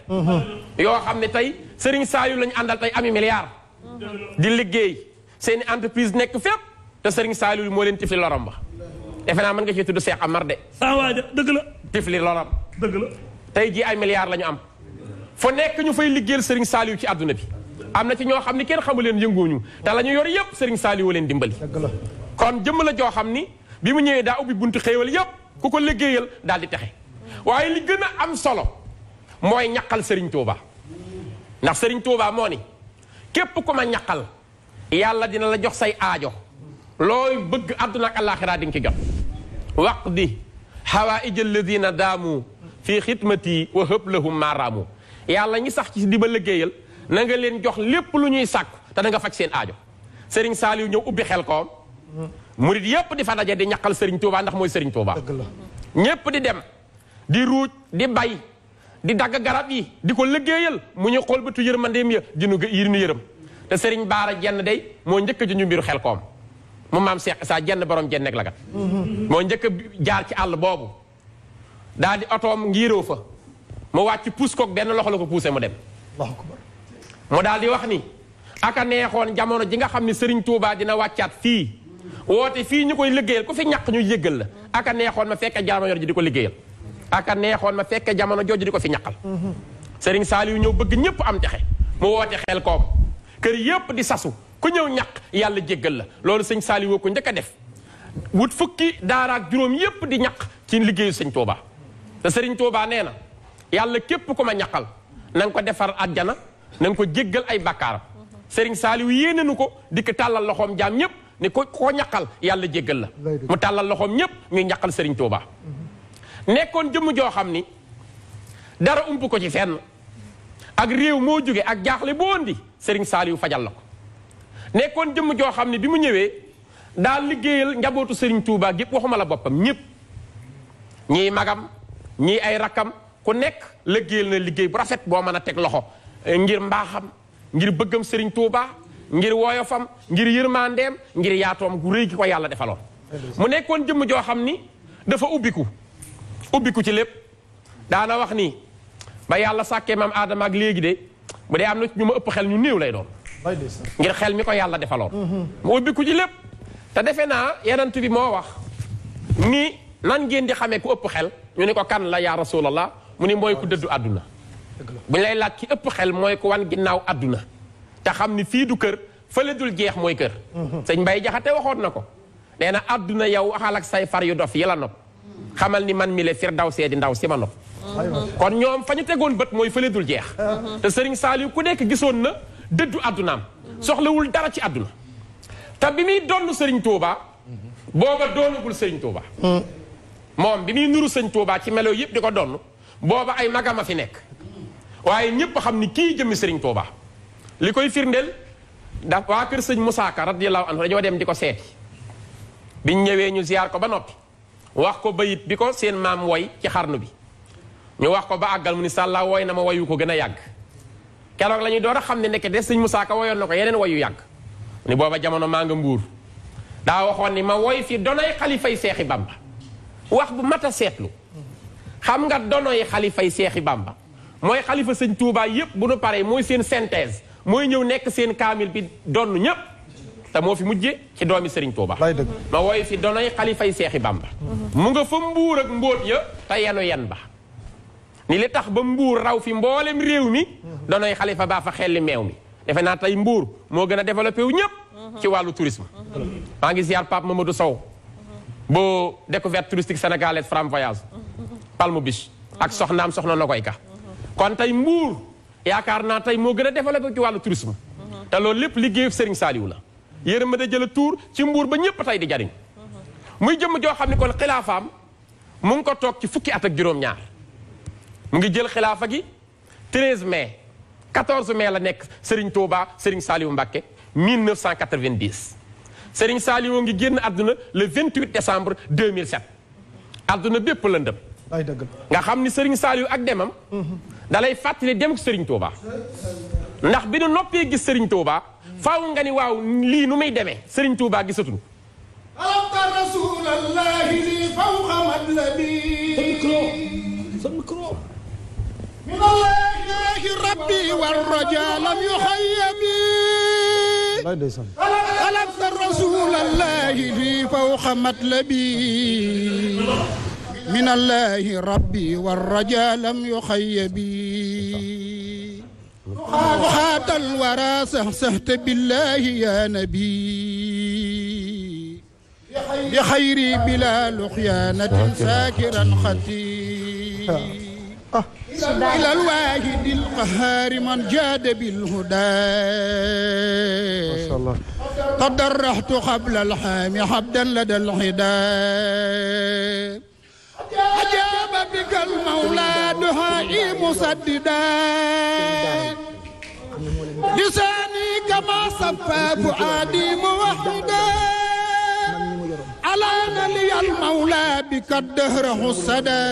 S2: yo xamni tay Serigne saliw lañu àndal tay ami milliard di liggéey seen entreprise nek fep te Serigne saliw mo leen tifli la romba defe naa mën nga ci tudd Cheikh Amar de. Ah, de dëgg la. tifli loram. dëgg la. tey jii ay milliards la am. fu nekk ñu fay liggéeyal Serigne Saliou ci àdduna bi. am na ci ñoo xam ni kenn xamu leen yëngooñu te la ñu yor yëpp Serigne Saliou leen dimbali. dëgg la kon jëmm la joo xam ni bi mu ñëwee daa ubbi buntu xéewal yëpp ku ko liggéeyal daal di texe. waaye li gën a am solo mooy ñaqal sëriñ Touba ndax Serigne Touba moo ni képp ku ma ñaqal yàlla dina la jox say aajo looy bëgg àdduna ak àllaaxiraa di nga jot. waqdi xawaaij alladina daamu fii xidmati wa hëb lahum maaraamu yàlla ñi sax ci di ba liggéeyal na nga leen jox lépp lu ñuy sàkku te da nga faj seen aajo sëriñ Saliou ñëw ubbi xel koom murit yépp di fa daje di ñaqal Serigne Touba ndax mooy Serigne Touba ñépp di dem di ruuj di bay di dagg garab yi di ko liggéeyal mu ñu xool bëtu yërmandeem ya dinu yërinu yërëm te Serigne Baara jenn day moo njëkk ji ñu mbiru xel koom mu maam Cheikh saa jenn borom jenn ak lagat moo njëkk a jaar ci àll boobu daal di otoom ngiiroo fa mu wàcc puus koog benn loxo la ko puuse mu dem mu daal di wax ni aka neexoon jamono ji nga xam ne Serigne Touba dina wàccaat fii woote fii ñu koy liggéeyal ku fi ñàq ñu yëggal la aka neexoon ma fekke jamono jooju di ko liggéeyal aka neexoon ma fekke jamono jooju di ko fi ñaqal mhm. sëriñ Saliou ñëw bëgg ñëpp am texe mu woote xel koom kër yëpp di sasu ku ñëw ñàq yàlla jéggal la loolu sëñ Saliou ko njëkk a def wut fukki daaraak juróom yépp di ñaq ci liggéeyu sëñ Touba te sëriñ Touba nee na yàlla képp ko ma ñaqal na ko defar àjjana na nga ko jéggal ay bakkaaram sëriñ saaliw yéene nu ko di ko tàllal loxoom jaam ñëpp ni ko ko ñaqal yàlla jéggal la mu tàllal loxoom ñëpp ñuy ñaqal sëriñ Touba nekkoon jëmm joo xam ni dara ump ko ci fenn ak réew moo jóge ak jaaxle boo indi sëriñ Saliou fajal la ko nekkoon jëmm joo xam ne bi mu ñëwee daal liggéeyal njabootu Serigne Touba gépp waxuma la boppam ñëpp ñii magam ñii ay rakkam ku nekk liggéeyal na liggéey bu rafet boo mën a teg loxo eh, ngir mbaaxam ngir bëggam sëriñ Touba ngir woyofam ngir yërmandeem ngir yaatoom ku rëy ko yàlla defaloon. mu nekkoon jëmm joo xam ni dafa ubbiku ubbiku ci lépp daana wax ni ba yàlla sàkkee maam Adama ak léegi de bu dee am na ñu ma ëpp xel ñu néew lay doon. ngir xel mi ko yàlla defaloon mu ubbiku ci lépp te defe naa yenant bi moo wax ni nan ngeen di xame ku ëpp xel ñu ne ko kan la yaa rasulallah mu ni mooy ku dëddu àdduna bu ñu lay laaj ëpp xel mooy ko wan ginnaaw àdduna te xam ni fii du kër fële dul jeex mooy kër mhm. sëñ Mbay Jaxate waxoon na ko nee na àdduna yow waxal ak say far yu dof yi la nopp xamal ni man mile le fir daw see di ndaw si ma nopp kon ñoom fa ñu tegoon bët mooy fële dul jeex mhm. te sëriñ dëddu àddunaam soxlawul dara ci àdduna te bi muy donn sëriñ Touba booba doonagul sëriñ Touba moom bi muy nuru sëñ Touba ci melo yëpp di ko donn booba ay magama fi nekk waaye ñëpp xam ni kii jëmmi sëriñ Touba li koy firndeel da waa kër sëñ Moussa Ka radiyallahu anhu dañoo dem di ko seeti biñ ñëwee ñu ziar ko ba noppi wax ko bayit bi ko seen maam woy ci xarnu bi ñu wax ko ba àggal mu ni sàlla woy na ma woyu ko gën a yàgg keroog la doora door a xam ne nekk des Moussa Ka woyoon na ko yeneen wayu yàgg ni booba jamono maa nga mbuur daa waxoon ni ma woy fi donoy xalifay cheikh bamba wax bu mata setlu seetlu xam nga donoy xalifay seexi bamba mooy xalifa seigne Touba yépp bu nu pare mooy seen synthèse mooy ñëw nekk seen kamil bi donn ñépp te moo fi mujje ci doomi sëriñ Touba ma woy fi donoy xalifay seexi bamba mm-hmm. mu nga fa mbuur ak mbóot ya te yenu yen ba ni li tax ba mbuur raw fi mbooleem réew mi donoy xalifa baa fa xelli meew mi defe naa tey mbuur moo gën a développé wu ñëpp ci wàllu tourisme maa ngi ziar Pape Mamadou Sow boo découverte touristique sénégalaise Fram Voyage Palme Beach ak soxnaam soxna na koy ka kon tey mbuur yaakaar naa tey moo gën a développé ci wàllu tourisme te loolu lépp liggéeyu Serigne Saliou la yërëm ma da jëla tuur ci mbuur ba ñëpp tey di jariñ muy jëmm joo xam ne kon xilaafaam mu ngi ko toog ci fukki at ak juróom-ñaar mu ngi jël xilaafa gi 13 mai 14 mai la nekk Serigne Touba Serigne Saliou Mbacké 1990 Serigne Saliou ngi génn àdduna le 28 décembre 2007 àdduna bépp lëndëm ay dëgg nga xam ni Serigne Saliou ak demam. Mhm. da lay fàttali dem ko Serigne Touba. ndax bi nu noppee gis Serigne Touba. faaw nga ni waaw lii nu muy demee Serigne Touba gisatuñu.
S7: alam tara rasuulallahi fawqa matlabi من الله ربي والرجاء لم يخيب طلبت الرسول الله في فوق مطلبي من الله ربي والرجاء لم يخيب وحات الورى سهسهت بالله يا نبي بخيري بلا لقيانة ساكرا ختيم إلى الواحد القهار من جاد بالهدى قد درحت قبل الحام حبدا لدى الحدى أجاب بك المولى دعائي مسددا لساني كما صفى فؤادي موحدا
S4: ألان لي
S7: المولى بك الدهر حسدا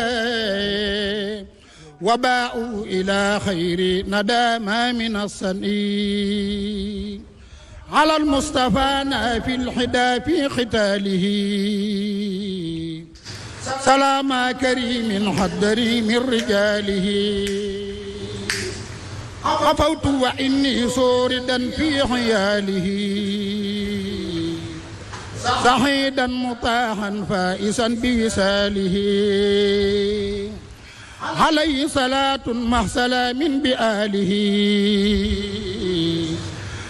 S7: وباءوا إلى خير ندى ما من السنين على المصطفى في الحدا في ختاله سلام كريم حدري من رجاله قفوت وإني سوردا في حياله سعيدا مطاحا فائسا بوساله عليه صلاة مع سلام بآله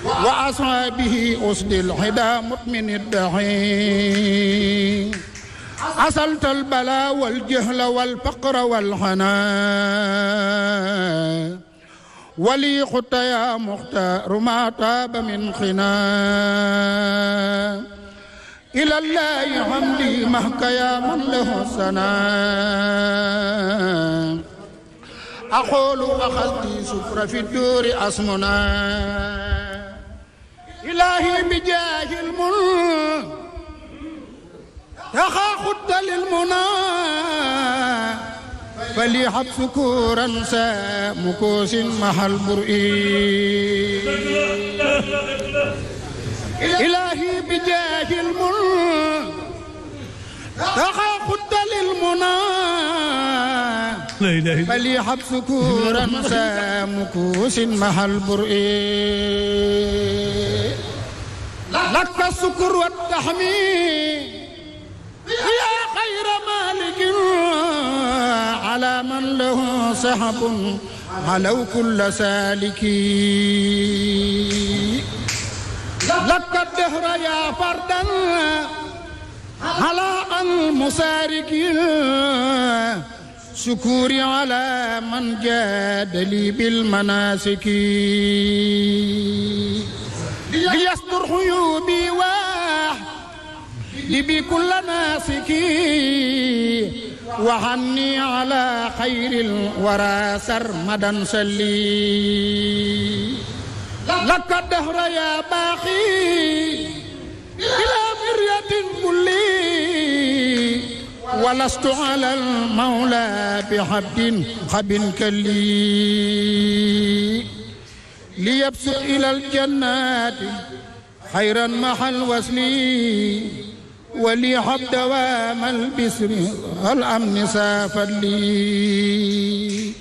S7: وأصحابه أسد الحدى مؤمن الدحي أصلت البلاء والجهل والفقر والحنان ولي خط يا مختار ما تاب من خنان إلى الله حمدي مهك يا من له سنا أقول أخذتي سفر في الدور أسمنا إلهي بجاه المن تخاخد خد للمنى حب سكورا سامكوس محل برئي
S5: إلهي
S7: بجاه المر رخى قد للمنى
S3: لا إله إلا فلي
S7: حبس كورا سام كوس البرئ لك السكر والتحميد يا خير مالك على من له سحب علو كل سالكي لك الدهر يا فردا على المساركين شكوري على من جاد لي بالمناسك ليستر عيوبي واحد لبي كل ناسكي وعني على خير الورى سرمدا سلي لك الدهر يا باخي إلى مرية ملي ولست على المولى بحبد حب كلي ليبسط إلى الجنات خيرا محل وسلي ولي حب دوام البسر الأمن سافر لي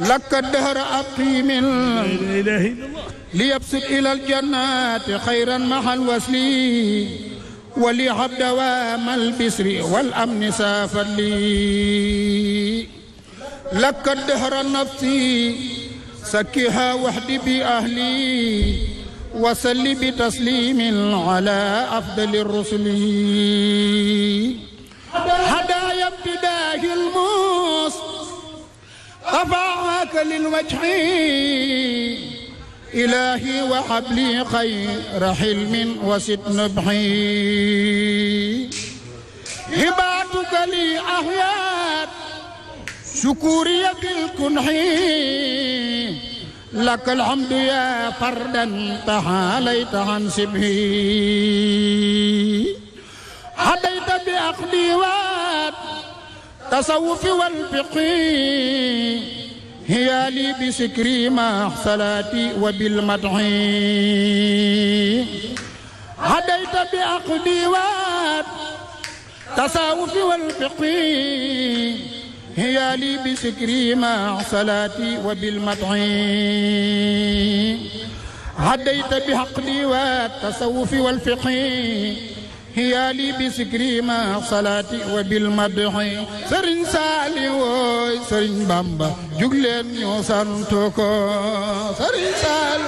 S7: لك الدهر أبقي من لا إله إلا الله ليبسط إلى الجنات خيرا مع الوصل وليحب دوام البسر والأمن سافا لي لك الدهر نفسي سكها وحدي بأهلي وسل بتسليم على أفضل الرسل هدايا ابتداء المصطفى أفاك للوجه إلهي وحبلي خير حلم وسد نبحي هباتك لي أحيات شكوري بالكنح لك الحمد يا فردا تحاليت عن سبه حديت بأخدي وات التصوف والفقه هي لي بسكري مع صلاتي وبالمدح هديت بعقدي والتصوف والفقه هي لي بسكري مع صلاتي وبالمدح هديت بعقدي والتصوف والفقه xiyaali bi sikri ma salaati wa bil madhi sëriñ saali wooy sëriñ bamba jug leen ñu santu ko sëriñ saali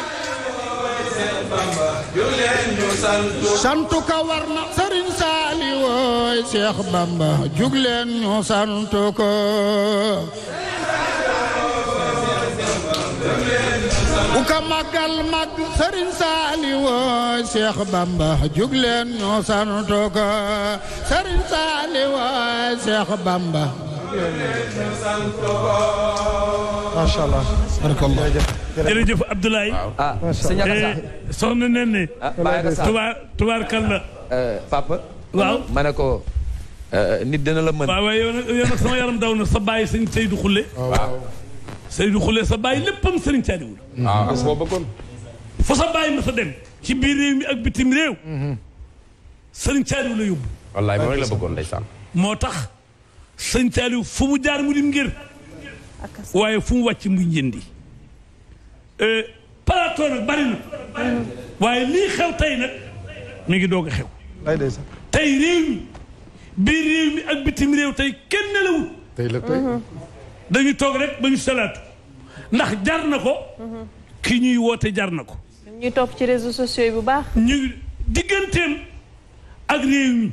S7: santu ka war na sëriñ saali wooy seex bamba jug leen ñu santu ko ka màggal mag sëriñ Saaliwu Seex Bamba jug leen ñoo santu ko sëriñ Saaliwu Seex Bamba
S9: macha
S5: allah. barakallah jërëjëf Abdoulaye. ah sëñ soxna nen ni. ah tubaar tubaarkal la. papa. waaw ma ne ko. nit dina la mën. waaw waaye yow nag sama yaram daw na sa bàyyi sëñ Seydou Khoule. waaw. سيدي خلي صباي لبم سرين تاني ولا آه أسمع بقول فصباي مصدم كبيري أكبتي مريو سرين تاني ولا يوب
S2: الله ما يلا بقول ليسان
S5: موتخ سرين تاني فمو دار مريم غير واي فم واتي مجندي ا أه، باراتور بارين واي لي خاو تاي نك ميغي دوغ خيو لاي ليسان تاي ريمي بيريمي أكبتي مريو تاي كنلو تاي لا تاي dañu toog rek ba ñu salaatu ndax jar na ko. ki ñuy woote jar na ko.
S6: ñu topp ci réseaux
S5: bu baax. ñu digganteem ak réew mi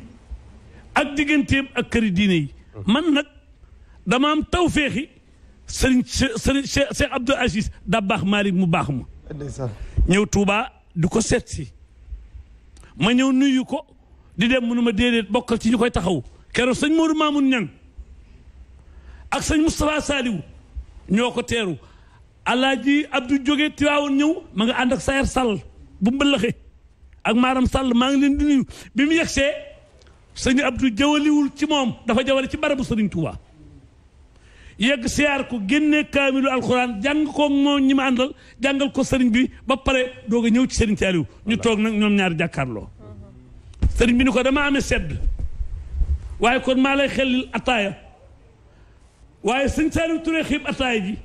S5: ak digganteem ak këri diine yi. man nag dama am tawféexi sëriñ sëriñ Cheikh Abdou Aziz Dabakh Malick mu baax ma. ñëw Touba di ko seet si ma ñëw nuyu ko di dem mënu ma déedéet ci ñu koy taxaw keroog sëñ Modou Mamoun Niang ak sëñ Moustapha Saliou ñoo ko teeru alaaji Abdou jóge Tiwaawoon ñëw ma nga ànd ak Sayer Sall bu mbëllëxe ak Maram Sall maa ngi leen di bi mu yegsee sëñ Abdou jawaliwul ci moom dafa jawale ci barabu sëriñ Touba yegg siyaar ko génne kaamilu alxuraan jàng ko moom ñi ma àndal jàngal ko sëriñ bi ba pare doog ñëw ci sëriñ Saliou ñu toog nag ñoom ñaari jàkkaarloo sëriñ bi ni ko dama amee sedd waaye kon maa lay xellil ataaya waaye sëñ Saaliw Ture xiib ataay ji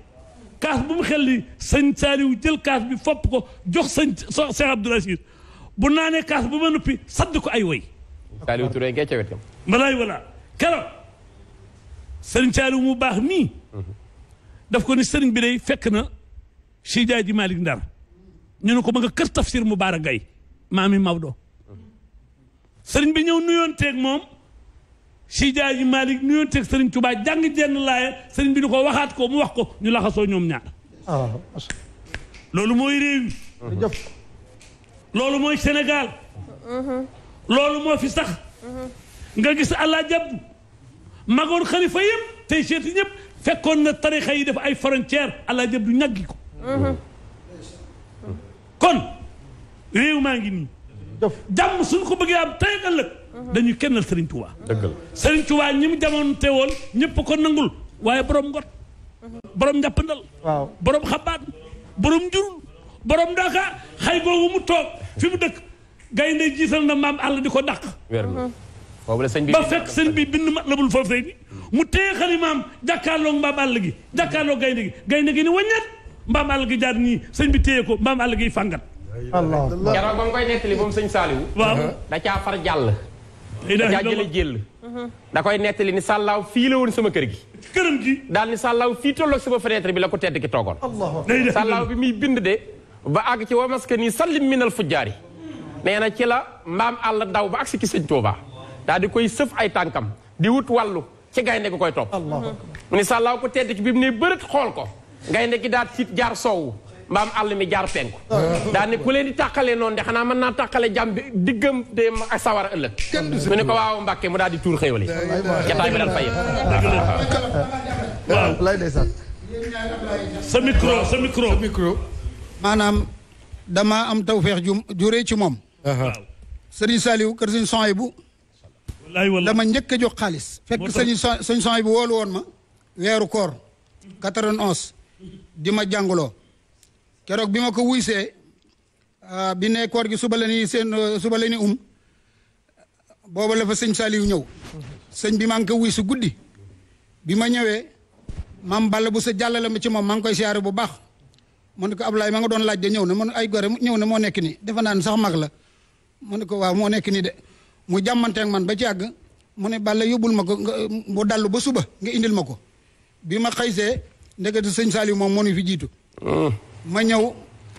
S5: kaas bu mu xel li sëñ Saaliw jël kaas bi fopp ko jox sëñ Cheikh Abdoul Aziz bu naanee kaas bu ma noppi sadd ko ay woy Saaliw Ture ngay ca wetam malaay wala keroog sëñ Saaliw mu baax nii daf ko ni sëriñ bi day fekk na Cheikh Jaaji Malick Ndar ñu ne ko ma nga kër tafsir Mubarak Gaye maami Maodo sëriñ bi ñëw nuyoon teeg moom si jaaji malik nuyoon teg sëriñ tubaa jàng jenn laaye sëriñ bi ni ko waxaat ko mu wax ko ñu laxasoo ñoom ñaar loolu mooy réew mi loolu mooy Sénégal loolu moo fi sax nga gis àlla jàbb magoon xalifa yëpp tey seeti ñëpp fekkoon na tarixa yi def ay frontière àlla jàbb du ñaggi ko kon réew maa ngi nii jàmm suñ ko bëggee am tey ëllëg dañu kennal Serigne Touba. dëgg Serigne Touba ñim mu jamono teewoon ko nangul waye borom ngot. borom ñappandal waaw borom xabaat borom jur borom daka xay gogu mu tok fi mu dëkk gaynde jissal na maam àll di ko dàq. ba fek sëñ bi bind ma labul foofu tey mu mu téye xalimaam jàkkaarloog mbam àll gi jakarlo gaynde gi gaynde gi ni wagnat mbam àll gi jaar ni sëñ bi téye mbam mbaam gi fangat allah keroog
S2: bang mu koy nettali ba mu sëñ Saliou. waaw da far da caa jële jël mhm. da koy nettali ni sàllaaw fii la woon sama kër gi këram daal ni sàllaaw fii tolloog sama fenêtre bi la ko tedd ki toogoon sàllaaw bi muy bind de ba àgg ci wa maska nii sallim minal fujjaari nee na ci la mbaam àll ndaw ba agsi ki sëñ Tuuba daal di koy sëf ay tànkam di wut wàllu ci gaynde gi koy toog mu ni sàllaaw ko tedd ki bi ne bërët xool ko gaynde gi daal tiit jaar soowu mbaam àll mi jaar penku daa ne ku leen di tàqalee noonu de xanaa mën naa tàqale jàmm diggam de ak sawar ëllëg mu ne ko waaw Mbàkke mu daal di tuur xéwale jataay bi daal fay
S7: sa micro sa micro maanaam dama am tawfeex ju juree ci moom sëriñ Saliou kër sëñ Soy bu dama njëkk a jox xaalis fekk sëñ sëñ Soy bu wool woon ma weeru koor 91 di ma jàngaloo keroog bi ma ko wuysee ah, bi ne koor gi suba la ni seen suba la ni um booba la fa sëñ Saliou ñëw sëñ bi maa ko wuy si guddi bi ma ñëwee maam Balla bu sa jàllale ma ci moom maa koy siyaare bu baax mu ne ko Ablaye ma nga doon laaj de ñëw na ay gore ñëw na moo nekk nii defe ne sax mag la mu ne ko waaw moo nekk nii de mu jàmmanteeg man ba ci àgg mu ne Balla yóbbul ma ko bu dallu ba suba nga indil ma ko bi ma xëysee ndekete sëñ Saliou moom moo ñu fi jiitu mm. ma ñëw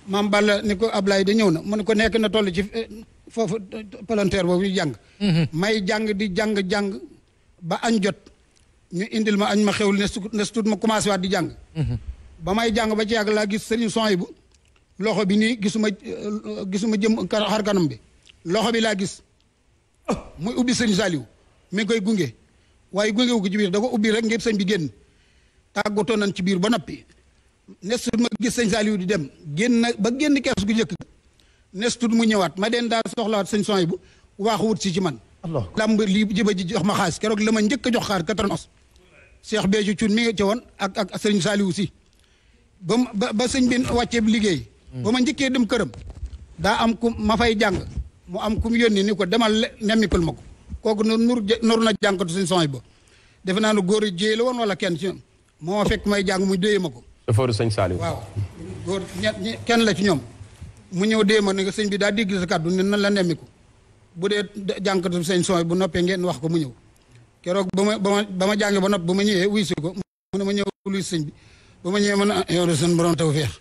S7: ma Balla ni ko Ablaye da ñëw na mu ne ko nekk na toll ci eh, foofu eh, palanteer boobu ñu jàng mhm. may jàng di jàng-jàng ba añ jot ñu indil ma añ ma xew ne su tuut ma commencé waat di jàng mhm. ba may jàng ba ci yàgg laa gis sëriñ son yi bu loxo bi nii gisuma eh, gisuma jëm xar kanam bi loxo bi laa gis muy ubbi sëñ Saliou mi koy gunge waaye gunge wu ko ci da ko ubbi rek ngir sa bi génn tàggatoo nañ ci biir ba noppi nestut ma gis sëñ Saliou di dem génn ba génn kees gu njëkk nestut mu ñëwaat ma den daa soxlawaat sëñ Soy bu waaxu wut si ci man lamb lii jiba ji jox ma xaalis keroog la ma njëkk jox xaar katanoos Cheikh Béthio Thioune mi ngi ci woon ak ak sëñ Saliou si ba ba ba sëñ bi wàccee liggéey ba ma njëkkee dem këram daa am ku ma fay jàng mu am ku mu yónni ni ko demal le nemmikul ma ko kooku nur nur na jànkatu sëñ Soy ba defe naa ne góor a jéey la woon wala kenn ci moo fekk may jàng mu déye ma ko
S2: chauffeur sëñ Saliou. waaw
S7: kenn la ci ñoom mu ñëw déema ne nga sëñ bi daa dégg sa kàddu ne na la nemmiku bu dee jànkatu sëñ sooy bu noppee ngeen wax ko mu ñëw keroog ba ma ba ma ba ma jàngee ba nopp ba ma ñëwee wuy si ko mu ne ma ñëw luy sëñ bi ba ma ñëwee ma ne ah yow de seen borom taw feex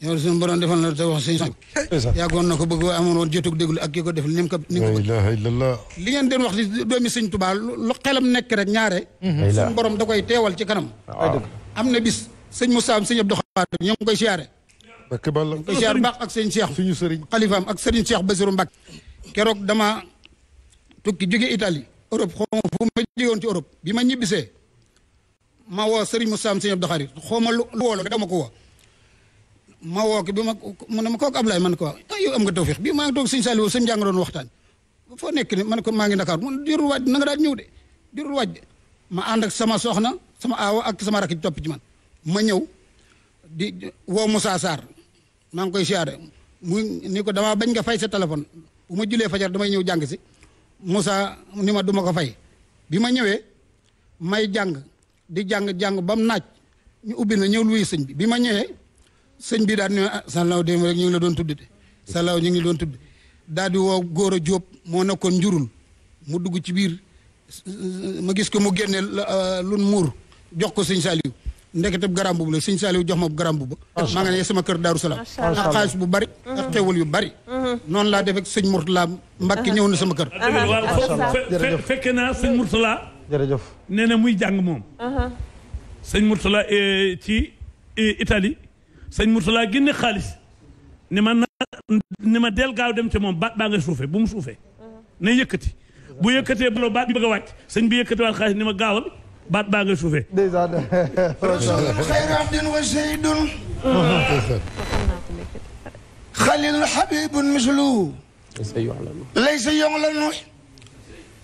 S7: yow de seen na ko bëgg amoon woon jotug déglu ak ki ko def ni mu ko ni mu ko li ngeen doon wax di doomi sëñ Tuubaa lu xelam nekk rek ñaare suñu borom da koy teewal ci kanam ah. am na bis seni Moussa am sëñ Abdou khadim ñoo ngi koy siyaare
S1: bakki Balla ko siyaare
S7: mbaax ak sëñ Cheikh suñu khalifa am ak sëriñ Cheikh basirou mbak kérok dama tukki jogé Italie Europe xom fu ma jigon ci Europe bima ñibisé ma wo sëriñ Moussa am sëñ Abdou khadim xoma lu wolo dama ko wo ma wo ko bima ma mu ne ma kooku Ablaye man ko ah am nga tawfik bima doon ni man ko ma ngi Dakar mun dirul na nga ñew de dirul ma and ak sama soxna sama awa ak sama rakki ci man ma ñëw di woo Moussa Sarr maa ngi koy siyaare ni ko dama bañ nga fay sa téléphone bu ma julee fajar damay ñëw jàng si Moussa ni ma duma ko fay bi ma ñëwee may jàng di jàng-jàng ba mu naaj ñu ubbi na ñëw luy sëñ bi bi ma ñëwee sëñ bi daal di ne ah rek ñu la doon tudd de Salaw ñu ngi doon tudd daal di woo góor a jóob moo nekkoon njurul mu dugg ci biir ma gis ko mu génne euh, lu muur jox ko sëñ Saliou ndekete garam bubu la sëñ Saliou jox ma garam bubu maa nga ne sama kër Daaru Salaam ak xaalis bu bari mhm. ak xewal yu bari
S3: mhm.
S5: noonu laa def ak sëñ Mourtala Mbacke ñëw na sama kër waaw fekke naa sëñ Mourtala jërëjëf nee na muy jàng moom sëñ Mourtala e, ci e, Italie sëñ Mourtala génne xaalis ne ma na ni del gaaw dem ci moom baat baa nga suufe bu mu suufe na yëkkati bu yëkkatee bu baat bi bëgg a wàcc sëñ bi yëkkati waat xaalis ni ma gaawal bat ba شوفي soufé déjà
S4: khairat din wa zaidun khalil habib mislu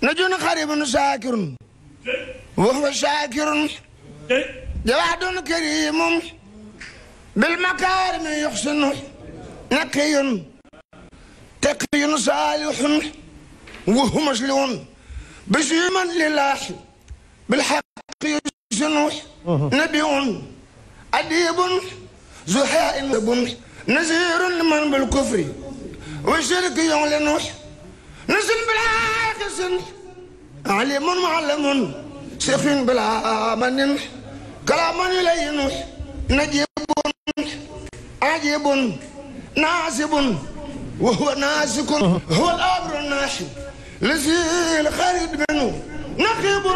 S4: نجون قريب شاكر وهو شاكر جواد كريم بالمكارم يحسن نقي تقي صالح وهو مشلون بشيما لله بالحق نبيون اديبون نبي أديب زحاء نزير من بالكفر وشرك يوم لنوح نزل بالعاكس عليم معلم شيخ بلا من كلام إليه نوح نجيب عجيب ناسب وهو ناسك هو الأمر الناشب لزي الخالد منه نقيب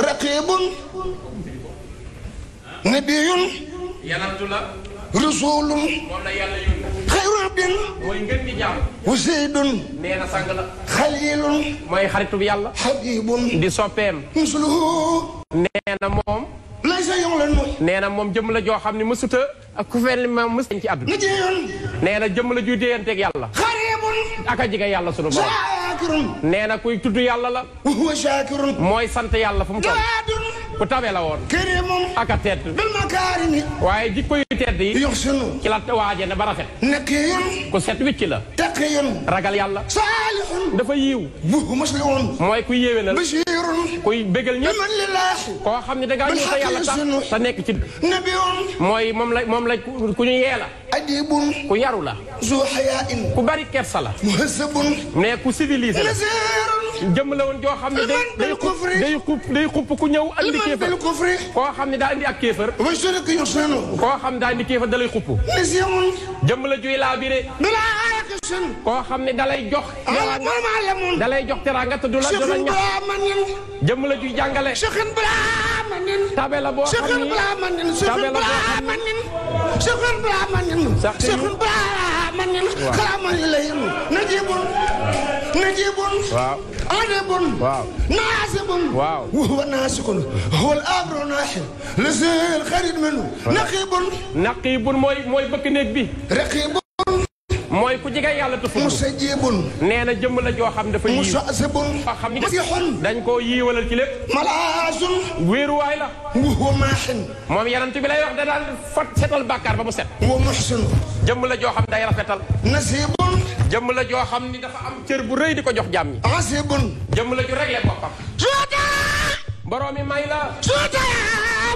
S4: رقيب نبي
S2: رسول خير عبد وزيد خليل حبيب مسلوك nee na moom. lay na moom jëm la joo xam ne mësut a ku fenn ma mës ci àdduna. nga nee na jëm la juy déyanteeg yàlla. ak a jege yàlla sunu borom. nee na kuy tudd yàlla la. mooy sant yàlla fu mu toll. la woon. ak a tedd. waaye jikko yu tedd yi. ci la waaje ne ba rafet. ku set wicc la. ragal yàlla. dafa yiiw. mooy ku yéwénal. kuy bégal ñëpp. koo xam ne da ngaa ñëw te yàlla tax te nekk ci mooy moom la moom la ku ñu yee la adibun ku yaru la zu hayain ku bari kersa la muhasabun ne ku civilisé la jëm la woon joo xam ne day day xup day xup day xup ku ñëw andi kéefër koo xam ne daa indi ak kéefër koo xam ne daa indi kéefër da lay xupp jëm la juy laa bire koo xam ne dalay jox. Ah, teraanga dalay jox teraanga te du la du la ñàkk. jëmm la juy jàngale. tabe la boo xam ni tabe la boo xam ni. sax
S1: waaw.
S4: عرب ناصب وهو ناسق هو الامر ناحل لسه الخريج منه نقيب
S2: نقيب موي موي بك نيك بي رقيب mooy ku jege yàlla tufu mustajibun nee na jëmm la joo xam dafa yiw mustasibun a xam ni dañ koo yiiwalal ci lépp malaasun wéeruwaay la wa maaxin moom yanantu bi lay wax da daal fat setal bàkkaar ba mu set wa muxsin jëmm la joo xam day rafetal nasibun jëmm la joo xam ni dafa am cër bu rëy di ko jox jàmm yi asibun jëmm la ju réglé boppam suuta boroomi may la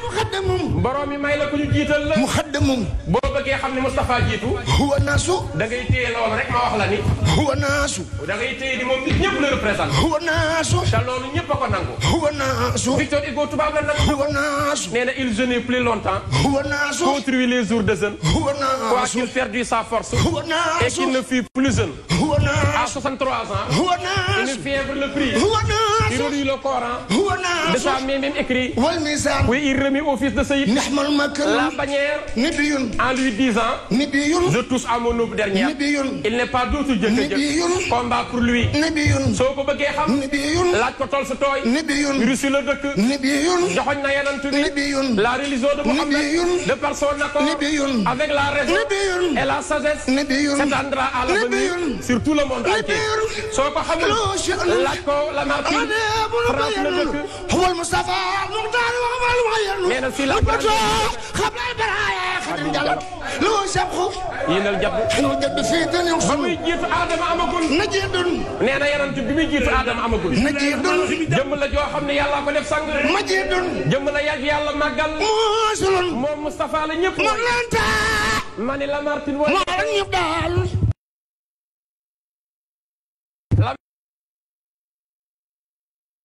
S2: mu xaddam moom. borom mi may la ku ñu jiital la. mu xaddam moom. boo bëggee xam ne Moustapha jiitu. huwa naasu. da ngay téye loolu rek ma wax la ni. huwa naasu. da ngay téye ni moom nit ñëpp la représenté. huwa naasu. te loolu ñëpp a ko nangu. huwa naasu. Victor Hugo tubaab la nangu. huwa naasu. nee na il jeûnait plus longtemps. huwa naasu. construit les jours de jeûne. huwa naasu. quoi qu'il perdit sa force. huwa naasu. et qu'il ne fut plus jeune. huwa naasu. à 63 ans. huwa naasu. une fièvre le prit. huwa naasu. Il relit le Coran. De sa main même écrit. Oui, il remit au fils de Saïd la bannière en lui disant Je touche à mon noble dernière. Il n'est pas d'autre Dieu que Dieu. Combat pour lui. Soko ko xam. laaj Russie la la religion de Mohammed. de personnes d'accord avec la raison. et la sagesse. s'étendra à l'avenir sur tout le monde entier. Soko ko xamul laaj la maa
S4: المغير هو المصطفى المختار وهو المغير والبكاء قبل
S2: البرايا خدم قلب لو شبخو ينا الجب حلو الجب في دنيا وصلوا يجي في ادم امكون نجيب دون نينا يرنت بي يجي في ادم امكون نجيب دون جم لا جو خامني يالا كو ديف سانغ مجيب دون جم لا ياك يالا ماغال موسلون موم مصطفى لا نيب مغلانتا ماني لامارتين ولا نيب دال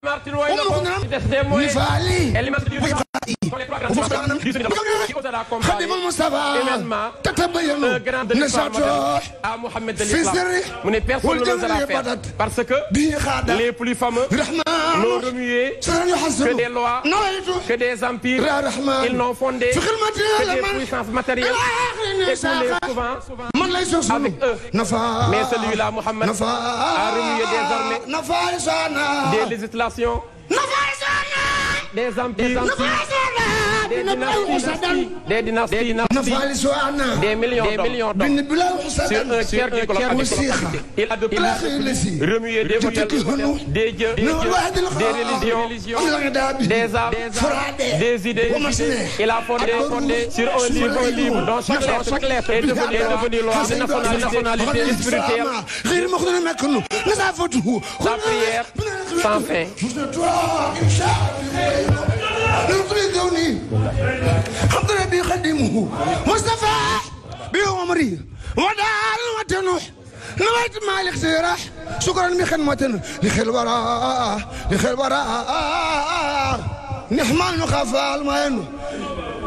S2: Martin Wayne, Desdemona, ele Elimas Parce que les plus fameux n'ont remué que des lois, que des empires. Ils n'ont fondé que des puissances matérielles Mais celui-là, Mohammed, a remué des armées, des législations des empires, des dynasties, des millions, des millions Il a de des des des religions, des idées. Il a fondé sur un livre, dans chaque lettre est nationalité La prière
S4: sans يطوي كوني حضر بي خدمه مصطفى بعمري ودار وتنوح نويت مالك سيراح شكرا لخدمة لخير وراء لخير وراء نحمل نخفى المين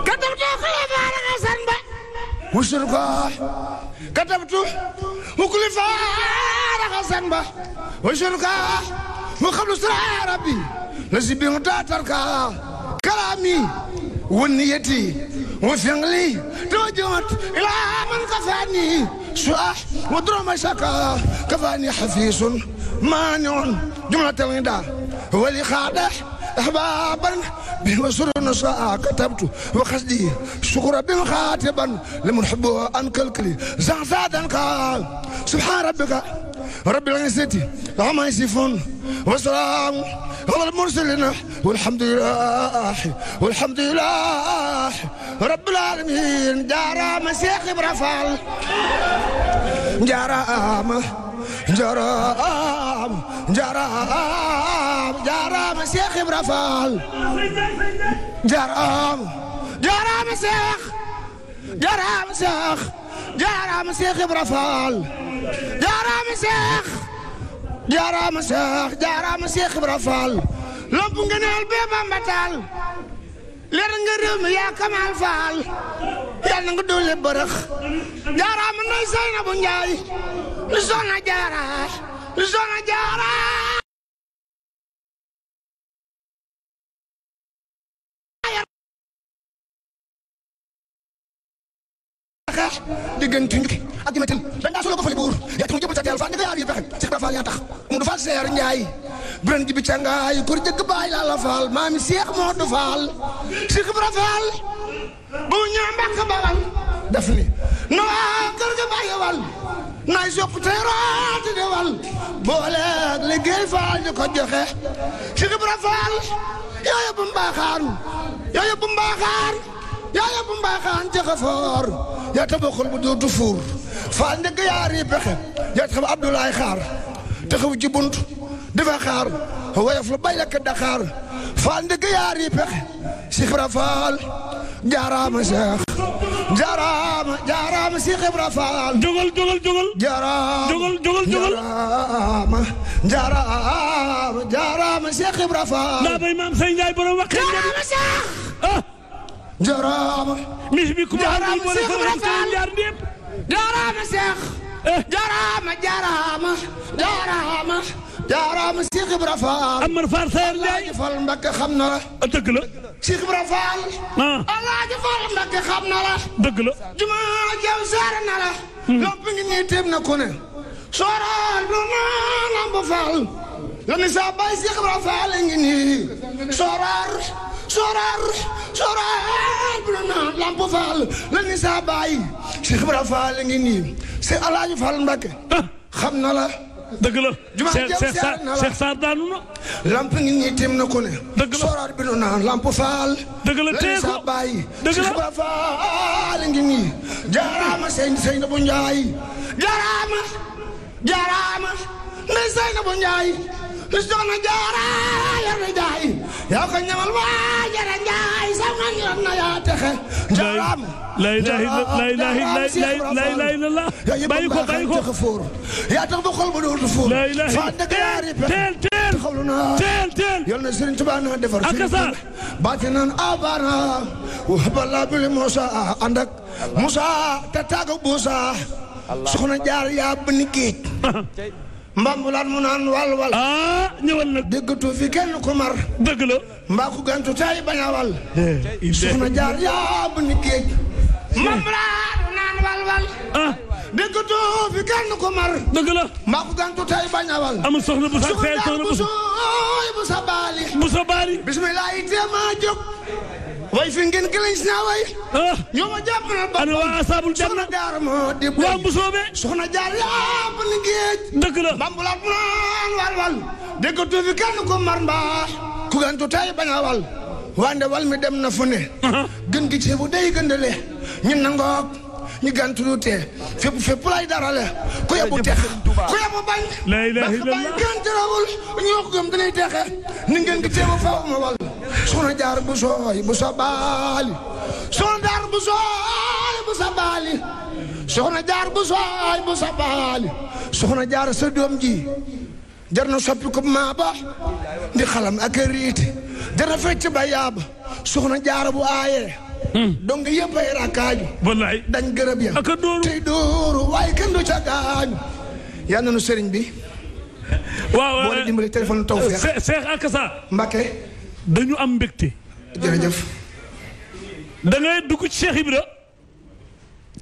S4: كتبت خلاف على غسان وشرقاح كتبت وكل فارغ غسان وشرقاح وقبل سرعة ربي نسيبي وتاتركا كرامي ونيتي وفيانلي توجهت إلى من كفاني سواح ودروما شكا كفاني حفيظ مانون جملة ويندا ولي خادح أحبابا بوسر النساء كتبت وقصدي شكرا بن خاتبا لمن حبه أنكلكلي زعزادا سبحان ربك رب العزة عما يصفون وسلام على المرسلين والحمد لله والحمد لله رب العالمين جارا مسيح برفال جارا جارا جارا جارا مسيح برفال جارا جارا مسيح جارا مسيح jaaraama Cheikh Ibra Fall jaaraama Cheikh jaaraama Cheikh jaaraama Cheikh Ibra Fall lomp nga bee Bamba leer nga réew mi yaa Kamal Fall yal na nga doole bërëx jaaraama nay Seynabu Njaay lu soxna
S3: jaara lu xeex diggante njukki ak jëme tin dañ daa suloo ko fali bur, ya tax mu jëbal
S4: sa teel faan da nga yaa yi pexem Cheikh Ibra Fall yaa tax mu du faal seer ñaay biran jibi cangaay kur jëgg baay laa la faal maami Cheikh moo du faal
S3: Cheikh Ibra Fall
S4: bu ñëw mbàkk bawal daf ni no kër ga bàyyi wal nay wal ko joxe Cheikh bu bu yaa yóbbu mbaaxaan jaxafoor yaa tabaxul bu dootu fuur faal ndëgg yaa rii pexe yaa taxaw Abdoulaye xaar taxaw ji bunt dafa xaar woyof lu bay lakk Dakar faal ndëgg yaa rii pexe si xibra faal jaaraama seex jaaraama jaaraama si xibra faal jógal jógal jógal jaaraama jógal jógal jaaraama jaaraama jaaraama si xibra faal daa bay maam say njaay borom wax jaaraama seex jaraama mis bi commencé wala sama sëriñ jaar ndépp jaraama seex jaraama jaraama jaraama jaraama Cheikh Ibra Fall Amar Fall Sayer Ndiaye Fall Mbakke xam na la dëgg la Cheikh Ibra Fall Alaaji Fall Mbakke xam na la dëgg la juma jaw saar na la lopp ngi nii téem na ku ne sooral lu maanam bu Fall la ni saa baay Seex Ibra Faal ngi nii soraar soraar soraar bu na naan lamp faal la ni saa baay Seex Ibra Faal ngi nii si Alaaji Faal Mbakke ah. xam na la dëgg la Cheikh Sarr daanu na lamp ngi nii tim na ko ne dëgg la soraar bi nu naan lamp faal dëgg la tee ko bàyyi dëgg la Ibra Faal ngi nii jaaraama sëñ sëñ bu Njaay jaaraama jaaraama ne sëñ bu Njaay li soxna jaara yar jaay yaa ko ñamal waa jara njaay saw nga ñu na yaa texe jaram la ilaha illallah la ilaha illallah yaa tax ba xol ba dootu fóor la teel teel xolu na teel teel yal na Sëriñ Tuubaa na defar ak sa batinan abana ah, wa habala bil Musa ak Musa te tàggu Buusa jaar yaa bënn mbambulaan mu naan wal wal. ah ñëwal nag. fi kenn ku mar. dëgg la. gantu tay a wal. Eh, soxna jaar yaabu ni géej. Hmm. mbambulaan wal wal. ah. déggatu fi kenn ku mar. gantu tay a wal. amul soxna bu sa fee soxna bu way fi ngeen gëlëñ naa way. Ah. ñoo ma jàppale ba. ana waa asaabul janna soxna di. waa bu soobee. soxna jaar yaa ba liggéey. dëgg la bambulaat wal wal. ko tuuti kenn ko mar mbaa. ku gantu tey bañ a wal. wande wal mi dem na fu ne. gën gi ceebu day gëndale. ñun nangook. ñu gàntulu tee fépp fépp lay darale ku yebu tex ku yebu bañ parce que bañ gàntarawul ñoo ko gëm danay texe ni ngeen ngi teema faaw ma wal soxna jaar bu sooy bu sa baali soxna jaar bu sooy bu sa baali soxna jaar bu sooy jaar sa doom ji jar na soppi ko maa ba ndi xalam ak riiti jar na fecc ba yaaba soxna jaar bu aayee Hmm. donc yëpp ay rakkaaju. wallaay dañ gërëb ya. ak a dóoru kenn du ca yaa nanu sëriñ bi. waaw boo dimbali téléphone taw feex. Cheikh Akassa. Mbacké.
S5: dañu am mbégte. jërëjëf. da ngay ci Cheikh Ibra.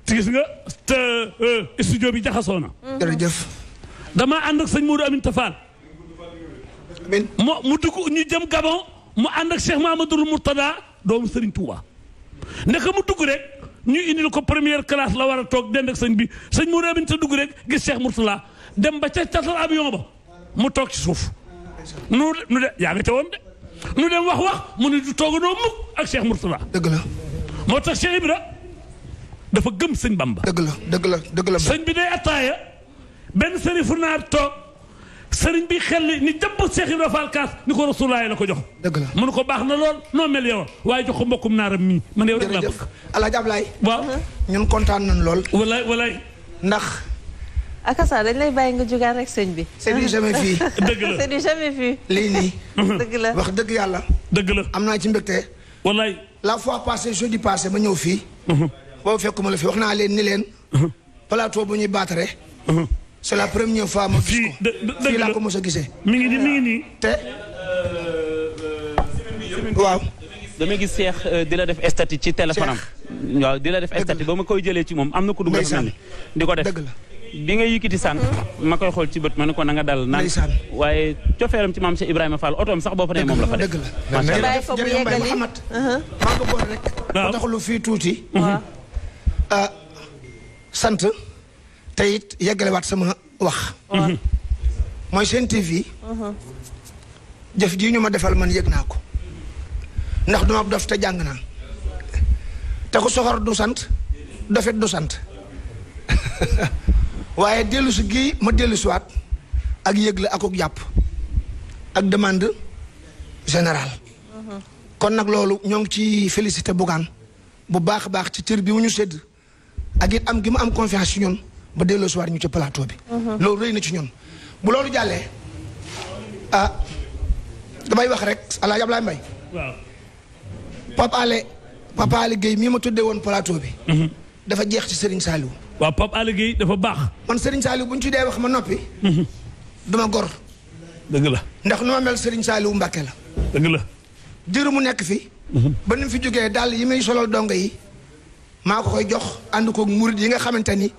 S5: te gis nga te eh, studio bi jaxasoo na. Mm-hmm. sëñ Modou Amin Tafal. mu dugg ñu jëm Gabon mu ànd ak Cheikh Mamadou doomu Serigne Touba. naka mu dugg rek ñu indil ko première classe la war a toog dend sëñ bi sëñ mu rabin sa dugg rek gis Cheikh Mourtala dem ba ca catal avion ba mu toog ci suuf nu nu de yaa ngi te woon de nu dem wax wax mu ne du tooganoo mukk ak Cheikh Mourtala dëgg la moo tax Cheikh Ibra dafa gëm sëñ bam ba dëgg la dëgg la dëgg la sëñ bi day attaaya benn sërifu naar toog sëriñ bi xel ni jëpp Cheikh Ibrahima Fall kaas ni ko rasulaay la ko jox. dëgg la mën ne ko baax na lool noo mel yow waaye jox ko mbokkum naaram mii man yow rek laa bëgg. Alaaji Ablaay waaw ñun kontaan nañ lool. walaay walaay. ndax.
S6: akasa dañ lay bàyyi nga jugaan rek sëñ bi. c'est du jamais vu. dëgg la c'est du
S4: lii nii. wax dëgg yàlla. dëgg la am naa ci mbégte. walaay. la fois passée jeudi passé ma ñëw fii. fekk uh-huh. fekkuma la fi wax naa leen ni leen. Uh-huh. plateau bu ñuy baatare. Uh-huh. c'est la première
S5: fois ma gis ko fii laa ko mos mi nii nii. te.
S2: waaw. dama gis Cheikh euh, di la def statut ci téléphone am. waaw di la def statut ba ma koy jëlee ci moom am na ku dugg may mel di ko def bi nga yëkkati sànq ma koy xool ci bët ma ne ko na nga dal naan waaye cofeeram ci maam Cheikh Ibrahima Fall otoom sax boo fa nee moom la fa def
S10: macha allah
S4: jërëjëf Mbaye Mouhamed uh-huh. maa nga boor rek. waaw tax lu fii uh-huh. ah, sant. tayit it wat sama wax. moy mhm. seen TV. Mhm. jëf jii ñuma defal man yegnako ndax duma daf ta jàng naa te ku soxor du sante dofit du waye delu su gi ma wat ak yegle ak ak yàpp ak demande générale mhm. kon nak lolu ñong ci féliciter Bougane bu baax baax ci tir bi wuñu sedd ak am gi ma am confiance ci ñun ba delloo soir ñu ci plateau bi. Mhm. loolu rëy na ci ñun bu loolu jàllee ah damay wax rek El Hadj Abdoulaye Mbaye. waaw Pape mii ma tuddee woon plateau bi. Mhm. dafa jeex ci sëriñ Saliou.
S5: waaw Pape Alé dafa baax.
S4: man Serigne Saliou bu ñu ci dee wax ma noppi. Mhm. duma gor. dëgg la ndax nu ma mel Serigne Saliou Mbacké la. dëgg la. mu nekk fi. ba ni fi jógee daal yi muy solal dongo yi maa ko koy jox ànd koog murid yi nga xamante ni.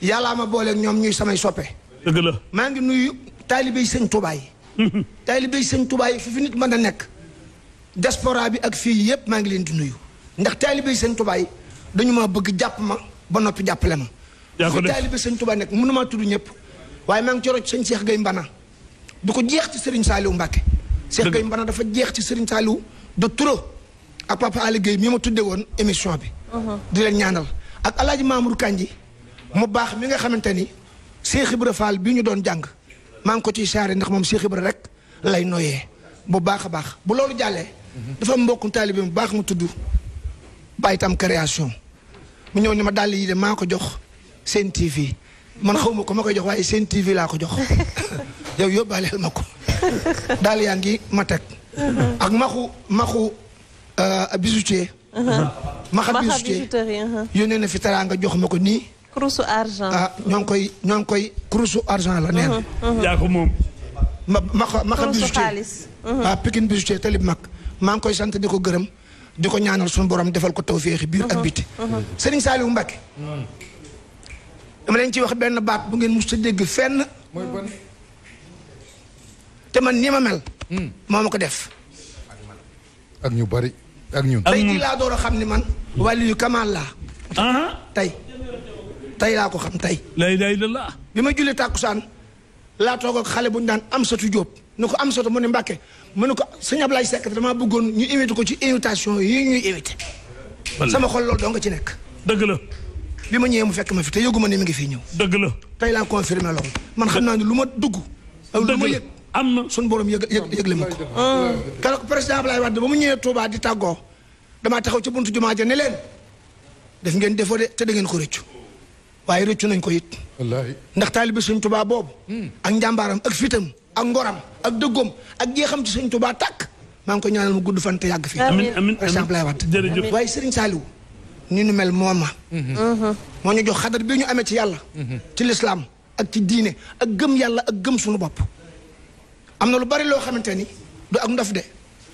S4: yàllaa ma booleeg ñoom ñuy samay soppe. maa ngi nuyu taalibe yi sëñ Touba yi. taalibe yi sëñ Touba yi fi fi nit mën a nekk. diaspora bi ak fii yëpp maa ngi leen di nuyu ndax taalibe yi sëñ Touba yi dañu maa bëgg jàpp ma ba noppi jàppale ma. yaa ko def taalibe sëñ Touba nekk mënu maa tudd ñëpp waaye maa ngi ci roj sëñ Cheikh Gueye Mbana du ko jeex ci Serigne Saliou Mbacke. dëgg Cheikh Gueye Mbana dafa jeex ci Serigne Saliou de trop ak papa Aliou Gueye mi ma tuddee woon émission bi. Uh-huh. di leen mu baax mi nga xamante ni Cheikh Ibra Fall bi ñu doon jàng maa ngi ko ciy saare ndax moom Cheikh Ibra rek lay noyee bu baax a baax bu loolu jàllee. dafa mbokkum mbokku taalibe bu baax mu tudd Baye Tam création mu ñëw ni ma dàll yi de maa ko jox seen TV man xaw ma ko ma koy jox waaye seen TV laa ko jox yow yóbbaaleel ma ko dàll yaa ngi ma teg. Uh-huh. ak maxu maxu uh, bijoutier. Uh-huh. maxa bijoutier uh-huh. yónnee na fi teraanga jox ma ko nii. kurusu argent. Ah, ñoo ngi koy ñoo ngi koy kurusu argent la neen. Uh-huh, uh-huh. yaa ko moom. ma ma ma xam bijoutier kurusu xaalis. Uh-huh. ah mag maa ngi koy sant di ko gërëm di ko ñaanal suñ borom defal ko tawféexi biir ak biti. Serigne Saliou Mbacké. dama leen ci wax benn baat bu ngeen mus sa dégg fenn. te man nii ma mel. Hmm. moo ma ko def.
S1: ak ñu bari ak ñun. tey jii laa door
S4: a xam ni man. wàllu yu kamal laa. Ah. tey. tey laa ko xam tey.
S5: la ilaha illallah.
S4: bi ma julli tàkkusaan laa toog ak xale bu ñu daan Amsatu Diop nu ko Amsatu mu ne Mbàkke mu ne ko sëñ Ablaye Seck damaa bëggoon ñu invité ko ci invitation yi ñuy invité. sama xol lool doo nga ci nekk. dëgg la. bi ma ñëwee mu fekk ma fi te yëgu ma ne mi ngi fii ñëw. dëgg la tey laa confirmé loolu. man xam naa ne lu ma dugg. lu ma yëg am na suñu borom yëg yëgle ma ko. Ah. keroog président Ablaye Wade ba mu ñëwee Touba di tàggoo damaa taxaw ci buntu jumaa ja ne leen def ngeen defoo de te ngeen ko rëccu. waye rëccu nañ ko it. wallahi ndax taalibe seigne touba bob ak njambaram ak fitam ak ngoram ak deggom ak jeexam ci seigne touba tak ma ngi ko ñaanal mu gudd fan te yàgg fii. amin amin par exemple lay wat. jërëjëf waaye Serigne ni nu mel moma mo ñu jox xadar bi ñu amé ci yàlla. ci l'islam ak ci diine ak gëm yàlla ak gëm suñu bop amna lu bari lo xamanteni du ak ndof de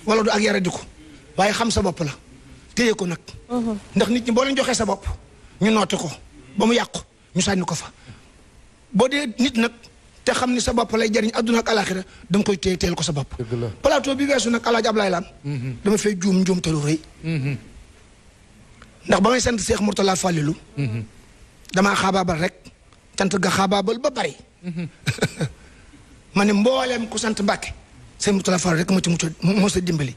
S4: wala du ak yara diko waye xam sa bop la téye nak ndax nit ñi bo leen joxe sa bop ñu noti ko. ba mu yàqu ñu sànni ko fa boo dee nit nag te xam ni sa bopp lay jariñ àdduna ak alaxira da koy téye teel ko sa bopp palaato bi weesu nag alaaji Ablaye Laan mhm. dama fay juum njuum te lu rëy mhm. ndax ba may sant Seex Murtala Fàllilu mhm. damaa xaabaabal rek sant ga xaabaabal ba bari ma ne mbooleem ku sant Mbàkke Seex Murtala Fàllilu rek mu ci mucc moo sa dimbali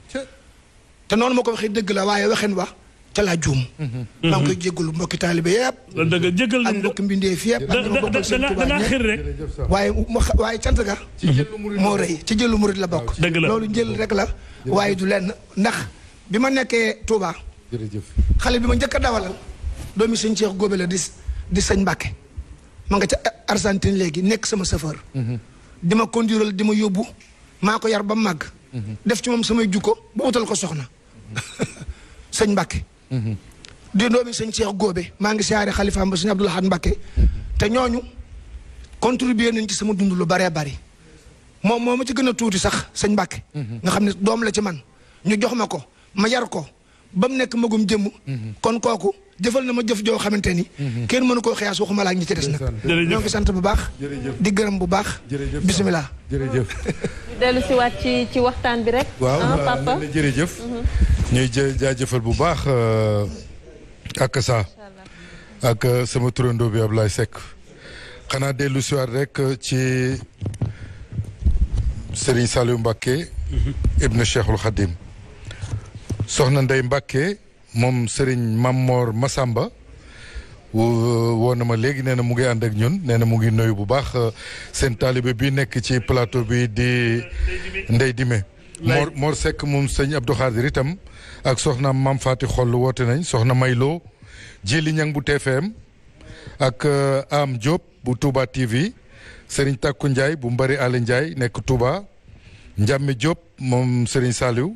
S4: te noonu ma ko waxee dëgg la waaye waxen wax ca laa juum.
S3: Mhm. maa ngi koy
S4: mhm. jégalu mbokki taalibe yëpp. dëgg jégal ak mbokki mbindeef yëpp. ak ñoom bokk seen tubaab yëpp xir rek. waaye waaye cant ga. moo rëy ci jëlu murid la bokk. dëgg la loolu jël rek la. waaye du lenn ndax bi ma nekkee Touba. jërëjëf xale bi ma njëkk a dawalal. doomi sëñ Cheikh Góobe la di di sëñ Mbàkke ma nga ca Argentine léegi nekk sama chauffeur. Mhm. di ma conduire di ma yóbbu maa ko yar ba mu màgg. def ci moom samay jukko ba wutal ko soxna sëñ Mbàkke di doomi sëñ Cheikh Góobe maa ngi siyaare xalifaam ba sëñ Abdoul Ahad Mbacké te ñooñu contribuer nañ ci sama dund lu baree bari moom moo ma ci gën a tuuti sax sëñ Mbacké nga xam ne doom la ci man ñu jox ma ko ma yar ko ba mu nekk magum jëmm mhm. kon kooku jëfal na ma jëf joo xamante ni. Mhm. kenn mënu koo xeyaas waxuma laa ak ñi ci des nag. ñoo ngi sant bu baax. di gërëm bu baax. jërëjëf bisimilah.
S1: jërëjëf.
S6: ñu dellu si waat ci waxtaan bi rek. waaw ah, papa
S1: jërëjëf. Mhm. ñuy jaajëfal bu baax euh, ak saa. ak euh, sama turandoo bi lay Seck. xanaa dellu si rek euh, ci Serigne Saliou Mbacké. Mhm. Ibn Cheikhul Khadim. Soxna Ndeye Mbacké. moom Serigne Mamor Massamba woo na ma léegi nee na mu ngi ànd ak ñun nee na mu ngi nuyu bu baax euh, seen taalibe bi nekk ci plateau bi di Ndey Dime Mor Mor moom sëñ Abdou Khadir itam ak soxna Mam faati Xoll woote nañ soxna Mayloo Jili Ñang bu TFM ak euh, Am Diop bu Touba TV Serigne Takku njaay bu Mbari àll Ndiaye nekk Touba Ndiame Diop moom Serigne Saliou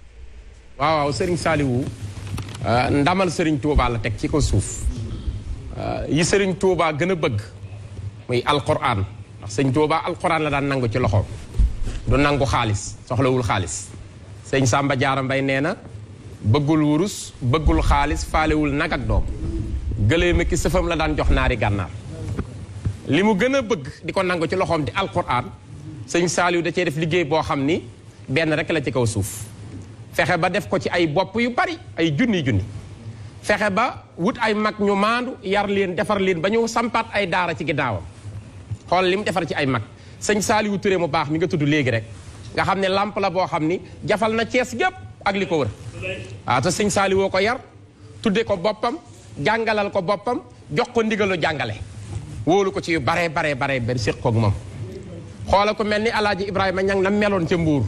S1: waaw waaw Serigne
S2: Saliou euh, ndamal Serigne Touba la teg ci ko suuf euh, yi sëriñ Touba gën a bëgg muy alquran ndax sëñ Touba la daan nangu ci loxoom du nangu xaalis soxlawul xaalis sëñ sàmba jaaro mbay nee na bëggul wurus bëggul xaalis faalewul nag ak doom gëléem ki sëfam la daan jox naari gànnaar li mu gën a bëgg di ko nangu ci loxoom di alquran sëñ Saliou da cee def liggéey boo xam ni benn rek la ci kaw suuf. fexe ba def ko ci ay bopp yu bari ay junni junni fexe ba wut ay mag ñu maandu yar leen defar liin ba ñu sampaat ay daara ci ginnaawam xool li mu defar ci ay mag sëñ Saaliwu Ture mu baax mi nga tudd léegi rek nga xam ne làmp la boo xam ni jafal na Cees gépp ak li ko wër waaw te sëñ Saali woo ko yar tudde ko boppam jàngalal ko boppam jox ko ndigalu jàngale wóolu ko ci yu baree baree baree bari séq koog moom xoola ko mel ni alaaji Ibrahima ñang na meloon ca mbuur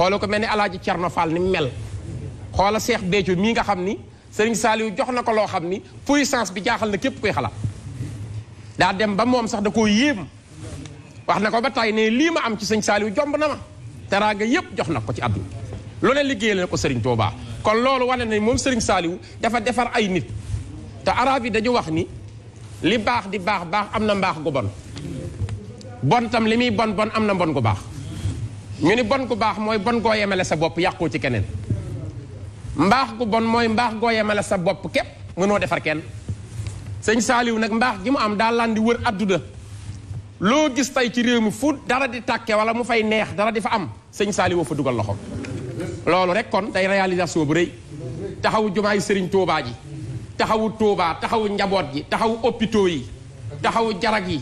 S2: xoola ko mel ni alaaji no Fall ni mu mel xoola Seex Béthio mii nga xam ni Sëriñ Saaliw jox na ko loo xam ni puissance bi jaaxal na képp koy xalaat daa dem ba moom sax da koo yéem wax na ko ba tay ne lii ma am ci sëñ Saaliw jomb na ma teraanga yépp jox na ko ci àdduna lu ne liggéey la ko Sëriñ baax kon loolu wane na moom Sëriñ Saaliw dafa defar ay nit te arab yi dañu wax ni li baax di baax baax am na mbaax gu bon bon tam li muy bon bon am na mbon gu baax ñu ni bon gu baax mooy bon goo yemale sa bopp yàqoo ci keneen mbaax gu bon mooy mbaax goo yemale sa bopp képp mënoo defar kenn sëñ Saaliw nag mbaax gi mu am daal lan di wër adduna loo gis tey ci réew mi fu dara di tàkke wala mu fay neex dara di fa am sëñ Saaliw fa dugal loxo loolu rek kon day réalisation bu rëy taxawu jumaayu sëriñ Touba ji taxawu tuubaa taxawu njaboot ji taxawu hôpitaux yi taxawu jarag yi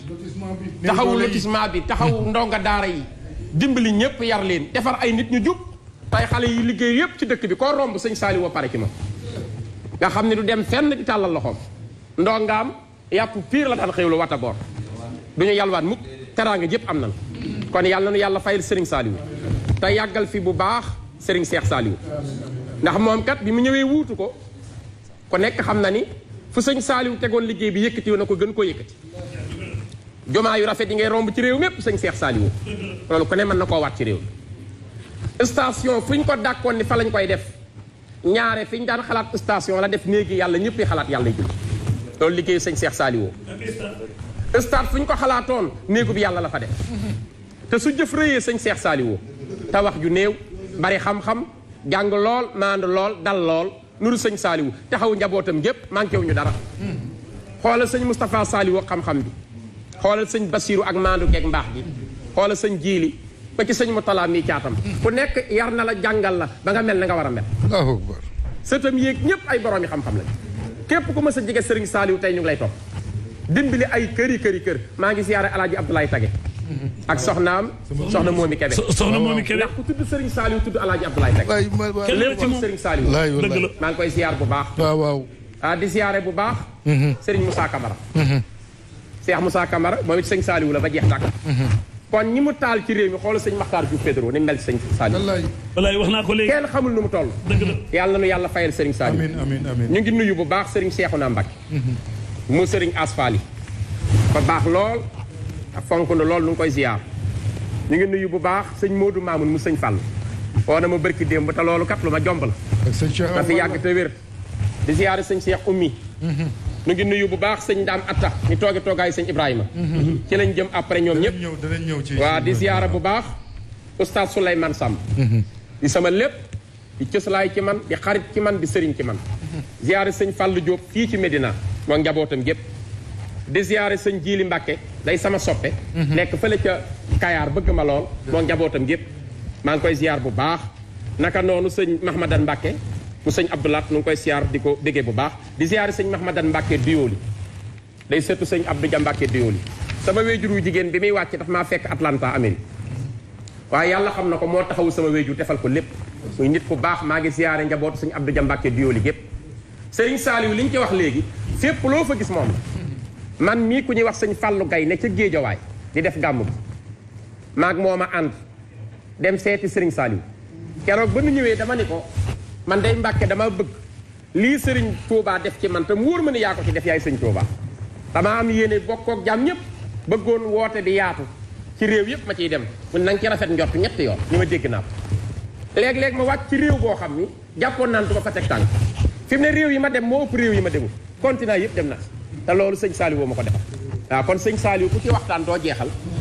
S1: taxawu lotissement
S2: bi taxawu ndonga daara yi dimbali ñëpp yar leen defar ay nit ñu jub tay xale yi liggéey yëpp ci dëkk bi koo romb sëñ Saliou wa pare ci ma nga xam ne du dem fenn di tàllal loxoom ndongaam yàpp piir la daan xewlu wata boor du ñu yalwaan mukk teraanga jëpp am nan kon yàlla na yàlla fayal Serigne Saliou te yàggal fi bu baax sëriñ Cheikh Saliou ndax moom kat bi mu ñëwee wuutu ko ku nekk xam na ni fu sëñ Saliou tegoon liggéey bi yëkkati na ko gën koo yëkkati jumaa yu rafet yi ngay romb ci réew mépp sëñ Cheikh Saliou loolu ku ne mën na koo waat ci réew mi station fu ñu ko dàkkoon ni fa lañ koy def ñaare fi ñu daan xalaat station la def néegi yàlla ñëpp xalaat yàlla julli loolu liggéeyu sañ seex Saliou stade fu ñu ko xalaatoon néegu bi yàlla la fa def te su jëf rëyee sañ Cheikh Saliou te wax ju néew bari xam-xam jàng lool maandu lool dal lool nuru sëñ saaliwu taxaw njabootam gépp manqué wu ñu dara xoolal sëñ Moustapha Saliou xam-xam bi xoolal sëñ Basiiru ak maandu geeg mbaax gi xoolal sëñ Jiili ba ci sëñ Muttalaa mii caatam ku nekk yar na la jàngal la ba nga mel na nga war a mel sëtam yéeg ñëpp ay borom yi xam-xam lañ képp ku ma a jege sëriñ Saaliw tey ñu ngi lay topp dimbali ay këri këri kër maa ngi siyaare alaaji Abdoulaye Tage ak soxnaam soxna Moomi Kebe soxna Moomi Kebe ndax ku tudd Serigne Saliou tudd Alaaji Abdoulaye Teg lépp wax Serigne Saliou maa ngi koy siyaar bu baax waaw waaw ah bu baax mm-hmm. Serigne Moussa Camara mm-hmm. Cheikh sa Camara moom it sëñ Saliou la ba jeex tàkk kon ñi mu taal ci réew mi xoolal sëñ Makhtar Diouf Pedro ni mel sëñ Saliou wax naa ko léegi kenn xamul nu mu toll yàlla na nu yàlla fayal sëriñ Saliou amiin amiin amiin ñu ngi nuyu bu baax sëriñ Cheikhouna Mbacké mu sëriñ Asfali ba baax lool ak fonk na lool nu ngi koy ziyaar ñu ngi nuyu bu baax sëñ Modou Mamoun mu sëñ Fall oo na ma bërki démb te loolu kat lu ma jomb la dafa yàgg te wér di ziyaare sëñ Cheikh Oumy nu ngi nuyu bu baax sëñ Ndaam Atta mi tooge toogaay sëñ Ibrahima. ci lañ jëm après ñoom ñëpp ñëw danañ ñëw ci. waa di ziyaara bu baax oustaz Souleymane Samb. Mhm. di sama lépp di cëslaay ci man di xarit ci man di sëriñ ci man. Mhm. ziyaare sëñ Fallou Diop fii ci Medina moo njabootam gépp di ziyaare sëñ Jiili Mbàkke day sama soppe. Mhm. nekk fële ca Kayaar bëgg ma lool moo njabootam gépp maa ngi koy ziyaar bu baax naka noonu sëñ Mahmadan Mbàkke mu sëñ Abdoulaat nu ngi koy siyaar di ko déggee bu baax di siyaari sëñ Mahmadan Mbàkke Diyooli day seetu sëñ Abdou Dia Mbàkke Diyooli sama wéejur wu jigéen bi muy wàcc daf maa fekk Atlanta Amérique waaye yàlla xam na ko moo taxawu sama wéejur defal ko lépp muy nit ku baax maa ngi siyaare njabootu sëñ Abdou Dia Mbàkke Diyooli gépp sëriñ Saaliw li ñu ci wax léegi fépp loo fa gis moom la man mii ku ñuy wax sëñ Fàllu Gay ne ca Géejawaay di def gàmm bi moo ma ànd dem seeti sëriñ Saaliw keroog ba nu ñëwee dama ko man day mbàkke dama bëgg lii sëriñ Touba def ci man tam wóor ma ne yaa ko ci def yaay sëñ Touba dama am yéene bokkook jàmm ñëpp bëggoon woote di yaatu ci réew yëpp ma ciy dem mun na nga ci rafet njort ñetti yoon ñu ma dégg naa ko léeg ma wàcc ci réew boo xam ni jàppoon naan du fa teg tànk fi mu ne réew yi ma dem moo ëpp réew yi ma demul continent yëpp dem na te loolu sëñ saaliwoo ma ko defal waaw kon sëñ Saliou ku ci waxtaan doo jeexal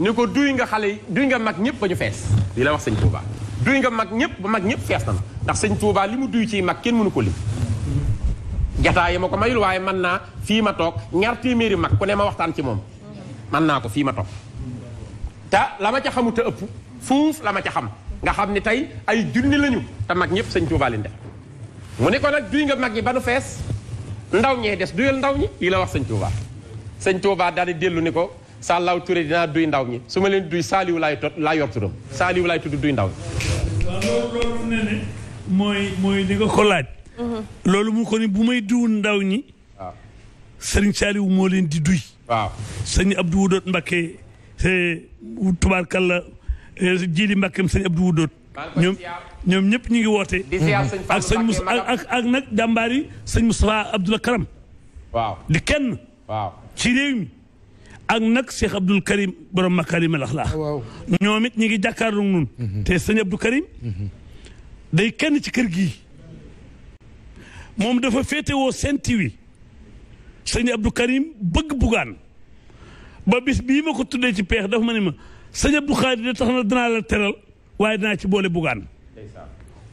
S2: ni ko duy nga xale yi duy nga mag ñëpp ba ñu fees lii la wax sëñ Touba duy nga mag ñëpp ba mag ñëpp fees na ndax sëñ Touba li mu duy ciy mag kenn mënu ko lim jataay yi ma ko mayul waaye man naa fii ma toog ñaar téeméeri mag ku ne ma waxtaan ci moom mën naa ko fii ma toog te la ma ca xamut ëpp fuuf la ma ca xam nga xam ni tey ay junni lañu te mag ñëpp sañ Touba leen def mu ne ko nag duy nga mag ñi ba nu fees ndaw ñee des duyal ndaw ñi lii la wax sëñ Touba sëñ Touba daal di dellu ko Sallaw Touré dinaa duy ndaw ñi su ma leen duy Saliou laay tot laa yor turam Saliou laay tudd duy ndaw ñi.
S5: waaw loolu mooy mooy li mhm. loolu mu ko ni bu may duw ndaw ñi. waaw sëriñ Saliou moo leen di duy. waaw sëñ Abdou Wudot Mbakke eh, tubaarkalla eh, jiidi Mbakkeem sëñ Abdou Wudot. ñoom ñoom ñëpp ñu ngi woote. ak sëñ Moussa ak ak nag jàmbaar yi sëñ Moustapha Karam. di kenn. waaw ak nag Cheikh Abdoul Karim borom makarim al axlaax ñoom it ñi ngi jàkkaarloo nun mhm. te sëñ Abdou Karim day kenn ci kër gi moom dafa woo senti wi sëñ Abdou Karim bëgg bugaan ba bis bii ma ko tuddee ci peex dafa ma ne ma sëñ Abdou Xaadir da tax danaa la teral waaye danaa ci boole bugaan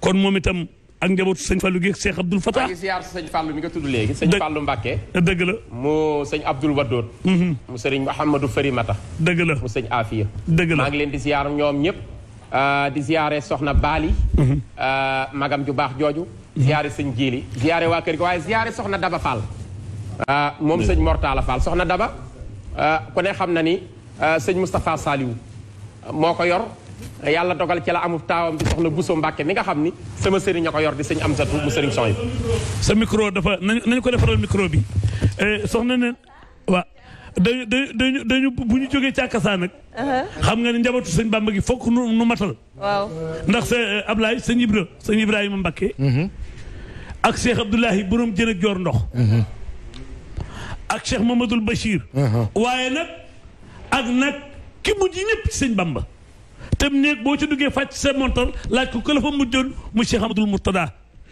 S2: kon moom itam ak njabootu sëñ Fallou gi Cheikh Abdoul Fatah. maa ngi ziar sëñ Fallou mi nga tudd léegi. dë sëñ Fallou Mbacké. dëgg la mu sëñ Abdoul Wadoot. Mhm. mu sëriñ Mouhamadou Farimata. dëgg la mu sëñ Afia. dëgg la maa ngi leen di ziar ñoom ñëpp. Ah, di ziare Soxna Baali. Mhm. Ah, magam ju baax jooju. Mhm. ziare sëñ Jiili. ziare waa kër gi waaye ziare Soxna Daba Fall. Ah, moom sëñ Mortala Fall Soxna Daba. kone xam na ni sëñ Moustapha Saliou moo ko yor. yàlla dogal ci la amub taawam di soxna Bousso Mbacke mi nga xam ni sama sëriñ ña ko yor di sëñ Amsatu mu sëriñ son yi
S5: sa micro dafa nañu ko defaral micro bi eh, soxna ne waa dañu dañu bu ñu jógee càkkasaa nag uh-huh. xam nga ne njabootu sëñ Bàmba gi fokk nu nu matal
S3: waaw ndax
S5: sa eh, Ablaye sëñ Ibra sëñ Ibrahima Mbacke mm-hmm. ak Cheikh Abdoulahi borom jën joor ndox mm-hmm. ak Cheikh Mamadou Bachir uh-huh. waaye nag ak nag ki mujj ñëpp ci sëñ Bàmba tam néeg boo ci duggee fàcc seen montor laaj ko këla fa mujjoon mu Cheikh Amadou Mourtada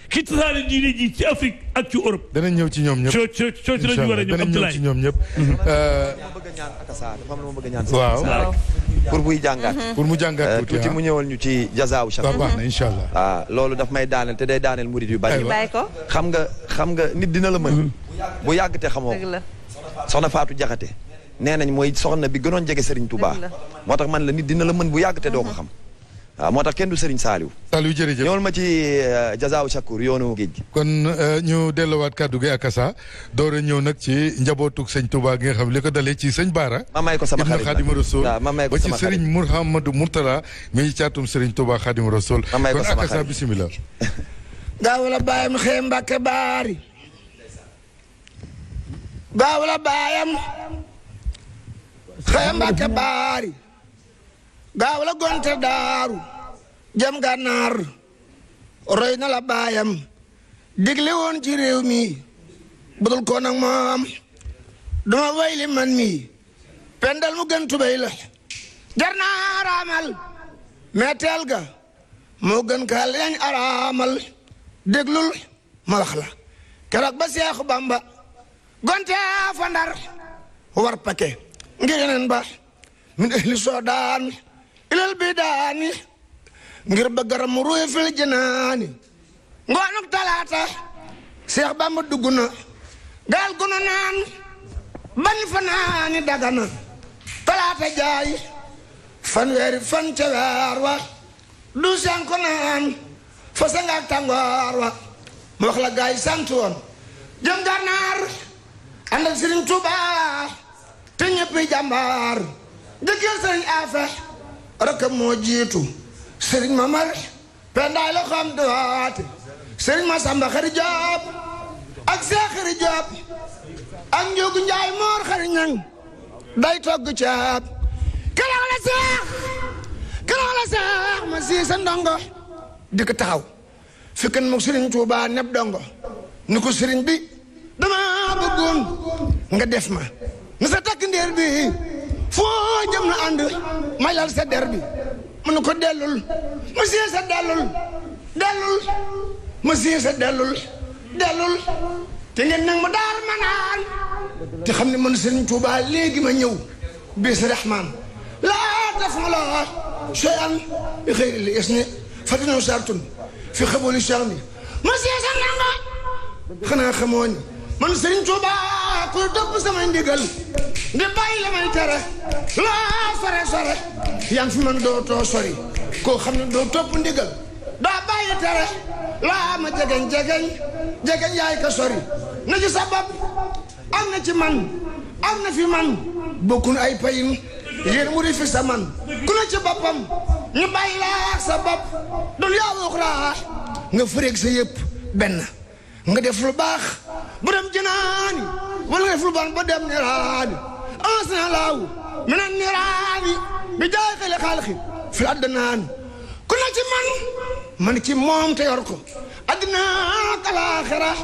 S5: ki tasaare diine ji ci Afrique ak ci Europe. danañ
S1: ñëw ci ñoom ñëpp coo coo coo ci la ñu war a ñëw Abdoulaye ci ñoom ñëpp. Mhm.
S9: Euh, waaw pour buy jàngaat. Mhm. pour mu jàngaat euh, tuuti ah. mu ñëwal ñu ci jazaaw sax. baax na mhm. incha allah. waaw ah, loolu daf may daaneel te day daaneel murid yu bari. bàyyi ko xam nga xam nga nit dina la mën. bu yàgg te xamoo soxna faatu Jaxate nee nañ mooy soxna bi gënoon jege Serigne Touba. moo tax man la nit dina la mën bu yàgg te doo ko mhm. xam. waaw moo tax kenn du Serigne Saliou.
S1: Saliou jërëjëf ñëwal ma ci euh, Jazaaw Chakour yoonu géej kon euh, ñu delluwaat kàddu gi ak Assa door a ñëw nag ci njabootug sëñ Touba gi nga xam li ko dalee ci sëñ Baara. ma may ko sama xarit la Xaadimu Rasuul ba ci Serigne Mouhamadou Mourtala mi ngi caatum Serigne Touba Xaadimu Rasuul. ma may ko sama xarit kon ak Assa bisimilah. daaw la bàyyam xëy Mbàkke
S4: xëy mbàkke baari gaaw la gonte daaru jëm gànnaar roy na la baayam digle woon ci réew mi budul ko nag moom duma wayli man mi pendal mu gën tubay la jar na araamal meeteel ga moo gën kaa leñ araamal déglul ma wax ba seexu bamba gonte fa war pake ngir yeneen ba min ahli sodaani ilal bidaani ngir ba garam ruy fil jinaani ngoonuk talaata seex bamba dugg na gaal gunu naan ban fanaani dagana talaata jaay fanweeri fan ca wa du sanku naan fa sangaak tàngoor wa ma wax la gaay sant woon jëm gànnaar ànd ak te ñëpp jàmbaar jëkkër sëriñ afe rek moo jiitu sëriñ ma mar pendaay la xam duwaate sëriñ ma samba xari joob ak see xari joob ak njugu njaay moor xari ñang day togg ceeb keroog la seex keroog la seex ma sii sa ndongo dikk taxaw fikkan mu sëriñ Tuubaa neb dongo ni ko bi dama bëggoon nga def ma mu sa takk ndeer bi foo jëm na ànd may lal sa der bi mu ne ko dellul mu siin sa dellul dellul mu siin sa dellul dellul te ngeen nag mu daal ma naan te xam ne man Sëriñ Tuubaa léegi ma ñëw bis rahman laa def ma la shay an bi xëyri li is ni fatinu sartun fi xaboli charmi ma siin sa nanga xanaa xamoo ni man sëriñ Tuuba ku topp sama ndigal di bàyyi la may tere laa sore sore yaa fi man dootoo sori koo xam ne doo topp ndigal daa bàyyi tere laa ma jegeñ jegeñ jegeñ yaay ka sori na ci sabab am na ci man am na fi man bokkun ay payin yéen mu di fi sa man ku ne ci boppam ñu bàyyi laa sa bopp dun yaa woox raa nga fëreeg sa yëpp benn nga def lu baax borom jinaani wala nga def lu bon ba dem niraani ansina laaw minan niraani bi jaay xale xaalxi fil addanaani ku na ci man man ci mom te yor ko adna ak akhirah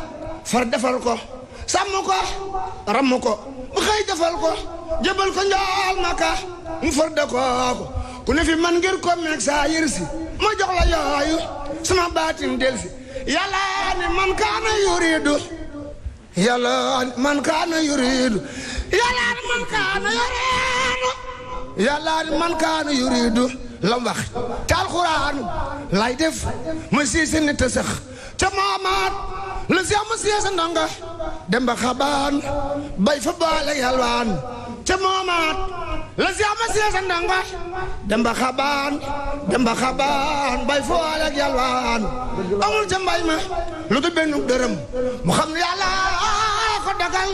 S4: far defal ko sam ko ram ko mu defal ko jebal ko ndal maka mu far de ko ku ne fi man ngir ko mek sa yirsi ma jox la yooyu sama batim delsi yàlla ni man kaana yuridu yàlla man kaana yuridu yàlla ni man kaana yuridu yàlla ni man kaana yuridu lam wax ca alxuraan lay def ma siisi nit a sax ca moomaat la si amu siyeesa ndonga dem ba xabaan bay fa boole yalwaan ca moomaat la si amu siyeesa ndonga xabaan dem xabaan bay fa boole yalwaan amul ca mbay ma lu du benn dërëm mu xam ne yàlla ko dagal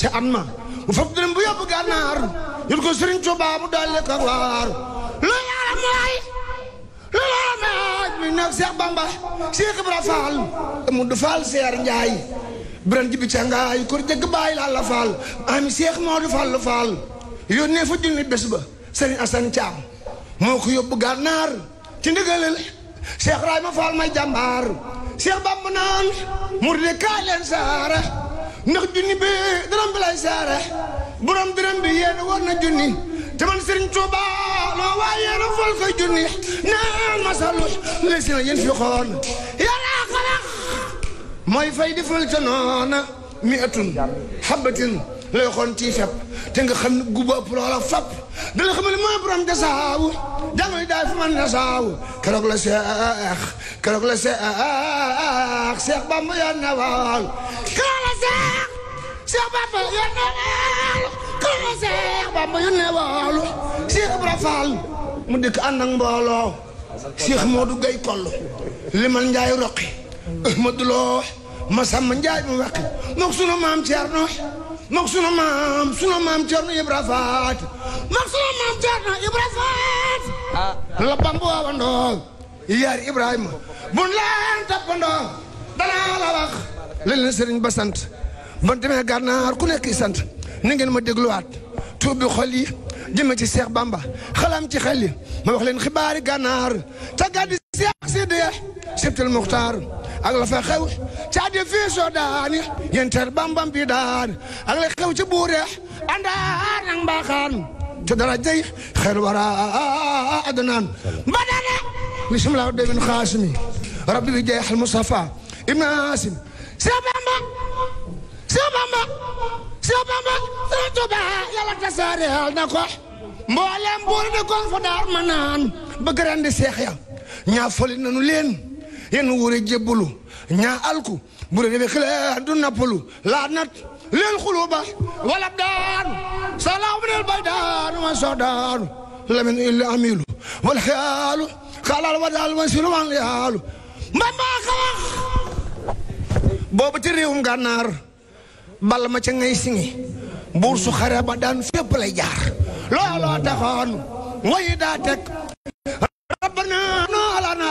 S4: ca am ma mu fab dërëm bu yóbbu gànnaar yóbbu ko Sëriñ Tuubaa mu dolli ko waar loolu yàlla mooy laaj mi nag Seex Bamba Seex Ibra Faal Mudu Faal Seer Njaay biran jibi cangaay kur jëkk bàyyi laa la faal ami Seex Moodu Faal faal yónnee fa junni bés ba Sëriñ Asan Caam moo ko yóbbu gànnaar ci ndigalal Seex Rayma Faal may jàmbaar Seex Bamba naan muride kaay leen saara ndax junni bi dërëm bi lay saara borom dërëm bi yéen war na junni te man sëriñ Tuuba loo waaye na fol koy junni naan masalu les na yéen fi xoon yàlla xalax mooy fay di fol te noona mi atun xabatin lay xoon ci te nga xam ne guba ëpp loola fap dala xamal mooy borom da saawu dangoy man da saawu la seex keroog la seex seex bamba yoon na waal keroog la seex seex bamba yoon na waal kër ma seex bamba yónnee waalo Cheikh mu dikk ànd ak mbooloo Cheikh Modou Gueye Koll limal Njaay roqi Ahmadu Lo Masamba Njaay mu waqi mook sunu maam Ceerno mook sunu maam sunu maam Ceerno Ibra Faat mook
S3: sunu maam Ceerno Ibra Faat ah.
S4: la bamba waawandoo yaar Ibrahima bun leen toppandoo danaa la wax leen la sëriñ ba sant ban demee gànnaar ku nekk sant na ngeen ma dégluwaat tuub bi xol yi jëme ci Seex Bamba xalaam ci xel yi ma wax leen xibaari gànnaar ca gàddi Seex Sidi Sibtil Muxtaar ak la fa xew ca di fii soo daan yéen teer bambam bi daan ak la xew ci buure àndaan ak mbaaxaan te dara jëy xeer wara adnaan badana bismillah demin xaasimi rabbi bi jeexal Mustafa ibn Asim Seex Bamba Seex Bamba Séex Bamba Sëriñ Tuubaa tasaare xel na ko mboolem buur di kon fu ma naan bëgg ren seex ya ñaa foli nanu leen yéen wuure jébbalu ñaa alku bu dee defe xilee du nappalu laa nat leen xuluba wala daanu salaamu neel bay daanu wa soo daanu lamin illi amilu wala xiyaalu xaalal wadaal wa silu wan mbambaa ka boobu ci réewum gànnaar mbal ma ca ngay singi mbuur su xare daan fépp lay jaar looloo taxoon mooy daa teg rabbana noo alana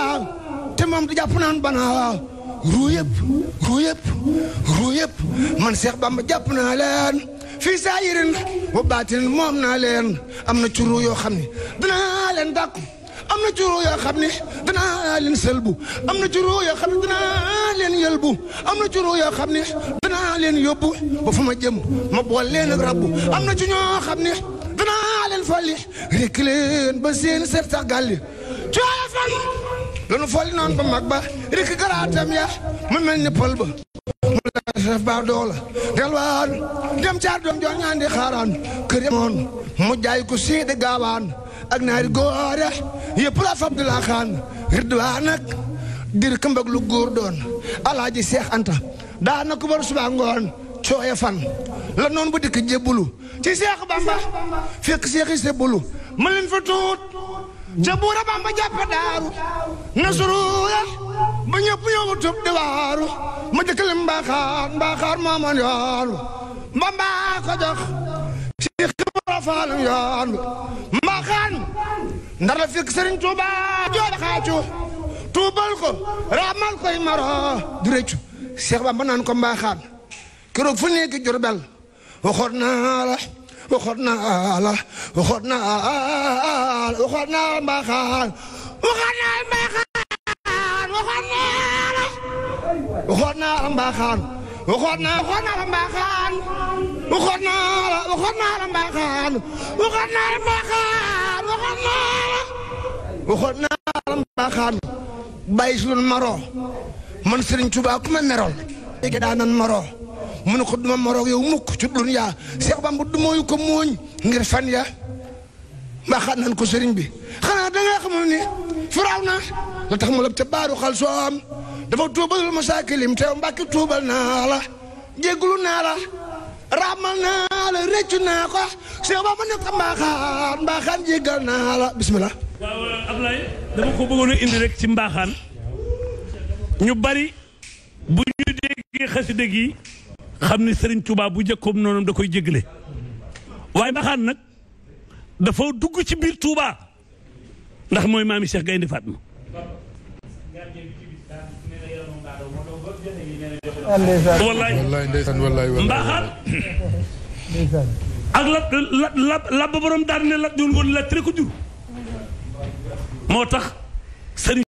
S4: te moom du jàpp naan bana ruu yëpp ruu yëpp man Seex Bamba jàpp naa leen fii saa yirin wa baatin moom naa leen am na ci yoo xam ne dinaa leen dàkku am na juróo yoo xam ne danaa leen sëlbu am na juróo yoo xam ne danaa leen yëlbu am na juróo yoo xam ne danaa leen yóbbu ba fa ma jëm ma bool leen ak rabbu am na ci ñoo xam ne danaa leen folli rekk leen ba seen seet sax gàlli cooya fan lanu foli noon ba mag ba rikk garaatam ya mu mel ni pël ba mu la sef ba doola delwaan dem caar doom joo ñaan di xaaraan kër ya moon mu jaay ko siidi gaawaan ak naari góore yëpp la fab di laa xaan ridwaa nag dir këmbag lu góor doon alaaji seex anta daana ko bar suba ngoon cooye fan la noon bu dikk jébbulu ci seex bamba fekk seexi sébbulu ma leen tuut te buura Bamba jàppa daaru na suruya ba ñëpp ñëw tub di waaru ma jëkkale mbaaxaar mbaaxaar maamoon yoonu Bamba ko jox si xibra faal yoonu mbaaxaan ndar la fekk Sëriñ Tuuba jooda xaacu tuubal ko raamal koy maro du rëccu Seex Bamba naan ko mbaaxaan keroog fu nekk Jurbel waxoon naa la waxoon naa la waxoon naa la waxoon naa mbaxaan waxoon naa mbaxaan waxoon naa la waxoon naa maro man Serigne Touba ku ma meroon léegi nan maro mu ne ko duma moroog yow mukk ci dunyaa Seex Bamba du mooyu ko mooñ ngir fan ya mbaa xaat ko sëriñ bi xanaa danga xamul ni Firawna la tax mu lab ca baaru xal soo am dafa tuubal masaakilim teew mbàkki tuubal naa la jéggulu naa la raamal naa la rëccu naa ko Seex Bamba ne ko mbaaxaan
S5: mbaaxaan jéggal naa la bismillah waaw ko bëggoon a indi rek ci mbaaxaan ñu bari bu ñu déggee xasida gi xam ne sëriñ Touba bu jëkkoom noonu da koy jégle waaye mbaxaan nag dafa dugg ci biir Touba ndax mooy maami Cheikh Gaynde Fatma.
S1: mbaxaan
S5: ak la la la ba borom daal ne la doon woon la tere moo tax sëriñ